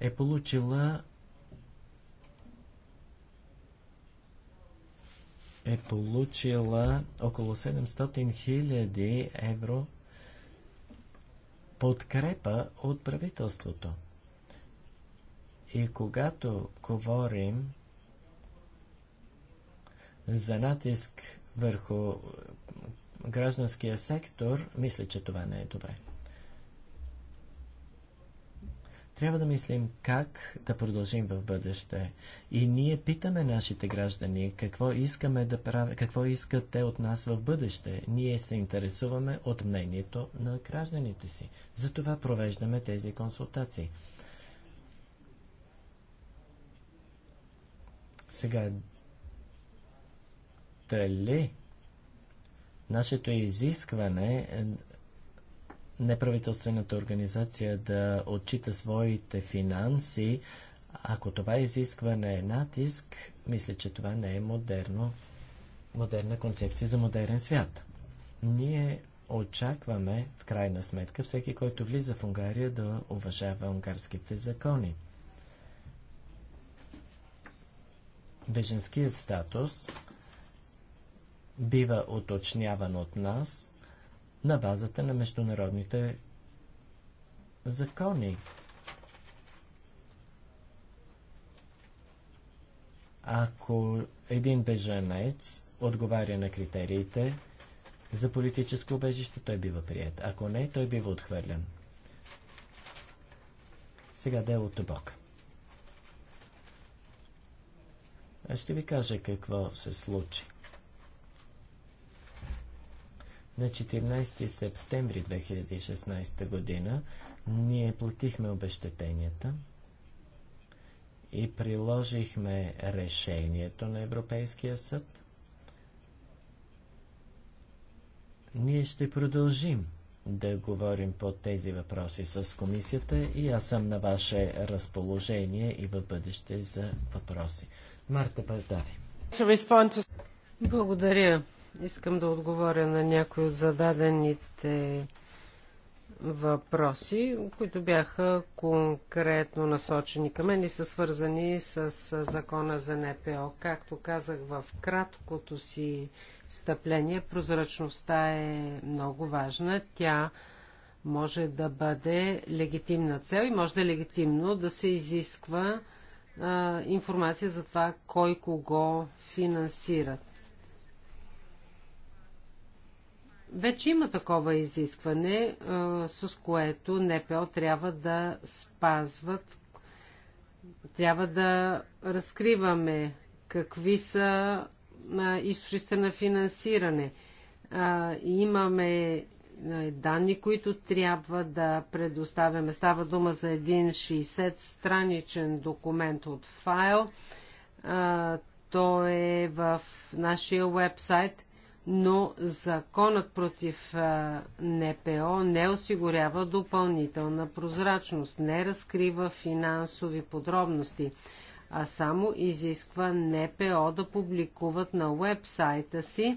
е получила е получила около 700 000 евро подкрепа от правителството. И когато говорим за натиск върху гражданския сектор, мисля, че това не е добре. Трябва да мислим как да продължим в бъдеще. И ние питаме нашите граждани какво искаме да прави, какво искат те от нас в бъдеще. Ние се интересуваме от мнението на гражданите си. Затова провеждаме тези консултации. Сега, дали нашето изискване е неправителствената организация да отчита своите финанси, ако това изискване е натиск, мисля, че това не е модерно, модерна концепция за модерен свят. Ние очакваме, в крайна сметка, всеки, който влиза в Унгария, да уважава унгарските закони. Беженският статус бива уточняван от нас на базата на международните закони. Ако един бежанец отговаря на критериите за политическо убежище, той бива прият. Ако не, той бива отхвърлен. Сега делото Бог. Ще ви кажа какво се случи. На 14 септември 2016 година ние платихме обещетенията и приложихме решението на Европейския съд. Ние ще продължим да говорим по тези въпроси с комисията и аз съм на ваше разположение и в бъдеще за въпроси. Марта Бардави. Благодаря. Искам да отговоря на някои от зададените въпроси, които бяха конкретно насочени към мен и са свързани с закона за НПО. Както казах в краткото си стъпление, прозрачността е много важна. Тя може да бъде легитимна цел и може да е легитимно да се изисква а, информация за това кой кого финансират. Вече има такова изискване, с което НПО трябва да спазват, трябва да разкриваме какви са източниците на финансиране. Имаме данни, които трябва да предоставяме. Става дума за един 60-страничен документ от файл. Той е в нашия вебсайт – но законът против НПО не осигурява допълнителна прозрачност, не разкрива финансови подробности, а само изисква НПО да публикуват на уебсайта си,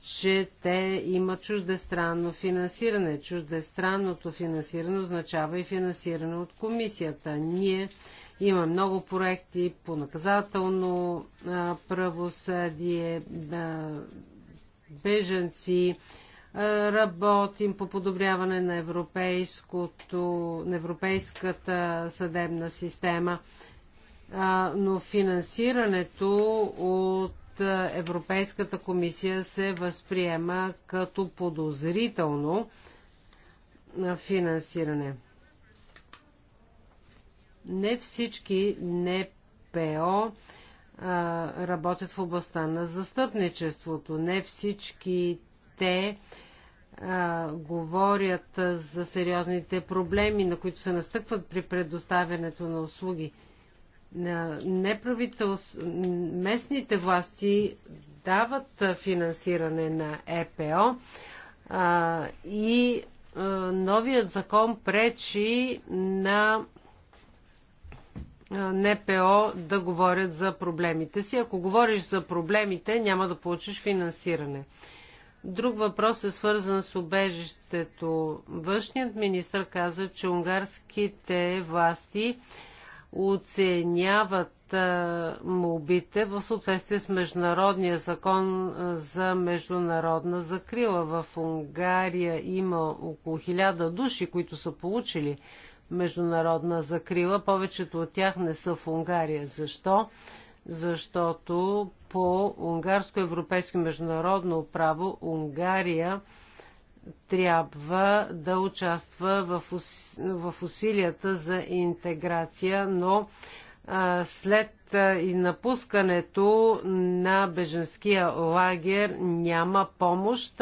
че те имат чуждестранно финансиране. Чуждестранното финансиране означава и финансиране от комисията. Ние има много проекти по наказателно правосъдие, беженци, е, работим по подобряване на, на европейската съдебна система, е, но финансирането от Европейската комисия се възприема като подозрително финансиране. Не всички НПО работят в областта на застъпничеството. Не всички те а, говорят а, за сериозните проблеми, на които се настъпват при предоставянето на услуги. Местните власти дават а, финансиране на ЕПО а, и а, новият закон пречи на НПО да говорят за проблемите си. Ако говориш за проблемите, няма да получиш финансиране. Друг въпрос е свързан с убежището. Външният министр каза, че унгарските власти оценяват молбите в съответствие с Международния закон за международна закрила. В Унгария има около хиляда души, които са получили международна закрила. Повечето от тях не са в Унгария. Защо? Защото по унгарско-европейско международно право Унгария трябва да участва в усилията за интеграция, но след и напускането на беженския лагер няма помощ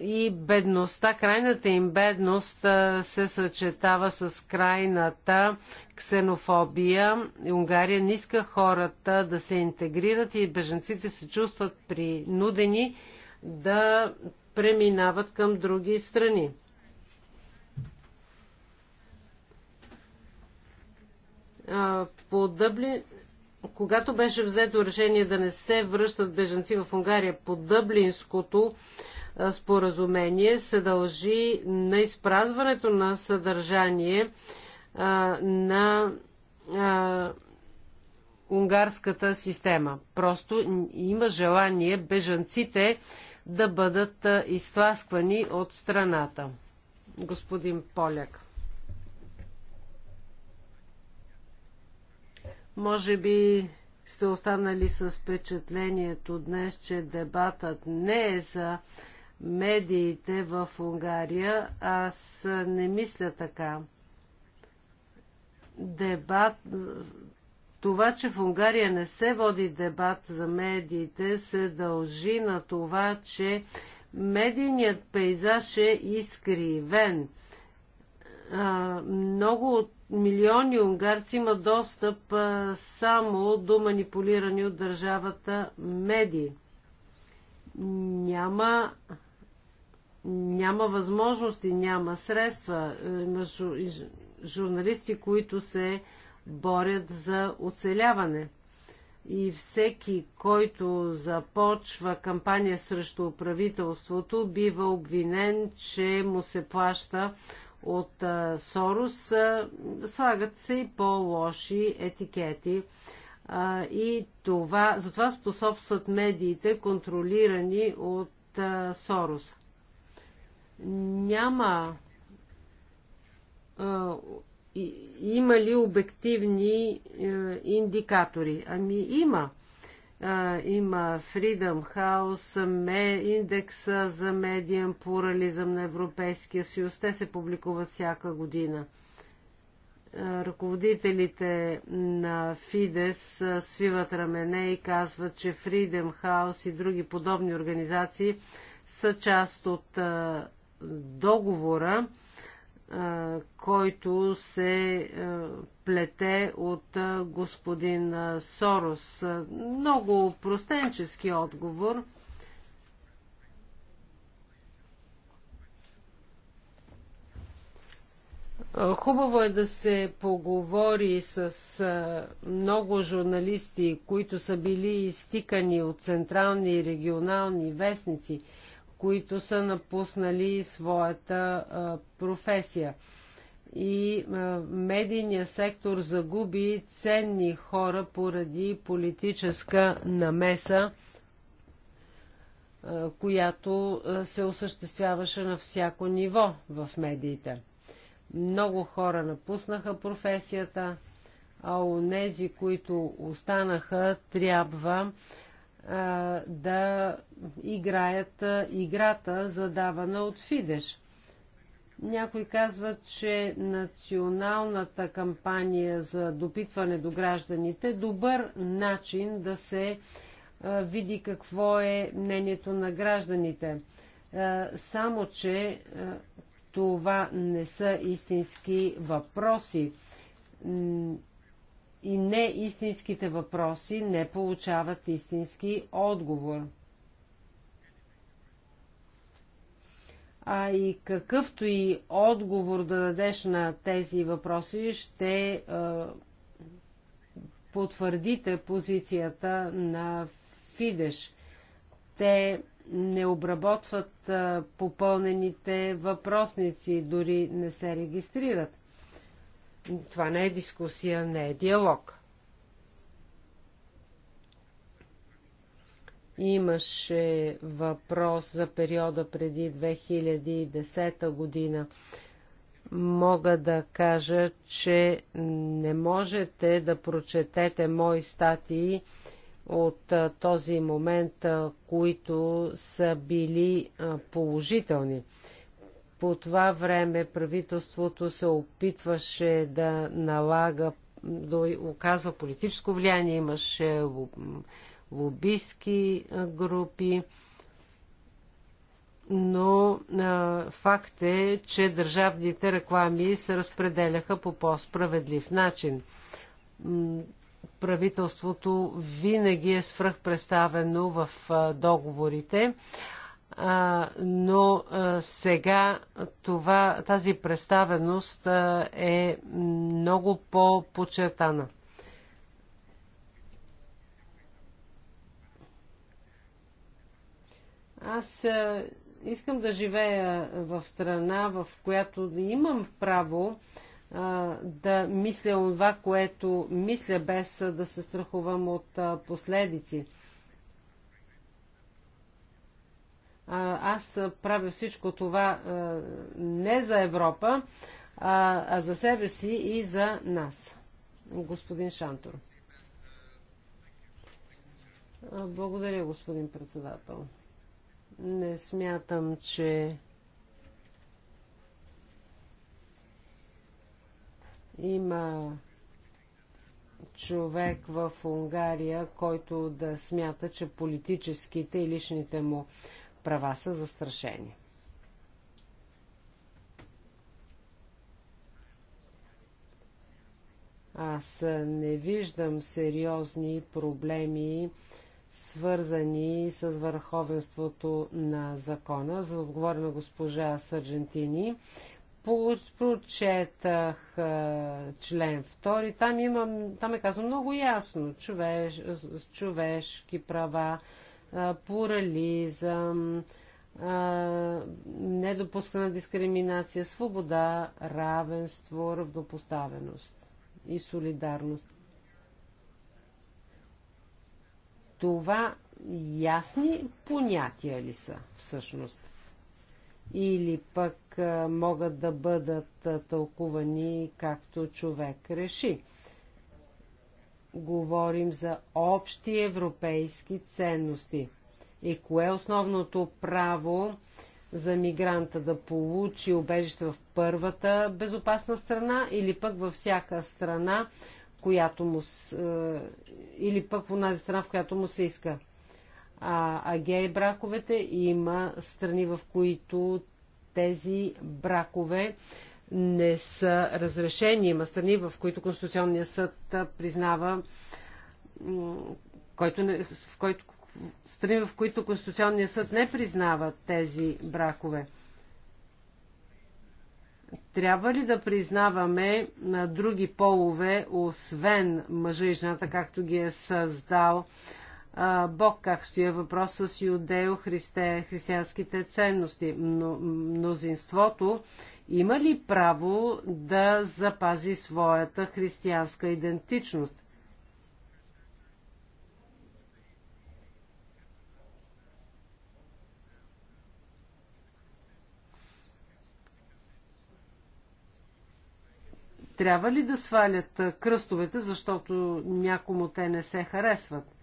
и бедността, крайната им бедност се съчетава с крайната ксенофобия. Унгария не иска хората да се интегрират и беженците се чувстват принудени да преминават към други страни. По Дъблин, когато беше взето решение да не се връщат беженци в Унгария по Дъблинското споразумение се дължи на изпразването на съдържание а, на а, унгарската система. Просто има желание бежанците да бъдат изтласквани от страната. Господин Поляк. Може би сте останали с впечатлението днес, че дебатът не е за медиите в Унгария. Аз не мисля така. Дебат. Това, че в Унгария не се води дебат за медиите, се дължи на това, че медийният пейзаж е изкривен. много от милиони унгарци имат достъп а, само до манипулирани от държавата медии. Няма няма възможности, няма средства. Е, има журналисти, които се борят за оцеляване. И всеки, който започва кампания срещу правителството, бива обвинен, че му се плаща от е, Сорос. Е, слагат се и по-лоши етикети. И това, затова способстват медиите, контролирани от Сорос няма има ли обективни е, индикатори? Ами има. има Freedom House, индекса за медиен плурализъм на Европейския съюз. Те се публикуват всяка година. ръководителите на Фидес свиват рамене и казват, че Freedom House и други подобни организации са част от договора, който се плете от господин Сорос. Много простенчески отговор. Хубаво е да се поговори с много журналисти, които са били изтикани от централни и регионални вестници – които са напуснали своята а, професия. И а, медийният сектор загуби ценни хора поради политическа намеса, а, която се осъществяваше на всяко ниво в медиите. Много хора напуснаха професията, а у нези, които останаха, трябва да играят играта, задавана от Фидеш. Някои казват, че националната кампания за допитване до гражданите е добър начин да се види какво е мнението на гражданите. само, че това не са истински въпроси и не истинските въпроси не получават истински отговор. А и какъвто и отговор да дадеш на тези въпроси, ще е, потвърдите позицията на Фидеш. Те не обработват е, попълнените въпросници, дори не се регистрират. Това не е дискусия, не е диалог. Имаше въпрос за периода преди 2010 година. Мога да кажа, че не можете да прочетете мои статии от този момент, които са били положителни. По това време правителството се опитваше да налага, да оказва политическо влияние, имаше лобистки групи но а, факт е, че държавните реклами се разпределяха по по-справедлив начин. Правителството винаги е свръхпредставено в а, договорите, но сега това, тази представеност е много по-почертана. Аз искам да живея в страна, в която имам право а, да мисля това, което мисля, без да се страхувам от а, последици. аз правя всичко това не за Европа, а за себе си и за нас. Господин Шантор. Благодаря, господин председател. Не смятам, че има човек в Унгария, който да смята, че политическите и личните му права са застрашени. Аз не виждам сериозни проблеми, свързани с върховенството на закона. За отговоря на госпожа Сърджентини, прочетах член 2. Там, имам, там е казано много ясно. Човеш, човешки права, плурализъм, недопускана дискриминация, свобода, равенство, равнопоставеност и солидарност. Това ясни понятия ли са всъщност? Или пък могат да бъдат тълкувани както човек реши? говорим за общи европейски ценности. И кое е основното право за мигранта да получи убежище в първата безопасна страна или пък във всяка страна, която му, е, или пък в онази страна, в която му се иска. А, а гей браковете има страни, в които тези бракове не са разрешени. Има страни, в които Конституционният съд признава, който не, в който, страни, в които Конституционният съд не признава тези бракове. Трябва ли да признаваме на други полове, освен мъжа и жената, както ги е създал Бог, как стоя въпрос с юдео-християнските ценности? Но, мнозинството има ли право да запази своята християнска идентичност? Трябва ли да свалят кръстовете, защото някому те не се харесват?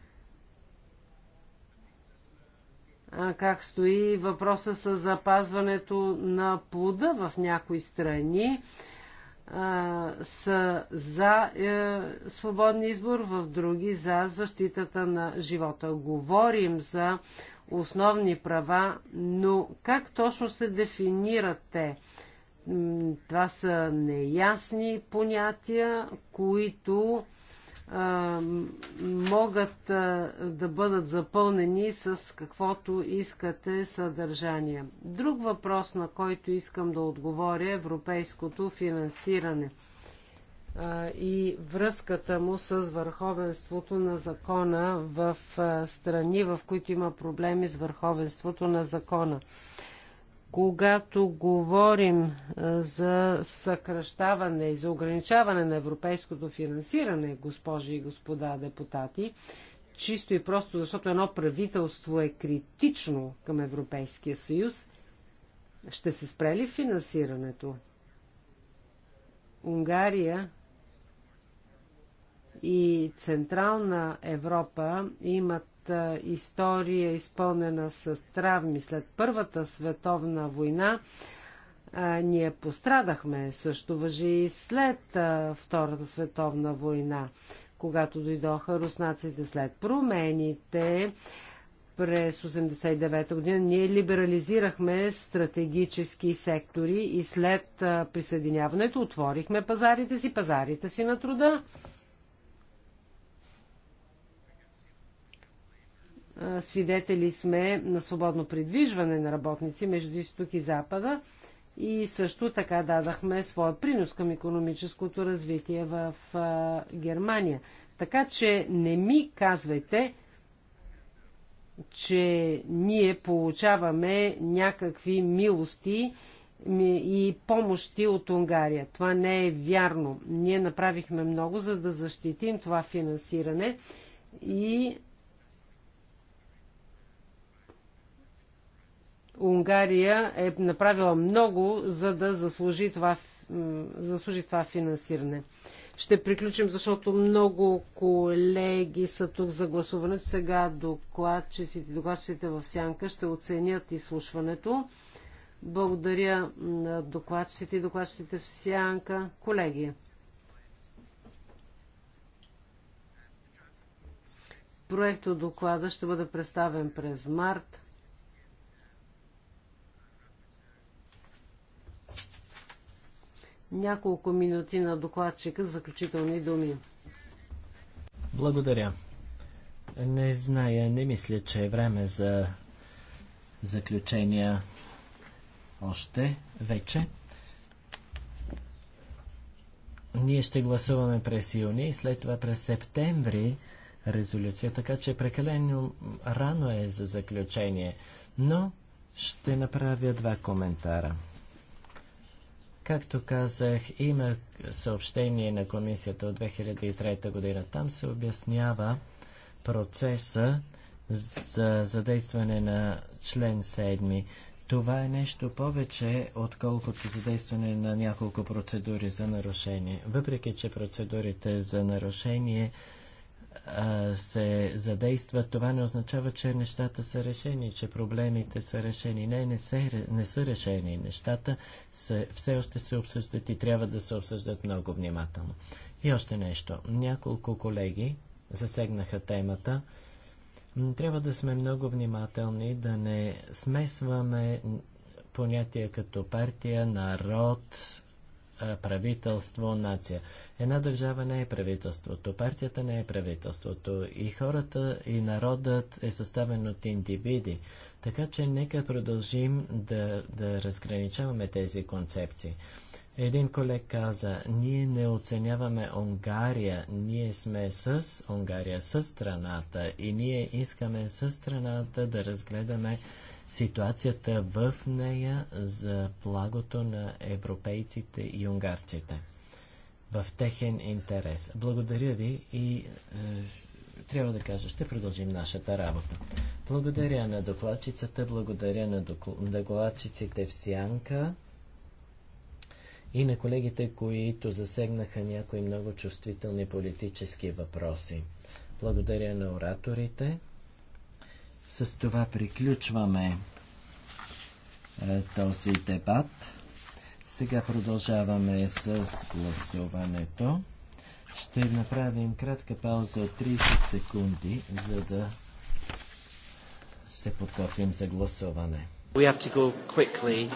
как стои въпроса с запазването на плода в някои страни са за е, свободен избор, в други за защитата на живота. Говорим за основни права, но как точно се дефинират те? Това са неясни понятия, които могат да бъдат запълнени с каквото искате съдържание. Друг въпрос, на който искам да отговоря, е европейското финансиране и връзката му с върховенството на закона в страни, в които има проблеми с върховенството на закона. Когато говорим е, за съкръщаване и за ограничаване на европейското финансиране, госпожи и господа депутати, чисто и просто защото едно правителство е критично към Европейския съюз, ще се спре ли финансирането? Унгария и Централна Европа имат нашата история изпълнена с травми. След Първата световна война а, ние пострадахме. Също въжи и след а, Втората световна война, когато дойдоха руснаците след промените. През 1989 година ние либерализирахме стратегически сектори и след а, присъединяването отворихме пазарите си, пазарите си на труда. Свидетели сме на свободно придвижване на работници между изток и запада и също така дадахме своя принос към економическото развитие в Германия. Така че не ми казвайте, че ние получаваме някакви милости и помощи от Унгария. Това не е вярно. Ние направихме много, за да защитим това финансиране и Унгария е направила много, за да заслужи това, заслужи това финансиране. Ще приключим, защото много колеги са тук за гласуването. Сега докладчиците, докладчиците в Сянка ще оценят изслушването. Благодаря на докладчиците и докладчиците в Сянка. Колеги, проектът доклада ще бъде представен през март. няколко минути на докладчика за заключителни думи. Благодаря. Не зная, не мисля, че е време за заключения още вече. Ние ще гласуваме през юни и след това през септември резолюция, така че прекалено рано е за заключение. Но ще направя два коментара. Както казах, има съобщение на комисията от 2003 година. Там се обяснява процеса за задействане на член 7. Това е нещо повече, отколкото задействане на няколко процедури за нарушение. Въпреки, че процедурите за нарушение се задейства. това не означава, че нещата са решени, че проблемите са решени. Не, не, се, не са решени. Нещата се, все още се обсъждат и трябва да се обсъждат много внимателно. И още нещо. Няколко колеги засегнаха темата. Трябва да сме много внимателни, да не смесваме понятия като партия, народ, правителство, нация. Една държава не е правителството, партията не е правителството и хората и народът е съставен от индивиди. Така че нека продължим да, да разграничаваме тези концепции. Един колег каза, ние не оценяваме Унгария, ние сме с Унгария, с страната и ние искаме с страната да разгледаме ситуацията в нея за благото на европейците и унгарците. В техен интерес. Благодаря ви и е, трябва да кажа, ще продължим нашата работа. Благодаря на докладчицата, благодаря на докладчиците в Сянка и на колегите, които засегнаха някои много чувствителни политически въпроси. Благодаря на ораторите. С това приключваме е, този дебат. Сега продължаваме с гласуването. Ще направим кратка пауза от 30 секунди, за да се подготвим за гласуване. We have to go quickly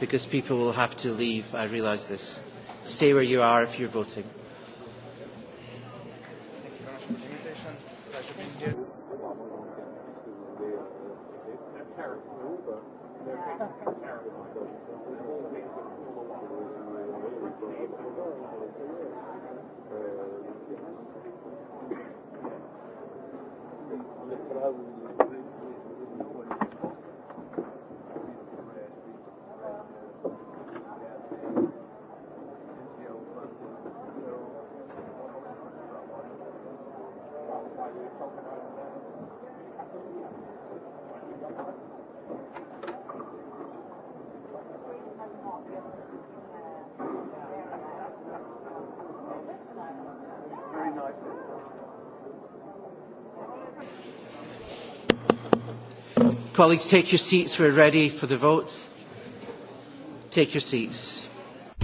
because people will have to leave. I realize this. Stay where you are if you're voting. Colleagues, take your seats. We're ready for the vote. Take your seats.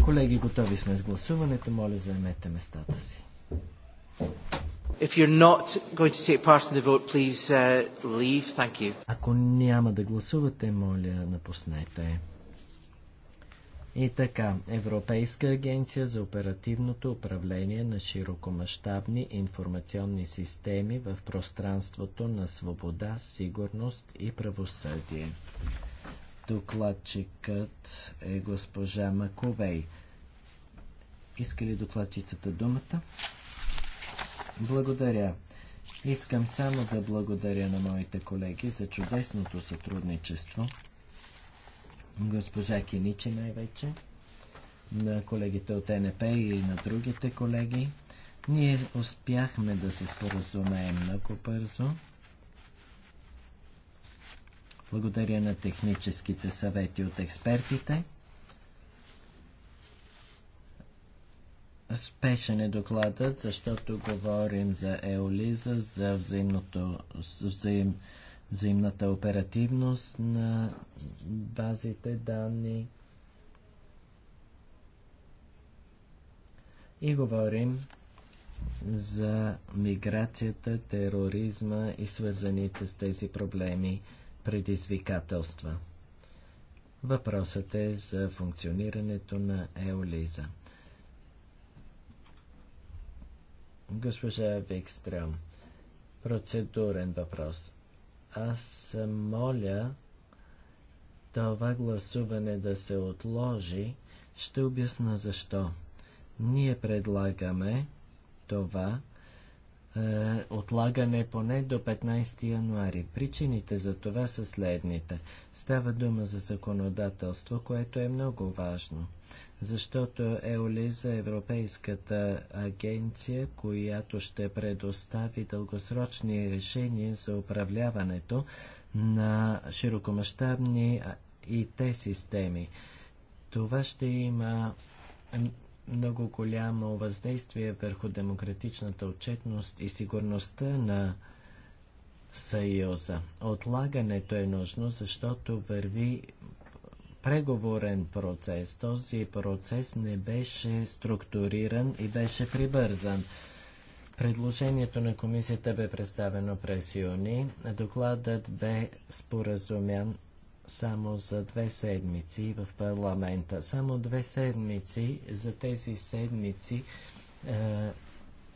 Колеги, готови сме с гласуването. Моля, заемете местата си. If you're not going to take part in the vote, please uh, leave. Thank you. Ако няма да гласувате, моля, напуснете. И така, Европейска агенция за оперативното управление на широкомащабни информационни системи в пространството на свобода, сигурност и правосъдие. Докладчикът е госпожа Маковей. Иска ли докладчицата думата? Благодаря. Искам само да благодаря на моите колеги за чудесното сътрудничество госпожа Киничи най-вече, на колегите от НП и на другите колеги. Ние успяхме да се споразумеем много бързо. Благодаря на техническите съвети от експертите. Спешен е докладът, защото говорим за еолиза, за взаимното, взаим, взаимната оперативност на базите данни. И говорим за миграцията, тероризма и свързаните с тези проблеми предизвикателства. Въпросът е за функционирането на Еолиза. Госпожа Викстрем, процедурен въпрос. Аз моля това гласуване да се отложи. Ще обясна защо. Ние предлагаме това е, отлагане поне до 15 януари. Причините за това са следните. Става дума за законодателство, което е много важно, защото Еолиза, Европейската агенция, която ще предостави дългосрочни решения за управляването на широкомащабни ИТ системи. Това ще има много голямо въздействие върху демократичната отчетност и сигурността на Съюза. Отлагането е нужно, защото върви преговорен процес. Този процес не беше структуриран и беше прибързан. Предложението на комисията бе представено през юни. Докладът бе споразумян само за две седмици в парламента. Само две седмици, за тези седмици е,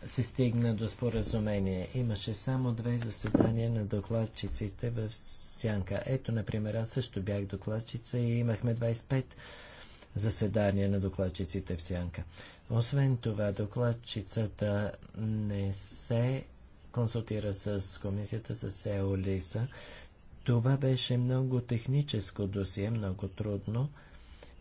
се стигна до споразумение. Имаше само две заседания на докладчиците в Сянка. Ето, например, аз също бях докладчица и имахме 25 заседания на докладчиците в Сянка. Освен това, докладчицата не се консултира с комисията за Сеолиса това беше много техническо досие, много трудно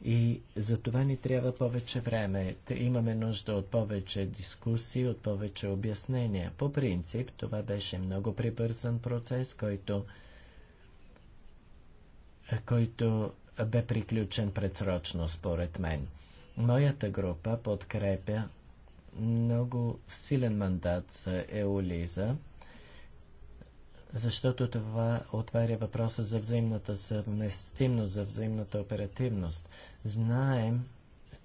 и за това ни трябва повече време. Имаме нужда от повече дискусии, от повече обяснения. По принцип, това беше много прибързан процес, който, който бе приключен предсрочно, според мен. Моята група подкрепя много силен мандат за Еолиза защото това отваря въпроса за взаимната съвместимост, за взаимната оперативност. Знаем,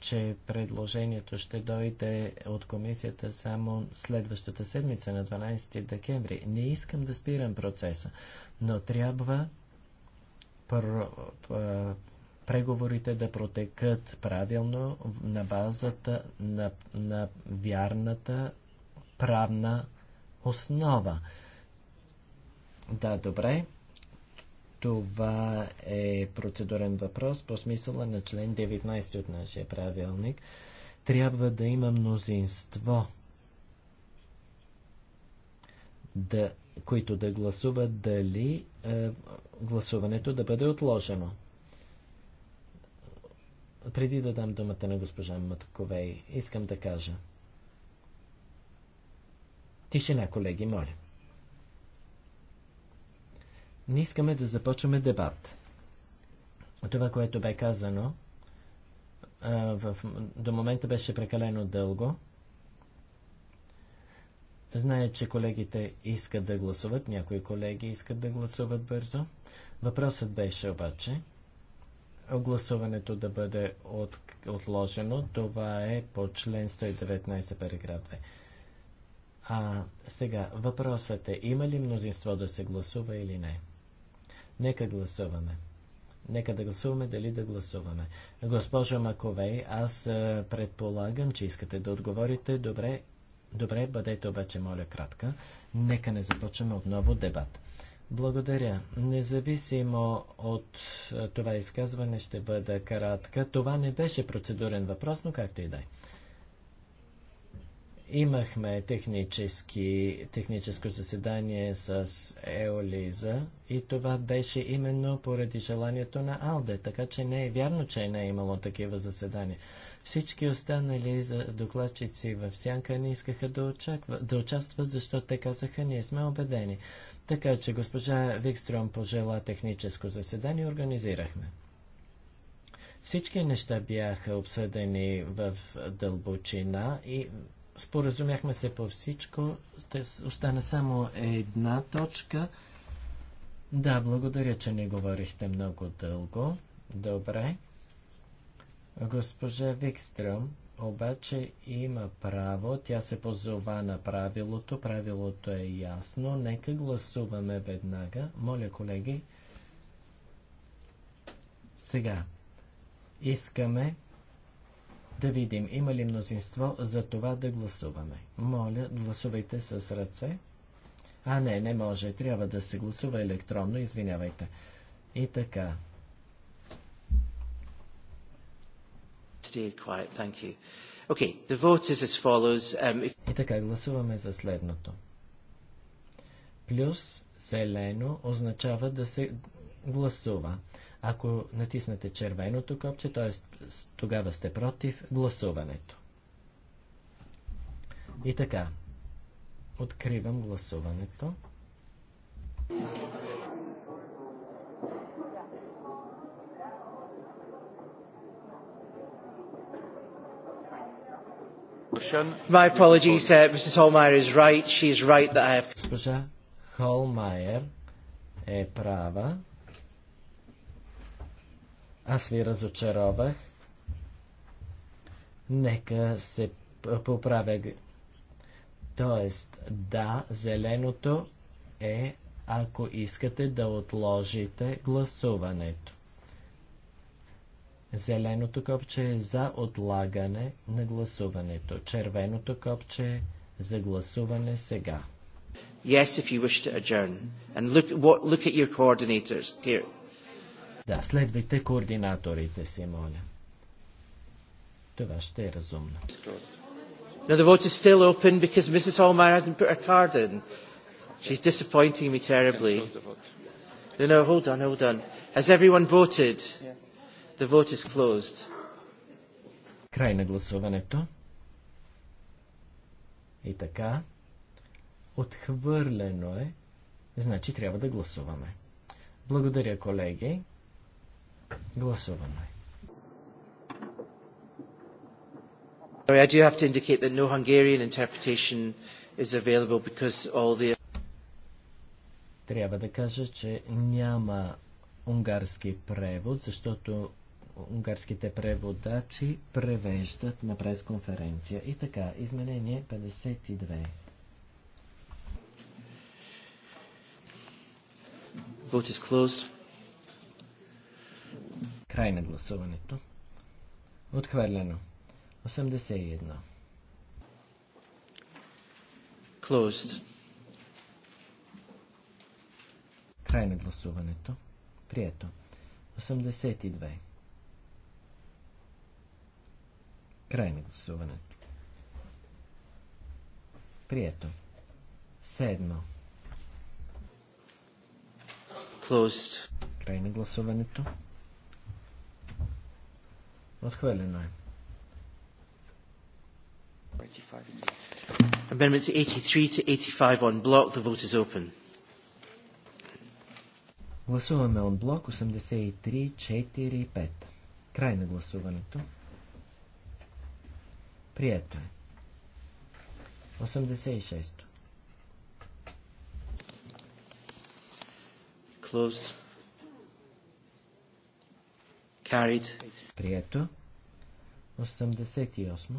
че предложението ще дойде от комисията само следващата седмица на 12 декември. Не искам да спирам процеса, но трябва преговорите да протекат правилно на базата на, на вярната правна основа. Да, добре. Това е процедурен въпрос по смисъла на член 19 от нашия правилник. Трябва да има мнозинство, да, които да гласуват дали е, гласуването да бъде отложено. Преди да дам думата на госпожа Матковей, искам да кажа. Тишина, колеги, моля не искаме да започваме дебат. Това, което бе казано, в, до момента беше прекалено дълго. Зная, че колегите искат да гласуват, някои колеги искат да гласуват бързо. Въпросът беше обаче гласуването да бъде от, отложено. Това е по член 119 параграф 2. А сега въпросът е има ли мнозинство да се гласува или не? Нека гласуваме. Нека да гласуваме дали да гласуваме. Госпожа Маковей, аз е, предполагам, че искате да отговорите. Добре, добре, бъдете обаче, моля, кратка. Нека не започваме отново дебат. Благодаря. Независимо от е, това изказване ще бъда кратка. Това не беше процедурен въпрос, но както и да е. Имахме технически, техническо заседание с Еолиза и това беше именно поради желанието на Алде, така че не е вярно, че не е имало такива заседания. Всички останали за докладчици в сянка не искаха да, очаква, да участват, защото те казаха, ние сме убедени. Така че госпожа Викстром пожела техническо заседание и организирахме. Всички неща бяха обсъдени в дълбочина и Споразумяхме се по всичко. Остана само една точка. Да, благодаря, че не говорихте много дълго. Добре. Госпожа Викстрем обаче има право, тя се позова на правилото, правилото е ясно, нека гласуваме веднага. Моля, колеги, сега искаме да видим има ли мнозинство за това да гласуваме. Моля, гласувайте с ръце. А, не, не може. Трябва да се гласува електронно. Извинявайте. И така. Um, И така, гласуваме за следното. Плюс зелено означава да се гласува. Ако натиснете червеното копче, т.е. тогава сте против гласуването. И така, откривам гласуването. My apologies, uh, Mrs. Holmeyer is right. She is right that I have... Госпожа Холмайер е права. Аз ви разочаровах. Нека се поправя. Тоест, да, зеленото е, ако искате да отложите гласуването. Зеленото копче е за отлагане на гласуването. Червеното копче е за гласуване сега. Yes, if you wish to adjourn. And look, what, look at your coordinators here. Да, следвайте координаторите си, моля. Това ще е разумно. Now the vote is still open because Mrs. Holmeyer hasn't put her card in. She's disappointing me terribly. No, no, hold on, hold on. Has everyone voted? The vote is closed. Край на гласуването. И така. Отхвърлено е. Значи трябва да гласуваме. Благодаря, колеги. Гласуваме. Sorry, I do have to indicate that no Hungarian interpretation is available because all the... Трябва да кажа, че няма унгарски превод, защото унгарските преводачи превеждат на пресконференция. И така, изменение 52. Vote is closed. Край на гласуването. Отхвърлено. 81. Closed. Край на гласуването. Прието. 82. Край на гласуването. Прието. Седмо. Closed. Край на гласуването. Отхвърлено е. Amendments 83 to 85 on block. The vote is open. Гласуваме on block 83, 4 5. Край на гласуването. Прието е. 86. Closed. Carried. Прието. 88.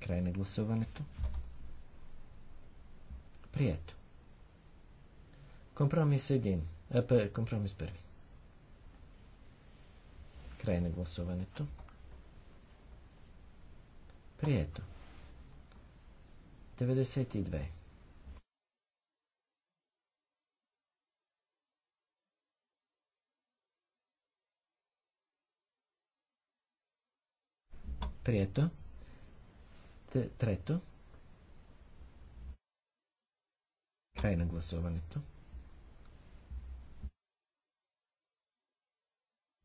Край на гласуването. Прието. Компромис 1. А, е, компромис 1. Край на гласуването. Прието. 92. Прието. Трето. Край на гласуването.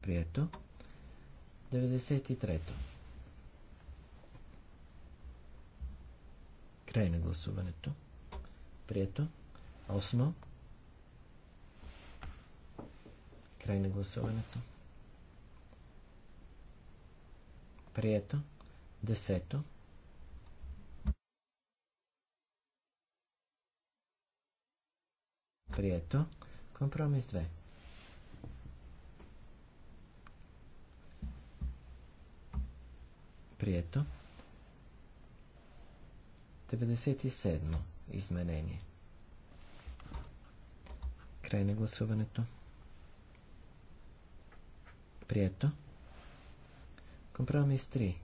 Прието. 93-то. Край на гласуването. Прието. Осмо. Край на гласуването. Прието. Десето. Прието. Компромис 2. Прието. 97 изменение. Край на гласуването. Прието. Компромис 3.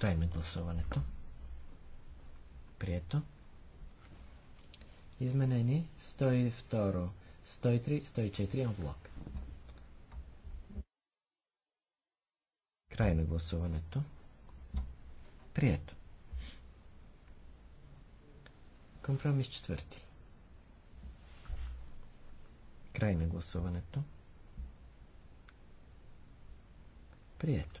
Край на гласуването. Прието. Изменени 102, 103, 104 блок. Край на гласуването. Прието. Компромис четвърти. Край на гласуването. Прието.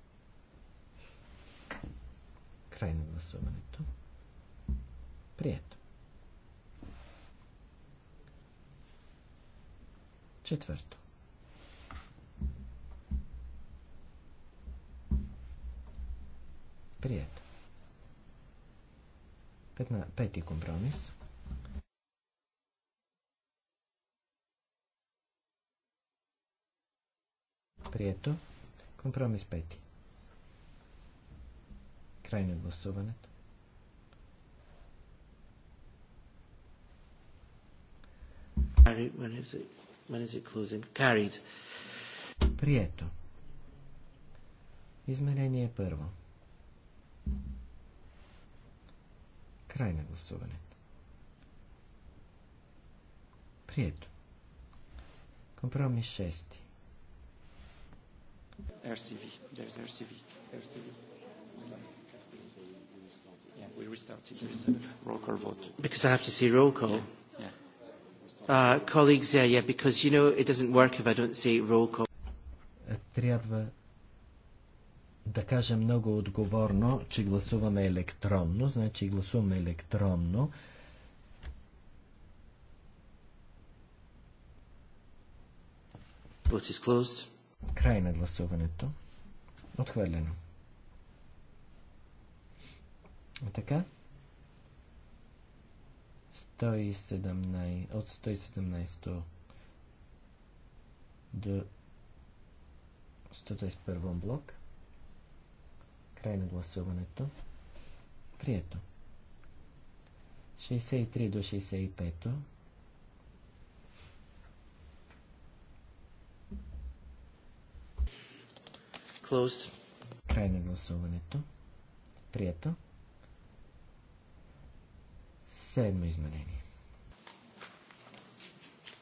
Край на гласуването. Прието. Четвърто. Прието. Петна, пети компромис. Прието. Компромис пети. Край на гласуването. Прието. Изменение първо. Край на гласуването. Прието. Компромис 6. RCV. There's RCV. RCV we restarted instead of roll call vote. Because I have to say roll call. Yeah. Uh, colleagues, yeah, yeah, because you know it doesn't work if I don't say roll call. Трябва да кажа много отговорно, че гласуваме електронно, значи гласуваме електронно. Край на гласуването. Отхвърлено. Така. 117, от 117 до 121 блок. Край на гласуването. Прието. 63 до 65. Closed. Край на гласуването. Прието. Седмо изменение.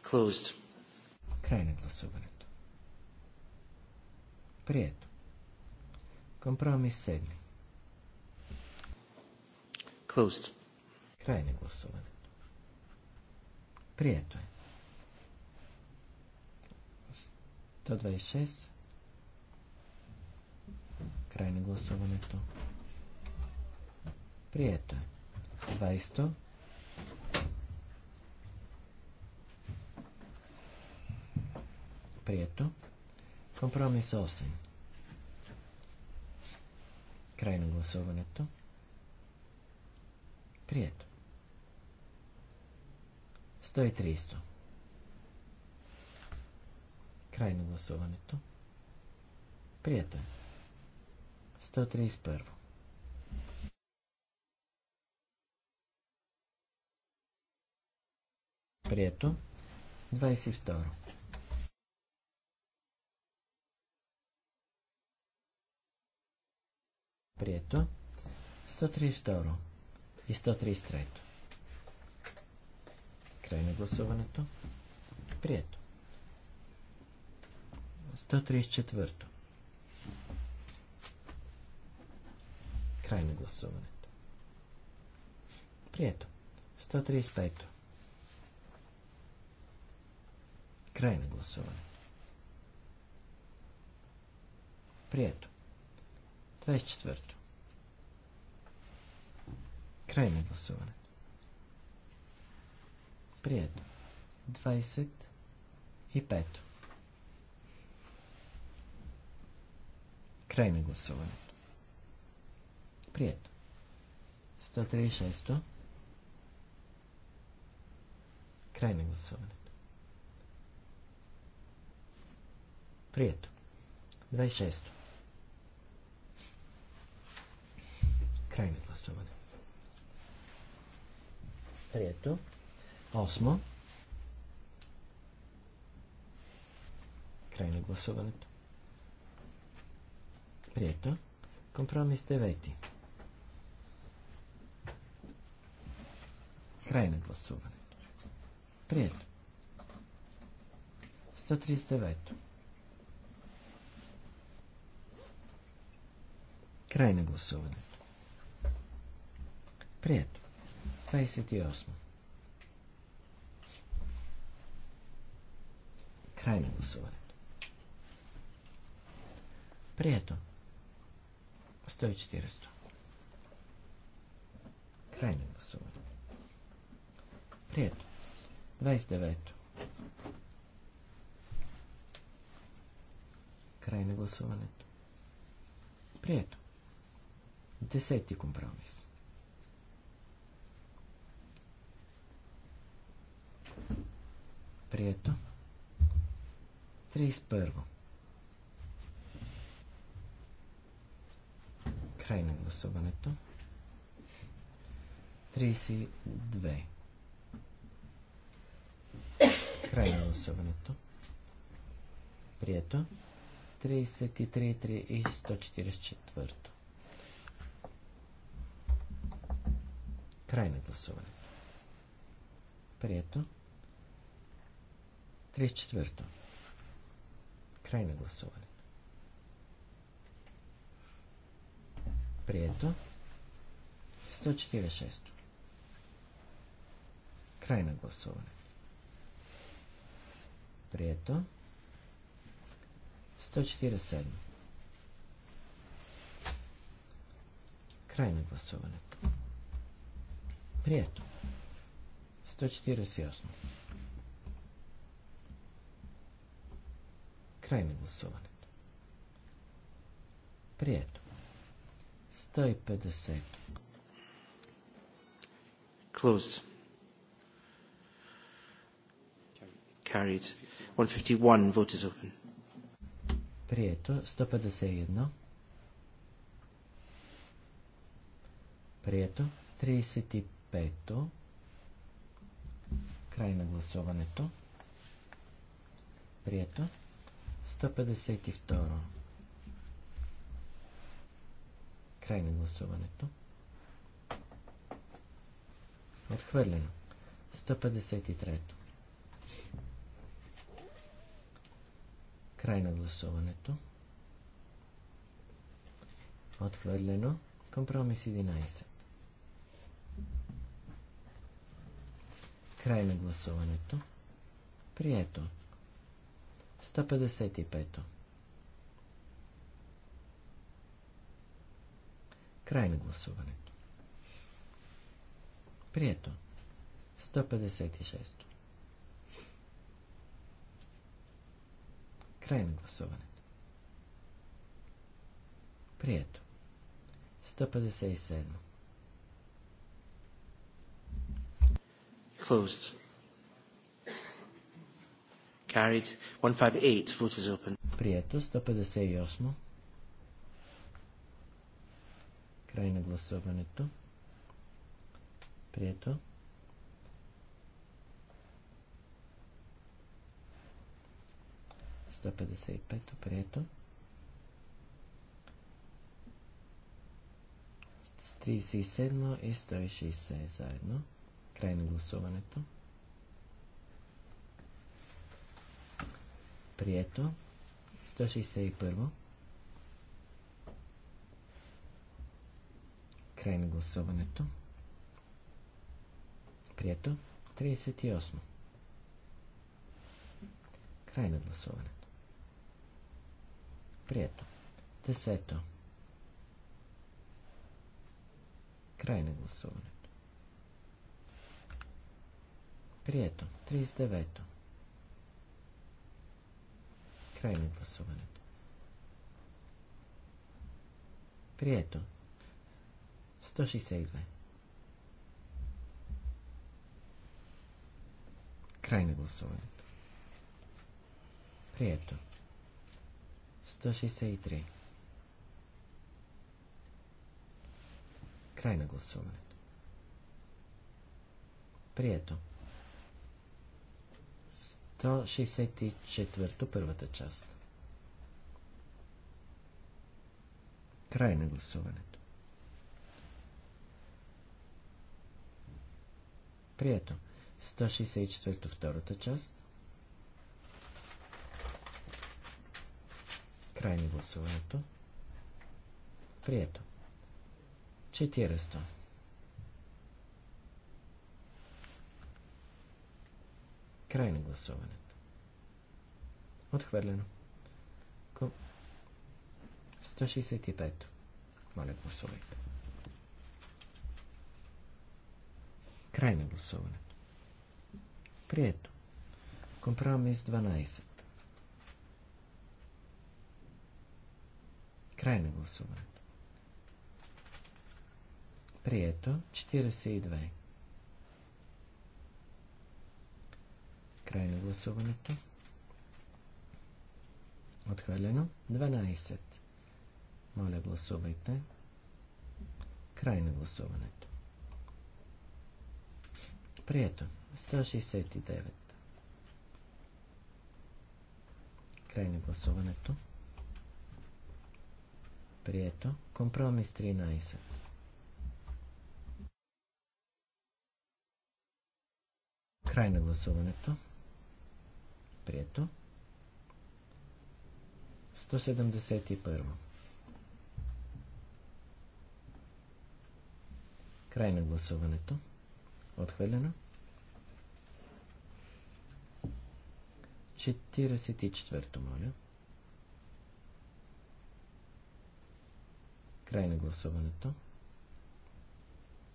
Closed. Край на гласуването. Прието. Компромис седми. Closed. Край на гласуването. Прието е. 126. Край на гласуването. Прието е. 20. Прието. Компромис 8. Край на гласуването. Прието. 130. Край на гласуването. Прието е. 131. Прието. 22. Прието. 132 и 133. Край на гласуването. Прието. 134. Край на гласуването. Прието. 135. Край на гласуването. Прието. 24-то. Край на гласуването. Прието. 25-то. Край на гласуването. Прието. 136-то. Край на гласуването. Прието. 26-то. Край гласуване. Трето. Осмо. Край на гласуването. Прието. Компромис девети. Край на гласуването. Прието. 139. Край на гласуването. Прието. 28. Край на гласуването. Прието. 140. Край на гласуването. Прието. 29. Край на гласуването. Прието. Десети компромис. Прието. 31. Край на гласуването. 32. Край на гласуването. Прието. 33 и 144. Край на гласуването. Прието. 34-то. Край на гласуването. Прието. 146-то. Край на гласуване. Прието. 147. Край на гласуването. Прието. 148. Край на гласуването. Прието. 150. Close. Carried. 151. Vote is open. Прието. 151. Прието. 35. Край на гласуването. Прието. 152. Край на гласуването. Отхвърлено. 153. Край на гласуването. Отхвърлено. Компромис 11. Край на гласуването. Прието. 155. Край на гласуването. Прието. 156. Край на гласуването. Прието. 157. Closed. Carried. 158. Vote is open. Прието. 158. Край на гласуването. Прието. Сто петдесет пето. Прието. 37 и 160 заедно. Край на гласуването. Прието. 161. Край на гласуването. Прието. 38. Край на гласуването. Прието. Десето. Край на гласуването. Прието. 39. Край на гласуването. Прието. 162. Край на гласуването. Прието. 163. Край на гласуването. Прието. 164. 164 първата част. Край на гласуването. Прието. 164 то втората част. Край на гласуването. Прието. 400. Край на гласуването. Отхвърлено. 165. Моля, гласувайте. Край на гласуването. Прието. Компромис 12. Край на гласуването. Прието 42. Край на гласуването. Отхвърлено. 12. Моля, гласувайте. Край на гласуването. Прието. 169. Край на гласуването. Прието. Компромис 13. Край на гласуването. Прието. 171. Край на гласуването. Отхвърлено. 44 моля. Край на гласуването.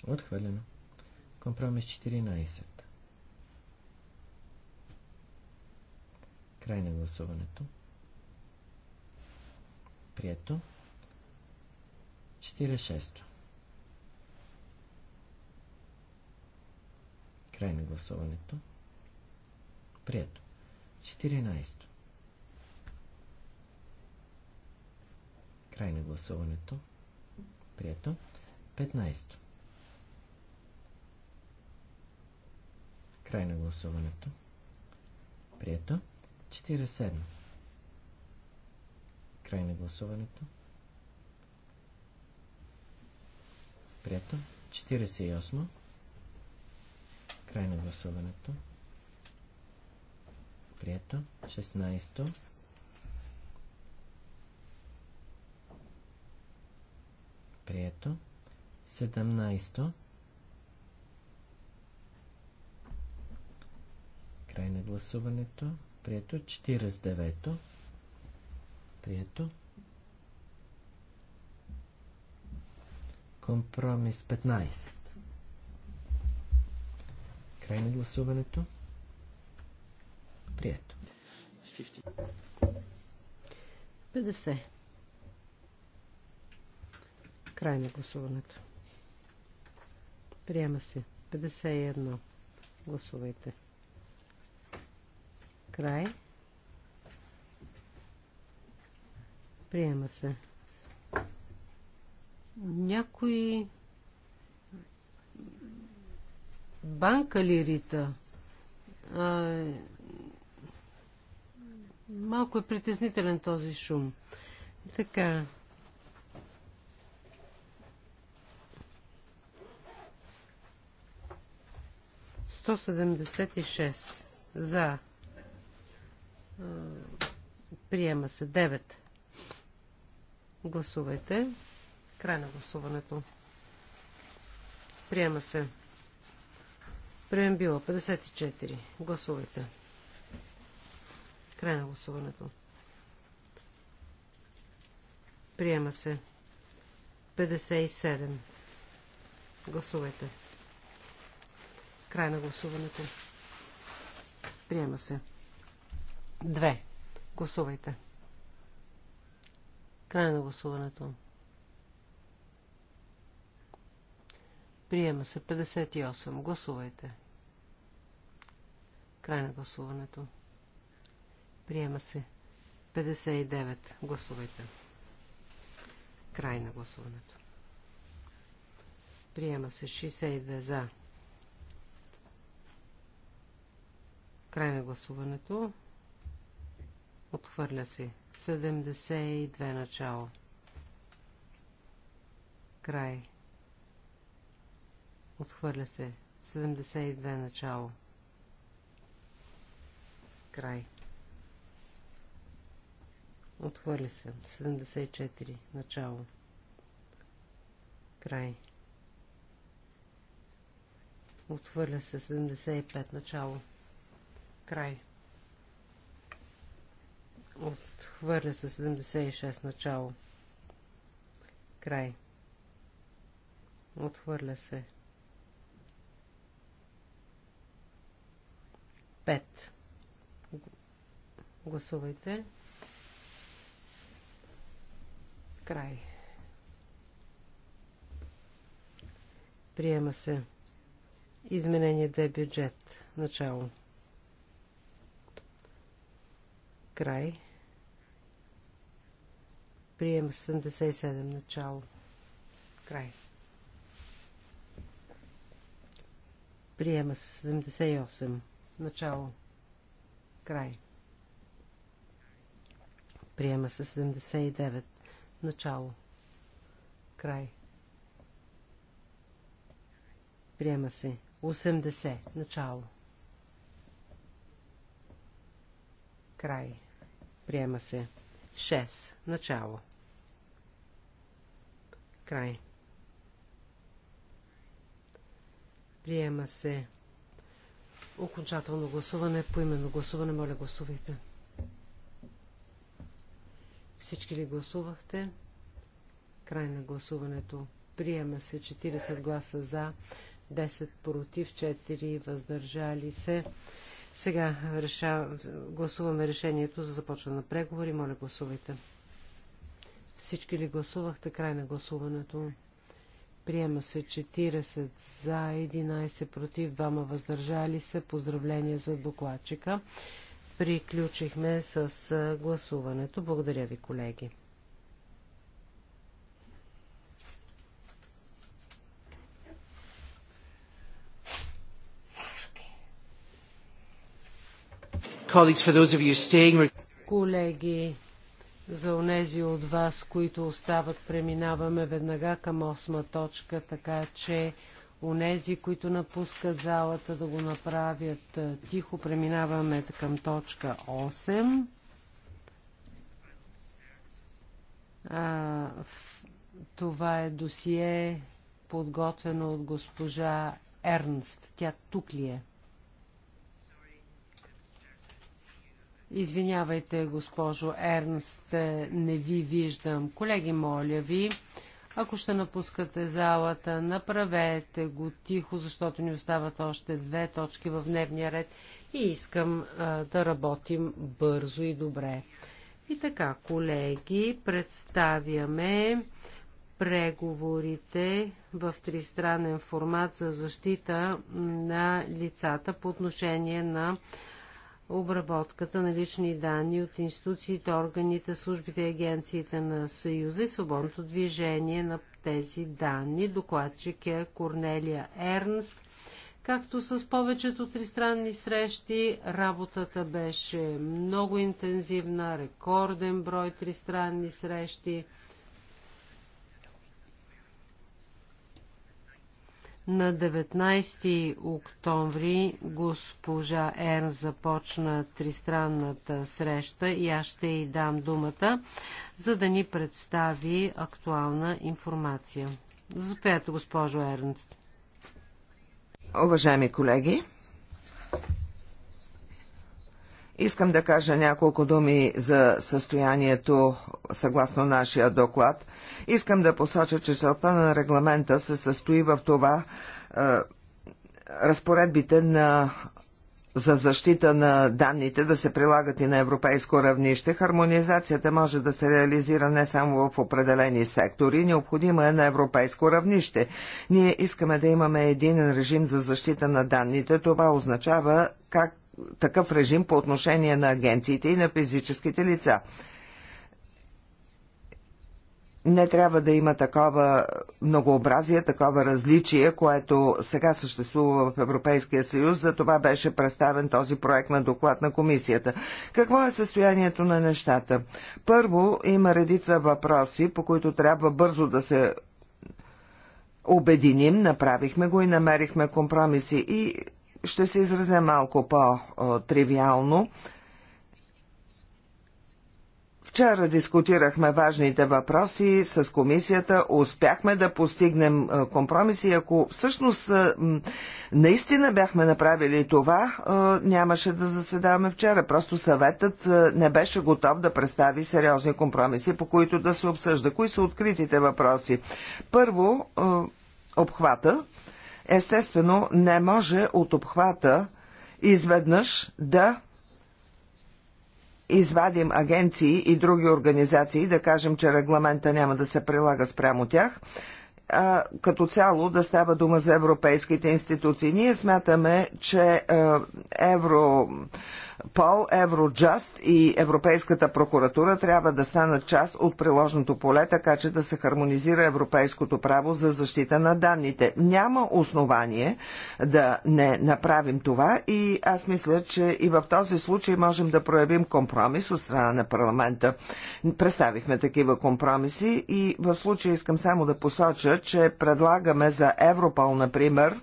Отхвърлено. Компромис 14. Край на гласуването. Прието. 46. Край на гласуването. Прието. 14. Край на гласуването. Прието. 15. Край на гласуването. Прието. 47. Край на гласуването. Прието. 48. Край на гласуването. Прието. 16. Прието. 17. Край на гласуването. Прието. 49-то. Прието. Компромис 15. Край на гласуването. Прието. 50. Край на гласуването. Приема се. 51. Гласувайте. 51. Край. Приема се. Някой банка ли рита? А, малко е притеснителен този шум. Така. Сто седемдесет и шест. За. Приема се 9. Гласувайте. Край на гласуването. Приема се. Преембила 54. Гласувайте. Край на гласуването. Приема се. 57. Гласувайте. Край на гласуването. Приема се. Две. Гласувайте. Край на гласуването. Приема се 58. Гласувайте. Край на гласуването. Приема се 59. Гласувайте. Край на гласуването. Приема се 62 за. Край на гласуването. Отхвърля се. 72 начало. Край. Отхвърля се. 72 начало. Край. Отхвърля се. 74 начало. Край. Отхвърля се. 75 начало. Край. Отхвърля се 76 начало. Край. Отхвърля се. 5. Гласувайте. Край. Приема се. Изменение 2 бюджет. Начало. Край. Прием 87 Начало. Край. Приема 78. Начало. Край. Приема се 79. Начало. Край. Приема се 80. Начало. Край. Приема се. 6. Начало. Край. Приема се. Окончателно гласуване, по именно гласуване, моля гласувайте. Всички ли гласувахте? Край на гласуването. Приема се 40 гласа за, 10 против, 4 въздържали се. Сега решав... гласуваме решението за започване на преговори. Моля, гласувайте. Всички ли гласувахте? Край на гласуването. Приема се 40 за, 11 против, 2 въздържали се. Поздравления за докладчика. Приключихме с гласуването. Благодаря ви, колеги. Колеги, за онези от вас, които остават, преминаваме веднага към осма точка, така че онези, които напускат залата, да го направят е, тихо. Преминаваме към точка 8. А, това е досие, подготвено от госпожа Ернст. Тя тук ли е? Извинявайте, госпожо Ернст, не ви виждам. Колеги, моля ви, ако ще напускате залата, направете го тихо, защото ни остават още две точки в дневния ред и искам а, да работим бързо и добре. И така, колеги, представяме преговорите в тристранен формат за защита на лицата по отношение на обработката на лични данни от институциите, органите, службите и агенциите на Съюза и свободното движение на тези данни. Докладчик е Корнелия Ернст. Както с повечето тристранни срещи, работата беше много интензивна, рекорден брой тристранни срещи – На 19 октомври госпожа Ерн започна тристранната среща и аз ще й дам думата, за да ни представи актуална информация. Заповядайте, госпожо Ернст. Уважаеми колеги, Искам да кажа няколко думи за състоянието съгласно нашия доклад. Искам да посоча, че целта на регламента се състои в това е, разпоредбите на за защита на данните да се прилагат и на европейско равнище. Хармонизацията може да се реализира не само в определени сектори, необходима е на европейско равнище. Ние искаме да имаме един режим за защита на данните. Това означава как такъв режим по отношение на агенциите и на физическите лица. Не трябва да има такова многообразие, такова различие, което сега съществува в Европейския съюз. За това беше представен този проект на доклад на комисията. Какво е състоянието на нещата? Първо, има редица въпроси, по които трябва бързо да се обединим, направихме го и намерихме компромиси. И ще се изразя малко по-тривиално. Вчера дискутирахме важните въпроси с комисията, успяхме да постигнем компромиси. Ако всъщност наистина бяхме направили това, нямаше да заседаваме вчера. Просто съветът не беше готов да представи сериозни компромиси, по които да се обсъжда. Кои са откритите въпроси? Първо, обхвата естествено не може от обхвата изведнъж да извадим агенции и други организации, да кажем, че регламента няма да се прилага спрямо тях, а, като цяло да става дума за европейските институции. Ние смятаме, че евро Пол, Евроджаст и Европейската прокуратура трябва да станат част от приложното поле, така че да се хармонизира европейското право за защита на данните. Няма основание да не направим това и аз мисля, че и в този случай можем да проявим компромис от страна на парламента. Представихме такива компромиси и в случай искам само да посоча, че предлагаме за Европол, например,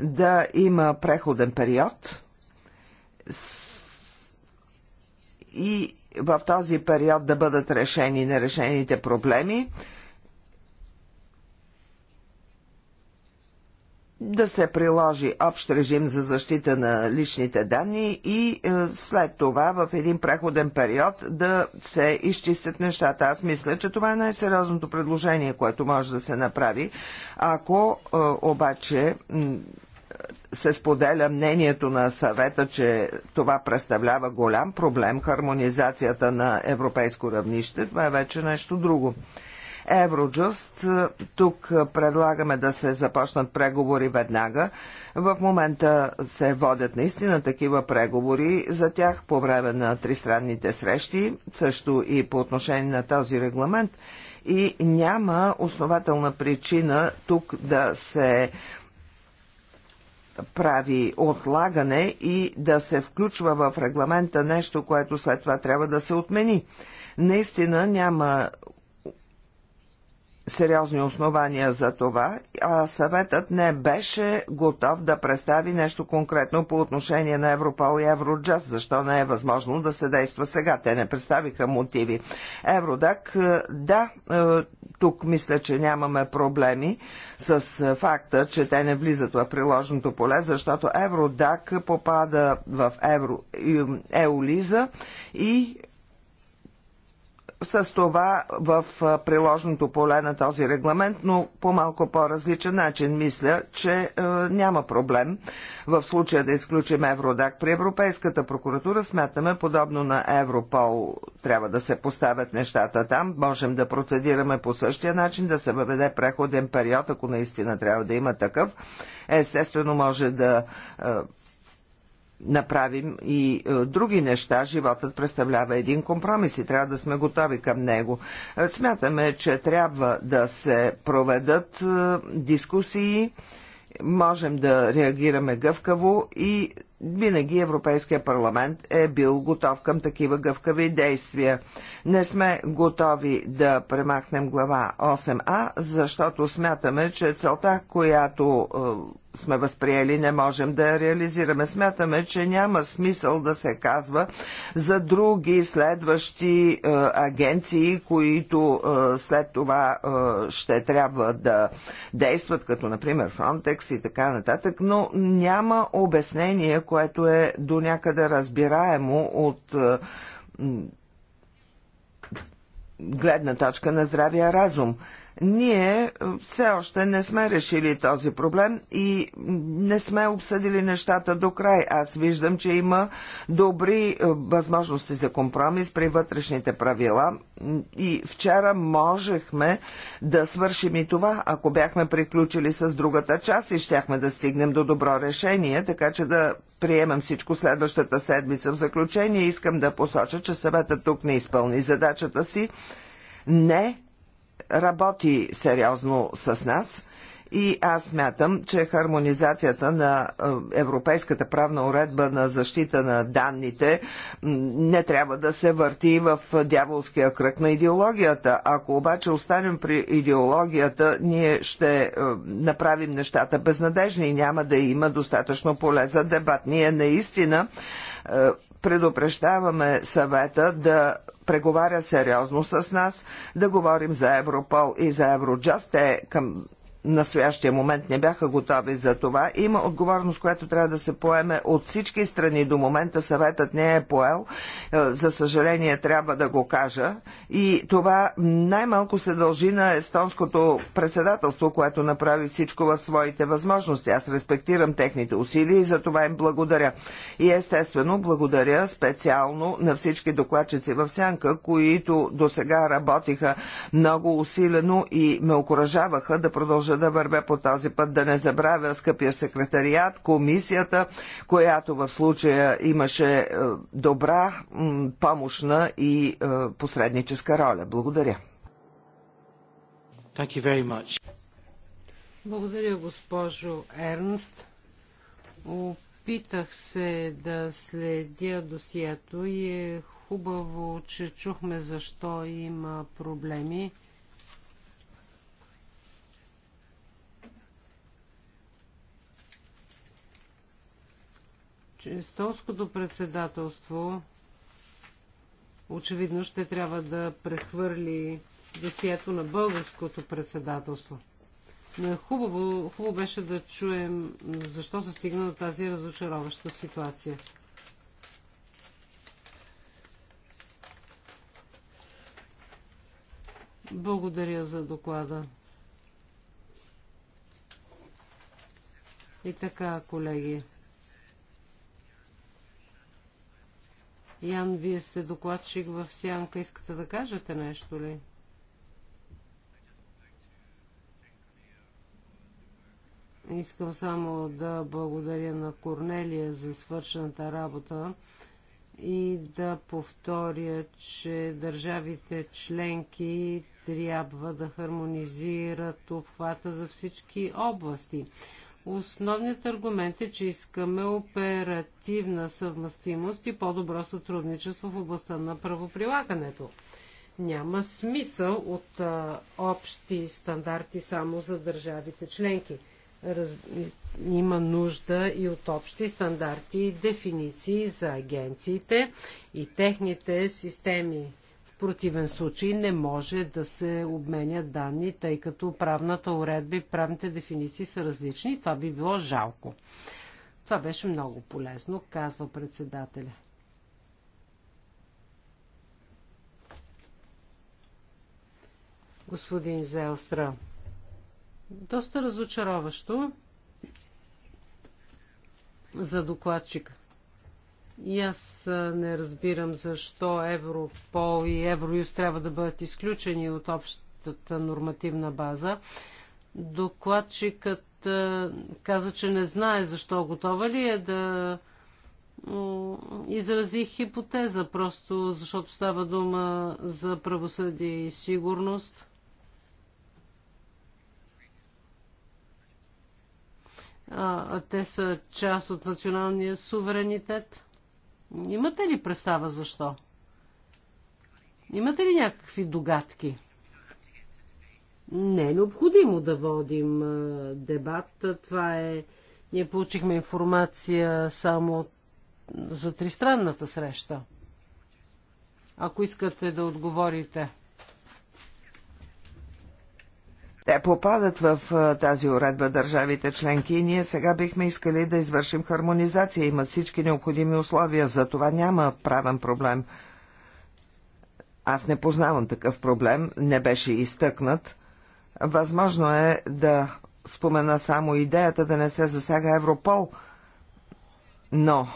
да има преходен период с и в този период да бъдат решени нерешените проблеми, да се приложи общ режим за защита на личните данни и е, след това в един преходен период да се изчистят нещата. Аз мисля, че това е най-сериозното предложение, което може да се направи. Ако е, обаче се споделя мнението на съвета, че това представлява голям проблем, хармонизацията на европейско равнище, това е вече нещо друго. Евроджъст. Тук предлагаме да се започнат преговори веднага. В момента се водят наистина такива преговори за тях по време на тристранните срещи, също и по отношение на този регламент. И няма основателна причина тук да се прави отлагане и да се включва в регламента нещо, което след това трябва да се отмени. Наистина няма сериозни основания за това, а съветът не беше готов да представи нещо конкретно по отношение на Европол и Евроджаз, защо не е възможно да се действа сега. Те не представиха мотиви. Евродак, е, да, е, тук мисля, че нямаме проблеми с факта, че те не влизат в приложното поле, защото Евродак попада в Евро, Еолиза и с това в приложното поле на този регламент, но по малко по-различен начин. Мисля, че е, няма проблем в случая да изключим Евродак. При Европейската прокуратура смятаме, подобно на Европол, трябва да се поставят нещата там. Можем да процедираме по същия начин, да се въведе преходен период, ако наистина трябва да има такъв. Естествено, може да е, направим и е, други неща, животът представлява един компромис и трябва да сме готови към него. Е, смятаме, че трябва да се проведат е, дискусии, можем да реагираме гъвкаво и винаги Европейския парламент е бил готов към такива гъвкави действия. Не сме готови да премахнем глава 8а, защото смятаме, че целта, която сме възприели, не можем да я реализираме. Смятаме, че няма смисъл да се казва за други следващи е, агенции, които е, след това е, ще трябва да действат, като например Frontex и така нататък, но няма обяснение, което е до някъде разбираемо от е, гледна точка на здравия разум. Ние все още не сме решили този проблем и не сме обсъдили нещата до край. Аз виждам, че има добри е, възможности за компромис при вътрешните правила и вчера можехме да свършим и това, ако бяхме приключили с другата част и щяхме да стигнем до добро решение, така че да приемам всичко следващата седмица. В заключение искам да посоча, че съветът тук не изпълни задачата си. Не работи сериозно с нас и аз смятам, че хармонизацията на е, европейската правна уредба на защита на данните не трябва да се върти в дяволския кръг на идеологията. Ако обаче останем при идеологията, ние ще е, направим нещата безнадежни и няма да има достатъчно поле за дебат. Ние наистина е, предупреждаваме съвета да преговаря сериозно с нас, да говорим за Европол и за Евроджаст. Те към настоящия момент не бяха готови за това. Има отговорност, която трябва да се поеме от всички страни. До момента съветът не е поел. Е, за съжаление трябва да го кажа. И това най-малко се дължи на естонското председателство, което направи всичко в своите възможности. Аз респектирам техните усилия и за това им благодаря. И естествено благодаря специално на всички докладчици в Сянка, които до сега работиха много усилено и ме окоръжаваха да продължат да вървя по този път, да не забравя скъпия секретариат, комисията, която в случая имаше е, добра, помощна и е, посредническа роля. Благодаря. Thank you very much. Благодаря, госпожо Ернст. Опитах се да следя досието и е хубаво, че чухме защо има проблеми. естонското председателство очевидно ще трябва да прехвърли досието на българското председателство. Но е хубаво, хубаво беше да чуем защо се стигна до тази разочароваща ситуация. Благодаря за доклада. И така, колеги. Ян, вие сте докладчик в Сянка. Искате да кажете нещо ли? Искам само да благодаря на Корнелия за свършената работа и да повторя, че държавите членки трябва да хармонизират обхвата за всички области. Основният аргумент е, че искаме оперативна съвместимост и по-добро сътрудничество в областта на правоприлагането. Няма смисъл от а, общи стандарти само за държавите членки. Раз... Има нужда и от общи стандарти и дефиниции за агенциите и техните системи в противен случай не може да се обменят данни, тъй като правната уредба и правните дефиниции са различни това би било жалко. Това беше много полезно, казва председателя. Господин Зелстра, доста разочароващо за докладчика. И аз не разбирам защо Европол и Евроюз трябва да бъдат изключени от общата нормативна база. Докладчикът каза, че не знае защо готова ли е да изрази хипотеза, просто защото става дума за правосъдие и сигурност. А, а те са част от националния суверенитет. Имате ли представа защо? Имате ли някакви догадки? Не е необходимо да водим дебат. Това е... Ние получихме информация само за тристранната среща. Ако искате да отговорите. Те попадат в тази уредба държавите членки и ние сега бихме искали да извършим хармонизация. Има всички необходими условия, за това няма правен проблем. Аз не познавам такъв проблем, не беше изтъкнат. Възможно е да спомена само идеята да не се засяга Европол, но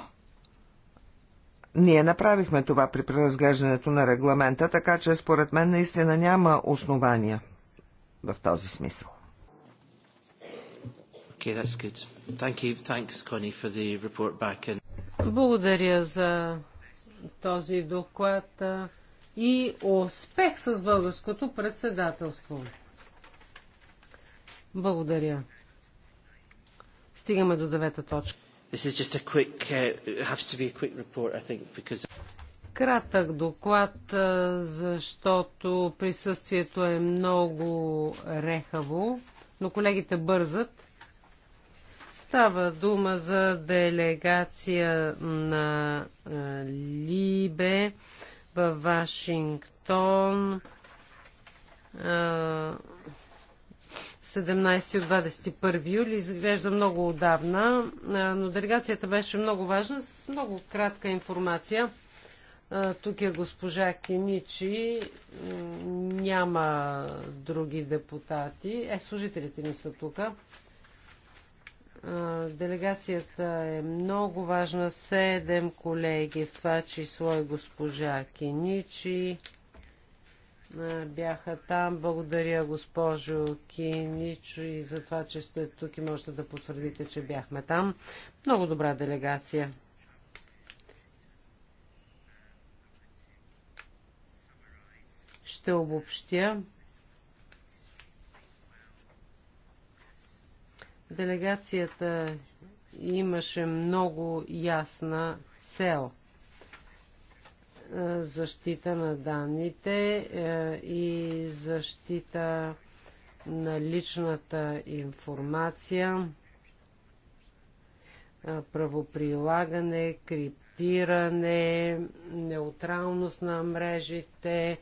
ние направихме това при преразглеждането на регламента, така че според мен наистина няма основания в този смисъл. Okay, that's good. Thank you. Thanks, Connie, for the report back. And... Благодаря за този доклад и успех с българското председателство. Благодаря. Стигаме до девета точка. This is just a quick, uh, it has to be a quick report, I think, because кратък доклад, защото присъствието е много рехаво, но колегите бързат. Става дума за делегация на Либе в Вашингтон. 17 от 21 юли изглежда много отдавна, но делегацията беше много важна с много кратка информация. Тук е госпожа Кеничи. Няма други депутати. Е, служителите ни са тук. Делегацията е много важна. Седем колеги, в това число и госпожа Киничи. Бяха там. Благодаря, госпожо Киничо и за това, че сте тук и можете да потвърдите, че бяхме там. Много добра делегация. ще обобщя. Делегацията имаше много ясна цел защита на данните е, и защита на личната информация, е, правоприлагане, криптиране, неутралност на мрежите,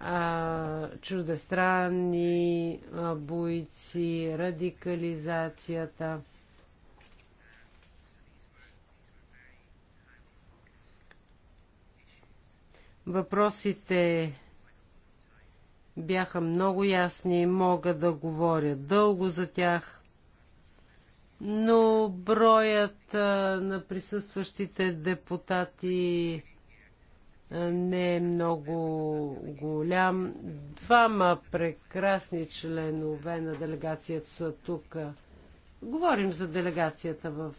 а, чуждестранни а, бойци, радикализацията. Въпросите бяха много ясни мога да говоря дълго за тях, но броят а, на присъстващите депутати не е много голям. Двама прекрасни членове на делегацията са тук. Говорим за делегацията в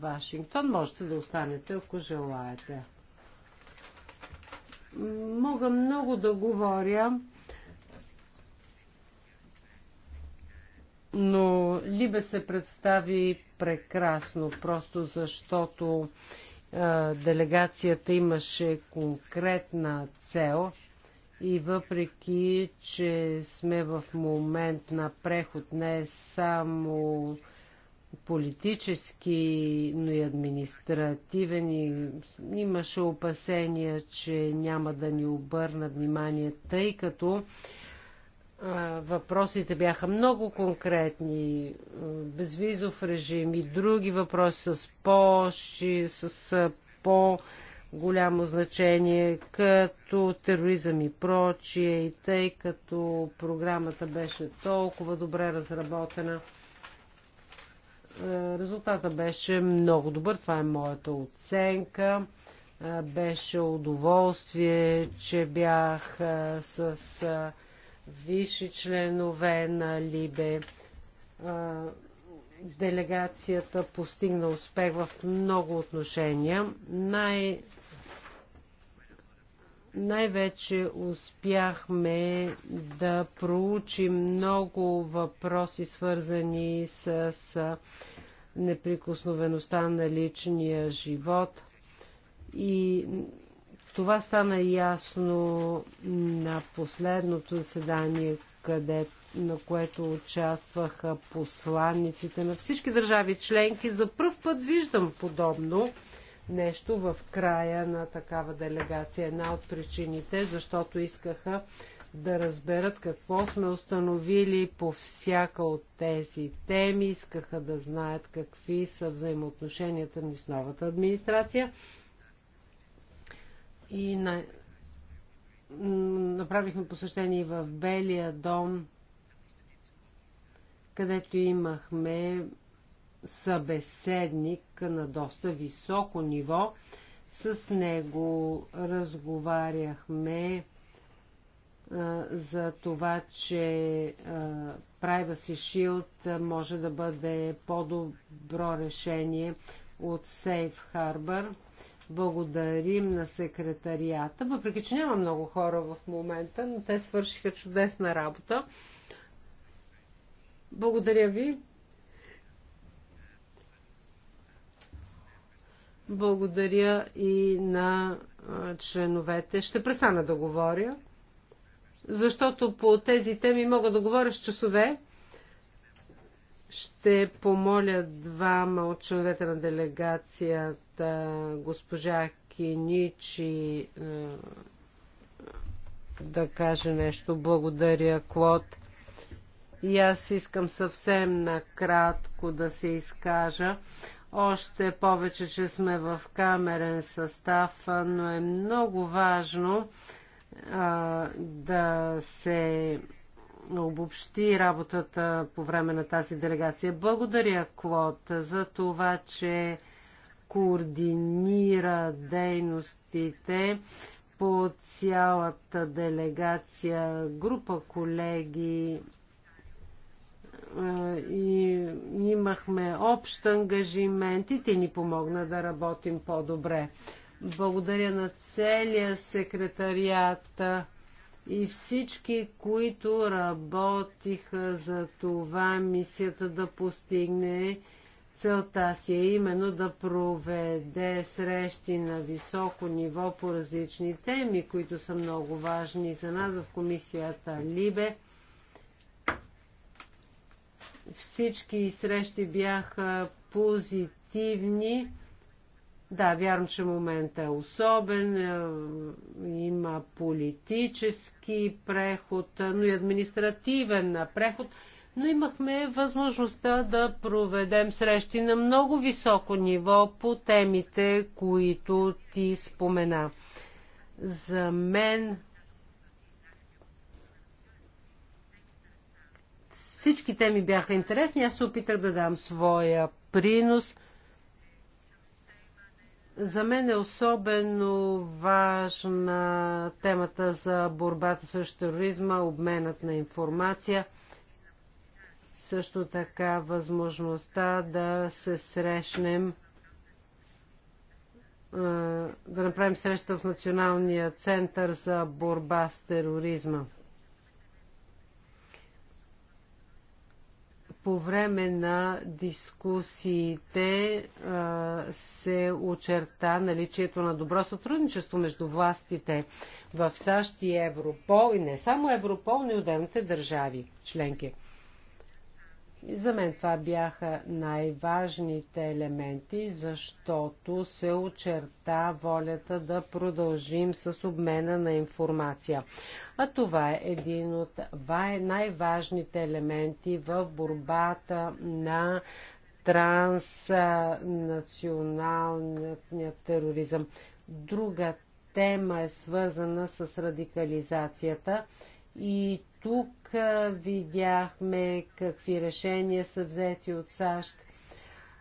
Вашингтон. Можете да останете, ако желаете. Мога много да говоря, но Либе се представи прекрасно, просто защото делегацията имаше конкретна цел и въпреки, че сме в момент на преход не само политически, но и административен и имаше опасения, че няма да ни обърна внимание, тъй като Въпросите бяха много конкретни. Безвизов режим и други въпроси с по, с по голямо значение, като тероризъм и прочие, и тъй като програмата беше толкова добре разработена. Резултата беше много добър, това е моята оценка. Беше удоволствие, че бях с висши членове на Либе. Делегацията постигна успех в много отношения. Най- най-вече успяхме да проучим много въпроси, свързани с неприкосновеността на личния живот и това стана ясно на последното заседание, къде, на което участваха посланниците на всички държави членки. За първ път виждам подобно нещо в края на такава делегация. Една от причините, защото искаха да разберат какво сме установили по всяка от тези теми, искаха да знаят какви са взаимоотношенията ни с новата администрация и на... направихме посещение в Белия дом, където имахме събеседник на доста високо ниво. С него разговаряхме за това, че Privacy Shield може да бъде по-добро решение от Safe Harbor. Благодарим на секретарията, въпреки че няма много хора в момента, но те свършиха чудесна работа. Благодаря ви. Благодаря и на членовете. Ще престана да говоря, защото по тези теми мога да говоря с часове. Ще помоля двама от членовете на делегацията, госпожа Киничи, е, да каже нещо. Благодаря, Клод. И аз искам съвсем накратко да се изкажа. Още повече, че сме в камерен състав, но е много важно а, да се обобщи работата по време на тази делегация. Благодаря, Клод, за това, че координира дейностите по цялата делегация, група колеги е, и имахме общ ангажимент и ти ни помогна да работим по-добре. Благодаря на целия секретарията и всички, които работиха за това мисията да постигне целта си е именно да проведе срещи на високо ниво по различни теми, които са много важни за нас в комисията Либе. Всички срещи бяха позитивни да, вярно, че момента е особен, е, има политически преход, е, но и административен преход, но имахме възможността да проведем срещи на много високо ниво по темите, които ти спомена. За мен всички теми бяха интересни, аз се опитах да дам своя принос за мен е особено важна темата за борбата с тероризма, обменът на информация, също така възможността да се срещнем, да направим среща в Националния център за борба с тероризма. По време на дискусиите се очерта наличието на добро сътрудничество между властите в САЩ и Европол, и не само Европол, но и отделните държави членки. За мен това бяха най-важните елементи, защото се очерта волята да продължим с обмена на информация. А това е един от най-важните елементи в борбата на транснационалния тероризъм. Друга тема е свързана с радикализацията и тук видяхме какви решения са взети от САЩ,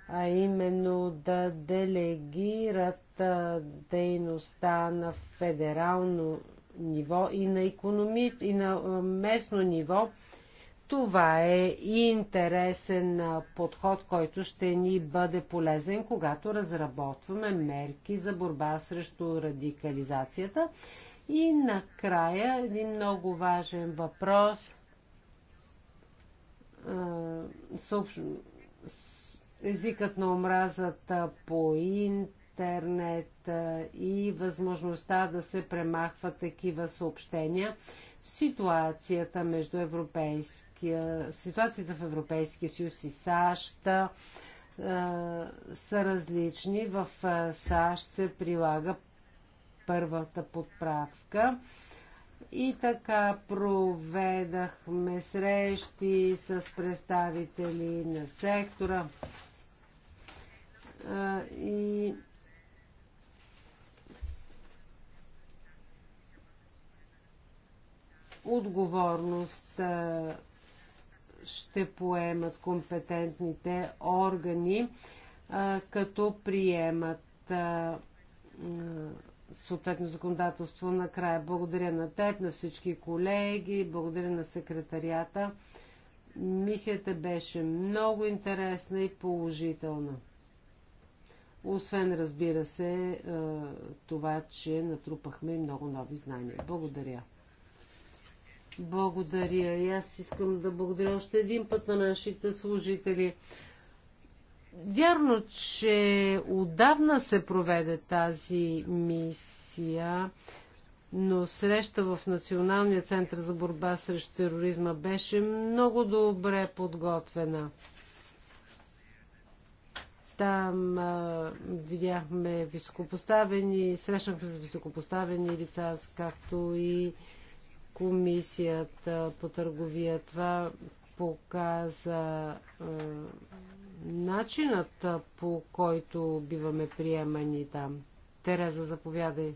а именно да делегират дейността на федерално ниво и на, економи... и на местно ниво. Това е интересен подход, който ще ни бъде полезен, когато разработваме мерки за борба срещу радикализацията и накрая един много важен въпрос. Езикът на омразата по интернет и възможността да се премахват такива съобщения. Ситуацията между Европейския, ситуацията в Европейския съюз и САЩ са различни. В САЩ се прилага първата подправка. И така проведахме срещи с представители на сектора. И отговорност ще поемат компетентните органи, като приемат съответно законодателство накрая. Благодаря на теб, на всички колеги, благодаря на секретарията. Мисията беше много интересна и положителна. Освен, разбира се, е, това, че натрупахме много нови знания. Благодаря. Благодаря. И аз искам да благодаря още един път на нашите служители. Вярно, че отдавна се проведе тази мисия, но среща в Националния център за борба срещу тероризма беше много добре подготвена. Там а, видяхме високопоставени, срещнахме с високопоставени лица, както и комисията по търговия. Това показа а, начинът по който биваме приемани там. Тереза, заповядай.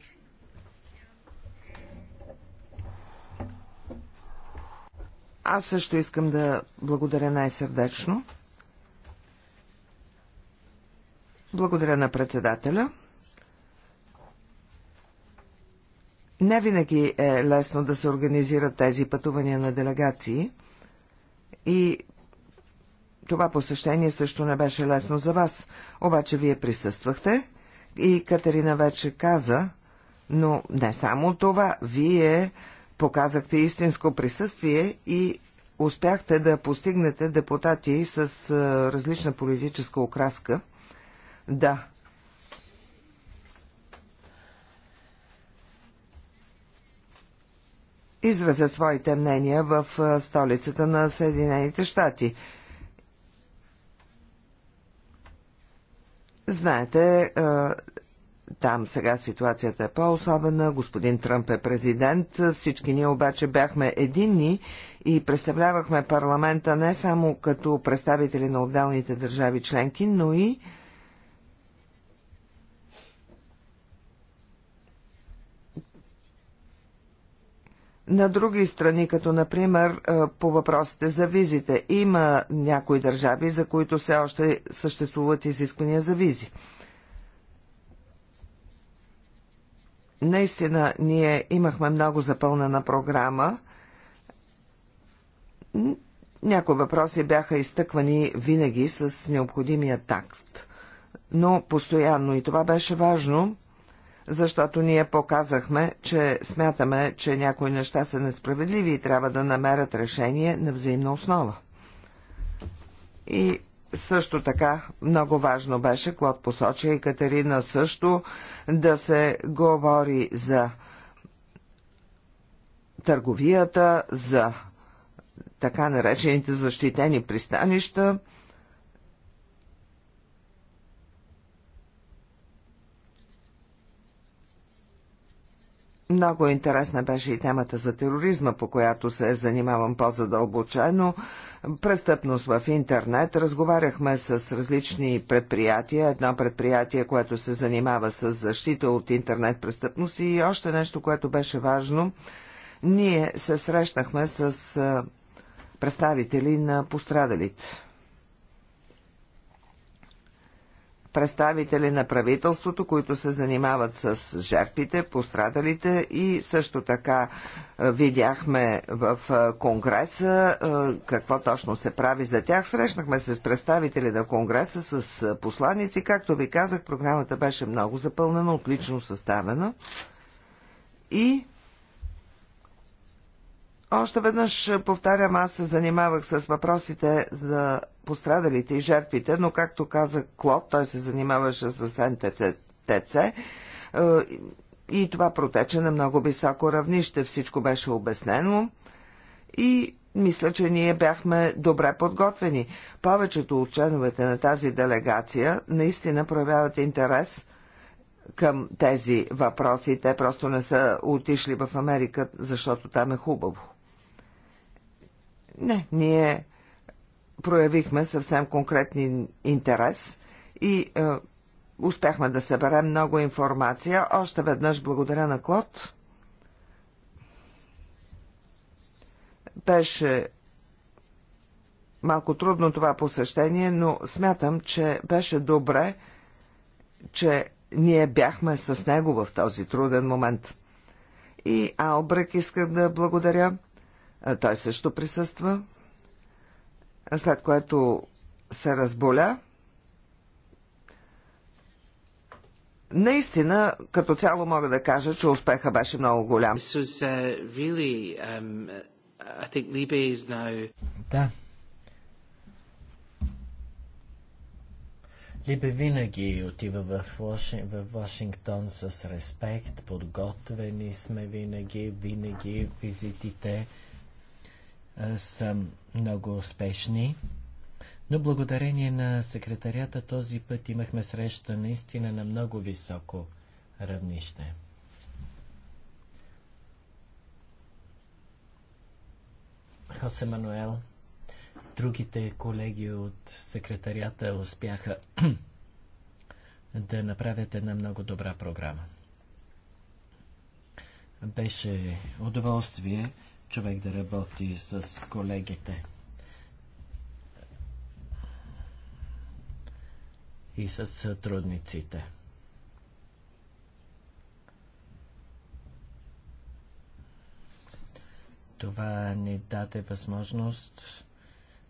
Аз също искам да благодаря най-сърдечно. Благодаря на председателя. Не винаги е лесно да се организират тези пътувания на делегации и това посещение също не беше лесно за вас, обаче вие присъствахте и Катерина вече каза, но не само това, вие показахте истинско присъствие и успяхте да постигнете депутати с различна политическа окраска. Да. Изразят своите мнения в столицата на Съединените щати. Знаете, там сега ситуацията е по-особена. Господин Тръмп е президент. Всички ние обаче бяхме единни и представлявахме парламента не само като представители на отделните държави членки, но и на други страни, като например по въпросите за визите. Има някои държави, за които все още съществуват изисквания за визи. Наистина, ние имахме много запълнена програма. Някои въпроси бяха изтъквани винаги с необходимия такт, но постоянно и това беше важно защото ние показахме, че смятаме, че някои неща са несправедливи и трябва да намерят решение на взаимна основа. И също така много важно беше, Клод посочи и Катерина също, да се говори за търговията, за така наречените защитени пристанища – Много интересна беше и темата за тероризма, по която се занимавам по-задълбочено. Престъпност в интернет. Разговаряхме с различни предприятия. Едно предприятие, което се занимава с защита от интернет престъпност и още нещо, което беше важно. Ние се срещнахме с представители на пострадалите. представители на правителството, които се занимават с жертвите, пострадалите и също така е, видяхме в е, Конгреса е, какво точно се прави за тях. Срещнахме се с представители на Конгреса, с посланици. Както ви казах, програмата беше много запълнена, отлично съставена. И още веднъж повтарям, аз се занимавах с въпросите за пострадалите и жертвите, но както каза Клод, той се занимаваше с НТЦ е, и това протече на много високо равнище. Всичко беше обяснено и мисля, че ние бяхме добре подготвени. Повечето от членовете на тази делегация наистина проявяват интерес към тези въпроси. Те просто не са отишли в Америка, защото там е хубаво. Не, ние проявихме съвсем конкретни интерес и е, успяхме да съберем много информация. Още веднъж благодаря на Клод. Беше малко трудно това посещение, но смятам, че беше добре, че ние бяхме с него в този труден момент. И Албрек иска да благодаря. Той също присъства. След което се разболя. Наистина, като цяло мога да кажа, че успеха беше много голям. Uh, um, да. Либе винаги отива в, Ваши... в Вашингтон с респект, подготвени сме винаги, винаги визитите са много успешни. Но благодарение на секретарията този път имахме среща наистина на много високо равнище. Хосе Мануел, другите колеги от секретарията успяха да направят една много добра програма. Беше удоволствие човек да работи с колегите. И с сътрудниците. Това ни даде възможност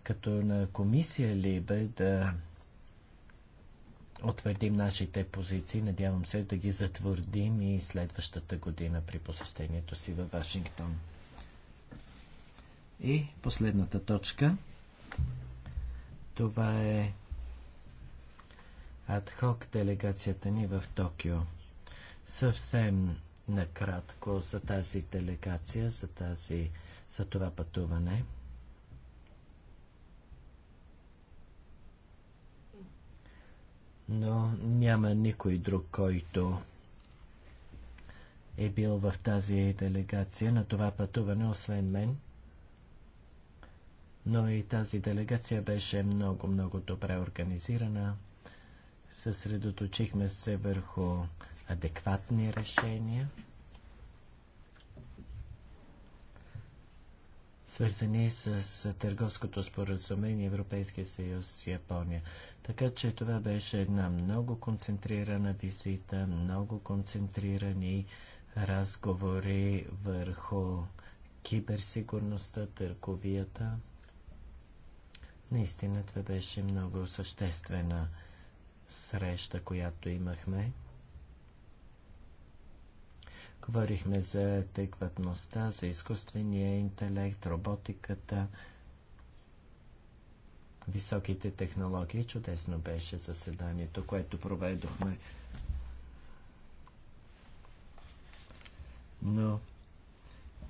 като на комисия Либе да утвърдим нашите позиции. Надявам се да ги затвърдим и следващата година при посещението си във Вашингтон. И последната точка. Това е адхок делегацията ни в Токио. Съвсем накратко за тази делегация, за, тази, за това пътуване. Но няма никой друг, който е бил в тази делегация на това пътуване, освен мен – но и тази делегация беше много, много добре организирана. Съсредоточихме се върху адекватни решения, свързани с търговското споразумение Европейския съюз с Япония. Така че това беше една много концентрирана визита, много концентрирани разговори върху киберсигурността, търговията. Наистина това беше много съществена среща, която имахме. Говорихме за адекватността, за изкуствения интелект, роботиката, високите технологии. Чудесно беше заседанието, което проведохме. Но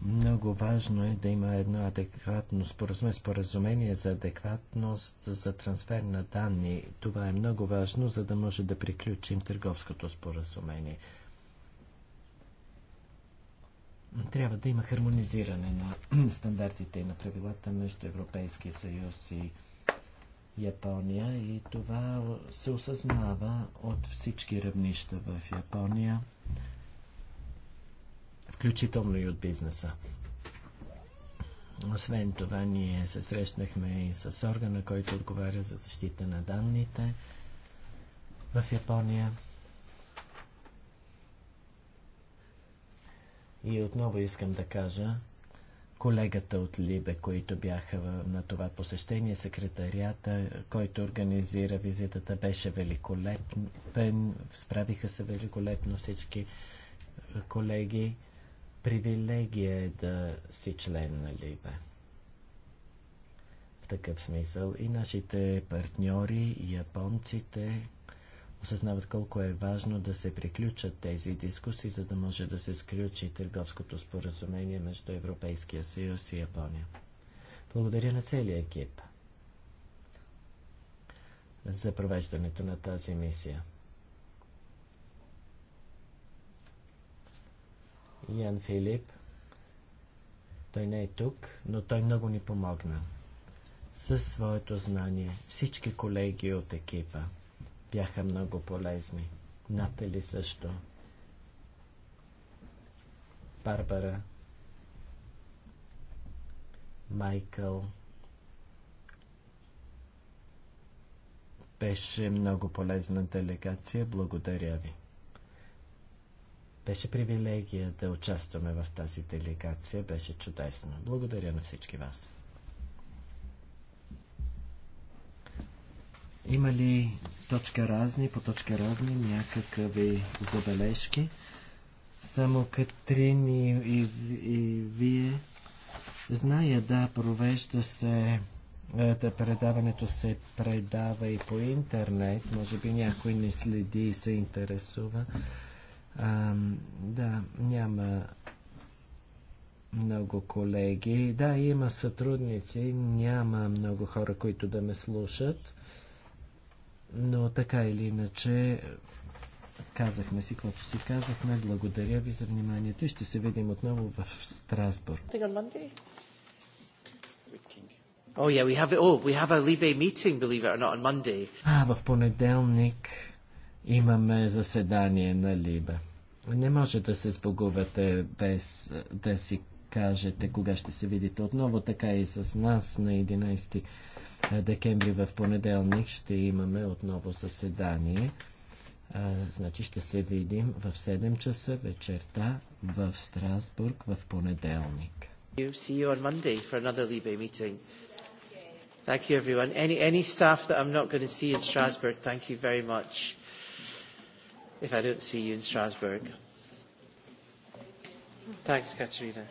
много важно е да има едно адекватно споразумение, споразумение за адекватност за трансфер на данни. Това е много важно, за да може да приключим търговското споразумение. Трябва да има хармонизиране на стандартите и на правилата между Европейския съюз и Япония и това се осъзнава от всички равнища в Япония – включително и от бизнеса. Освен това, ние се срещнахме и с органа, който отговаря за защита на данните в Япония. И отново искам да кажа, колегата от Либе, които бяха на това посещение, секретарията, който организира визитата, беше великолепен, справиха се великолепно всички колеги. Привилегия е да си член на Либе. В такъв смисъл и нашите партньори, японците, осъзнават колко е важно да се приключат тези дискусии, за да може да се сключи търговското споразумение между Европейския съюз и Япония. Благодаря на целия екип за провеждането на тази мисия. Ян Филип. Той не е тук, но той много ни помогна. Със своето знание всички колеги от екипа бяха много полезни. Натали също. Барбара. Майкъл. Беше много полезна делегация. Благодаря ви. Беше привилегия да участваме в тази делегация. Беше чудесно. Благодаря на всички вас. Има ли точка разни, по точка разни някакви забележки? Само Катрин и, и, и вие зная, да, провежда се е, да предаването се предава и по интернет. Може би някой не следи и се интересува. А, да, няма много колеги. Да, има сътрудници, няма много хора, които да ме слушат, но така или иначе казахме си, каквото си казахме. Благодаря ви за вниманието и ще се видим отново в Страсбург. Oh, yeah, we have, all. Oh, we have a Libe meeting, believe it or not, on Monday. А, в понеделник имаме заседание на Либе. Не може да се сбогувате без да си кажете кога ще се видите отново, така и с нас на 11 декември в понеделник ще имаме отново заседание. А, значи ще се видим в 7 часа вечерта в Страсбург в понеделник. See you on Monday for another Libe meeting. Thank you everyone. Any, any staff that I'm not going to see in Strasbourg, thank you very much if I don't see you in Strasbourg. Thanks, Katerina.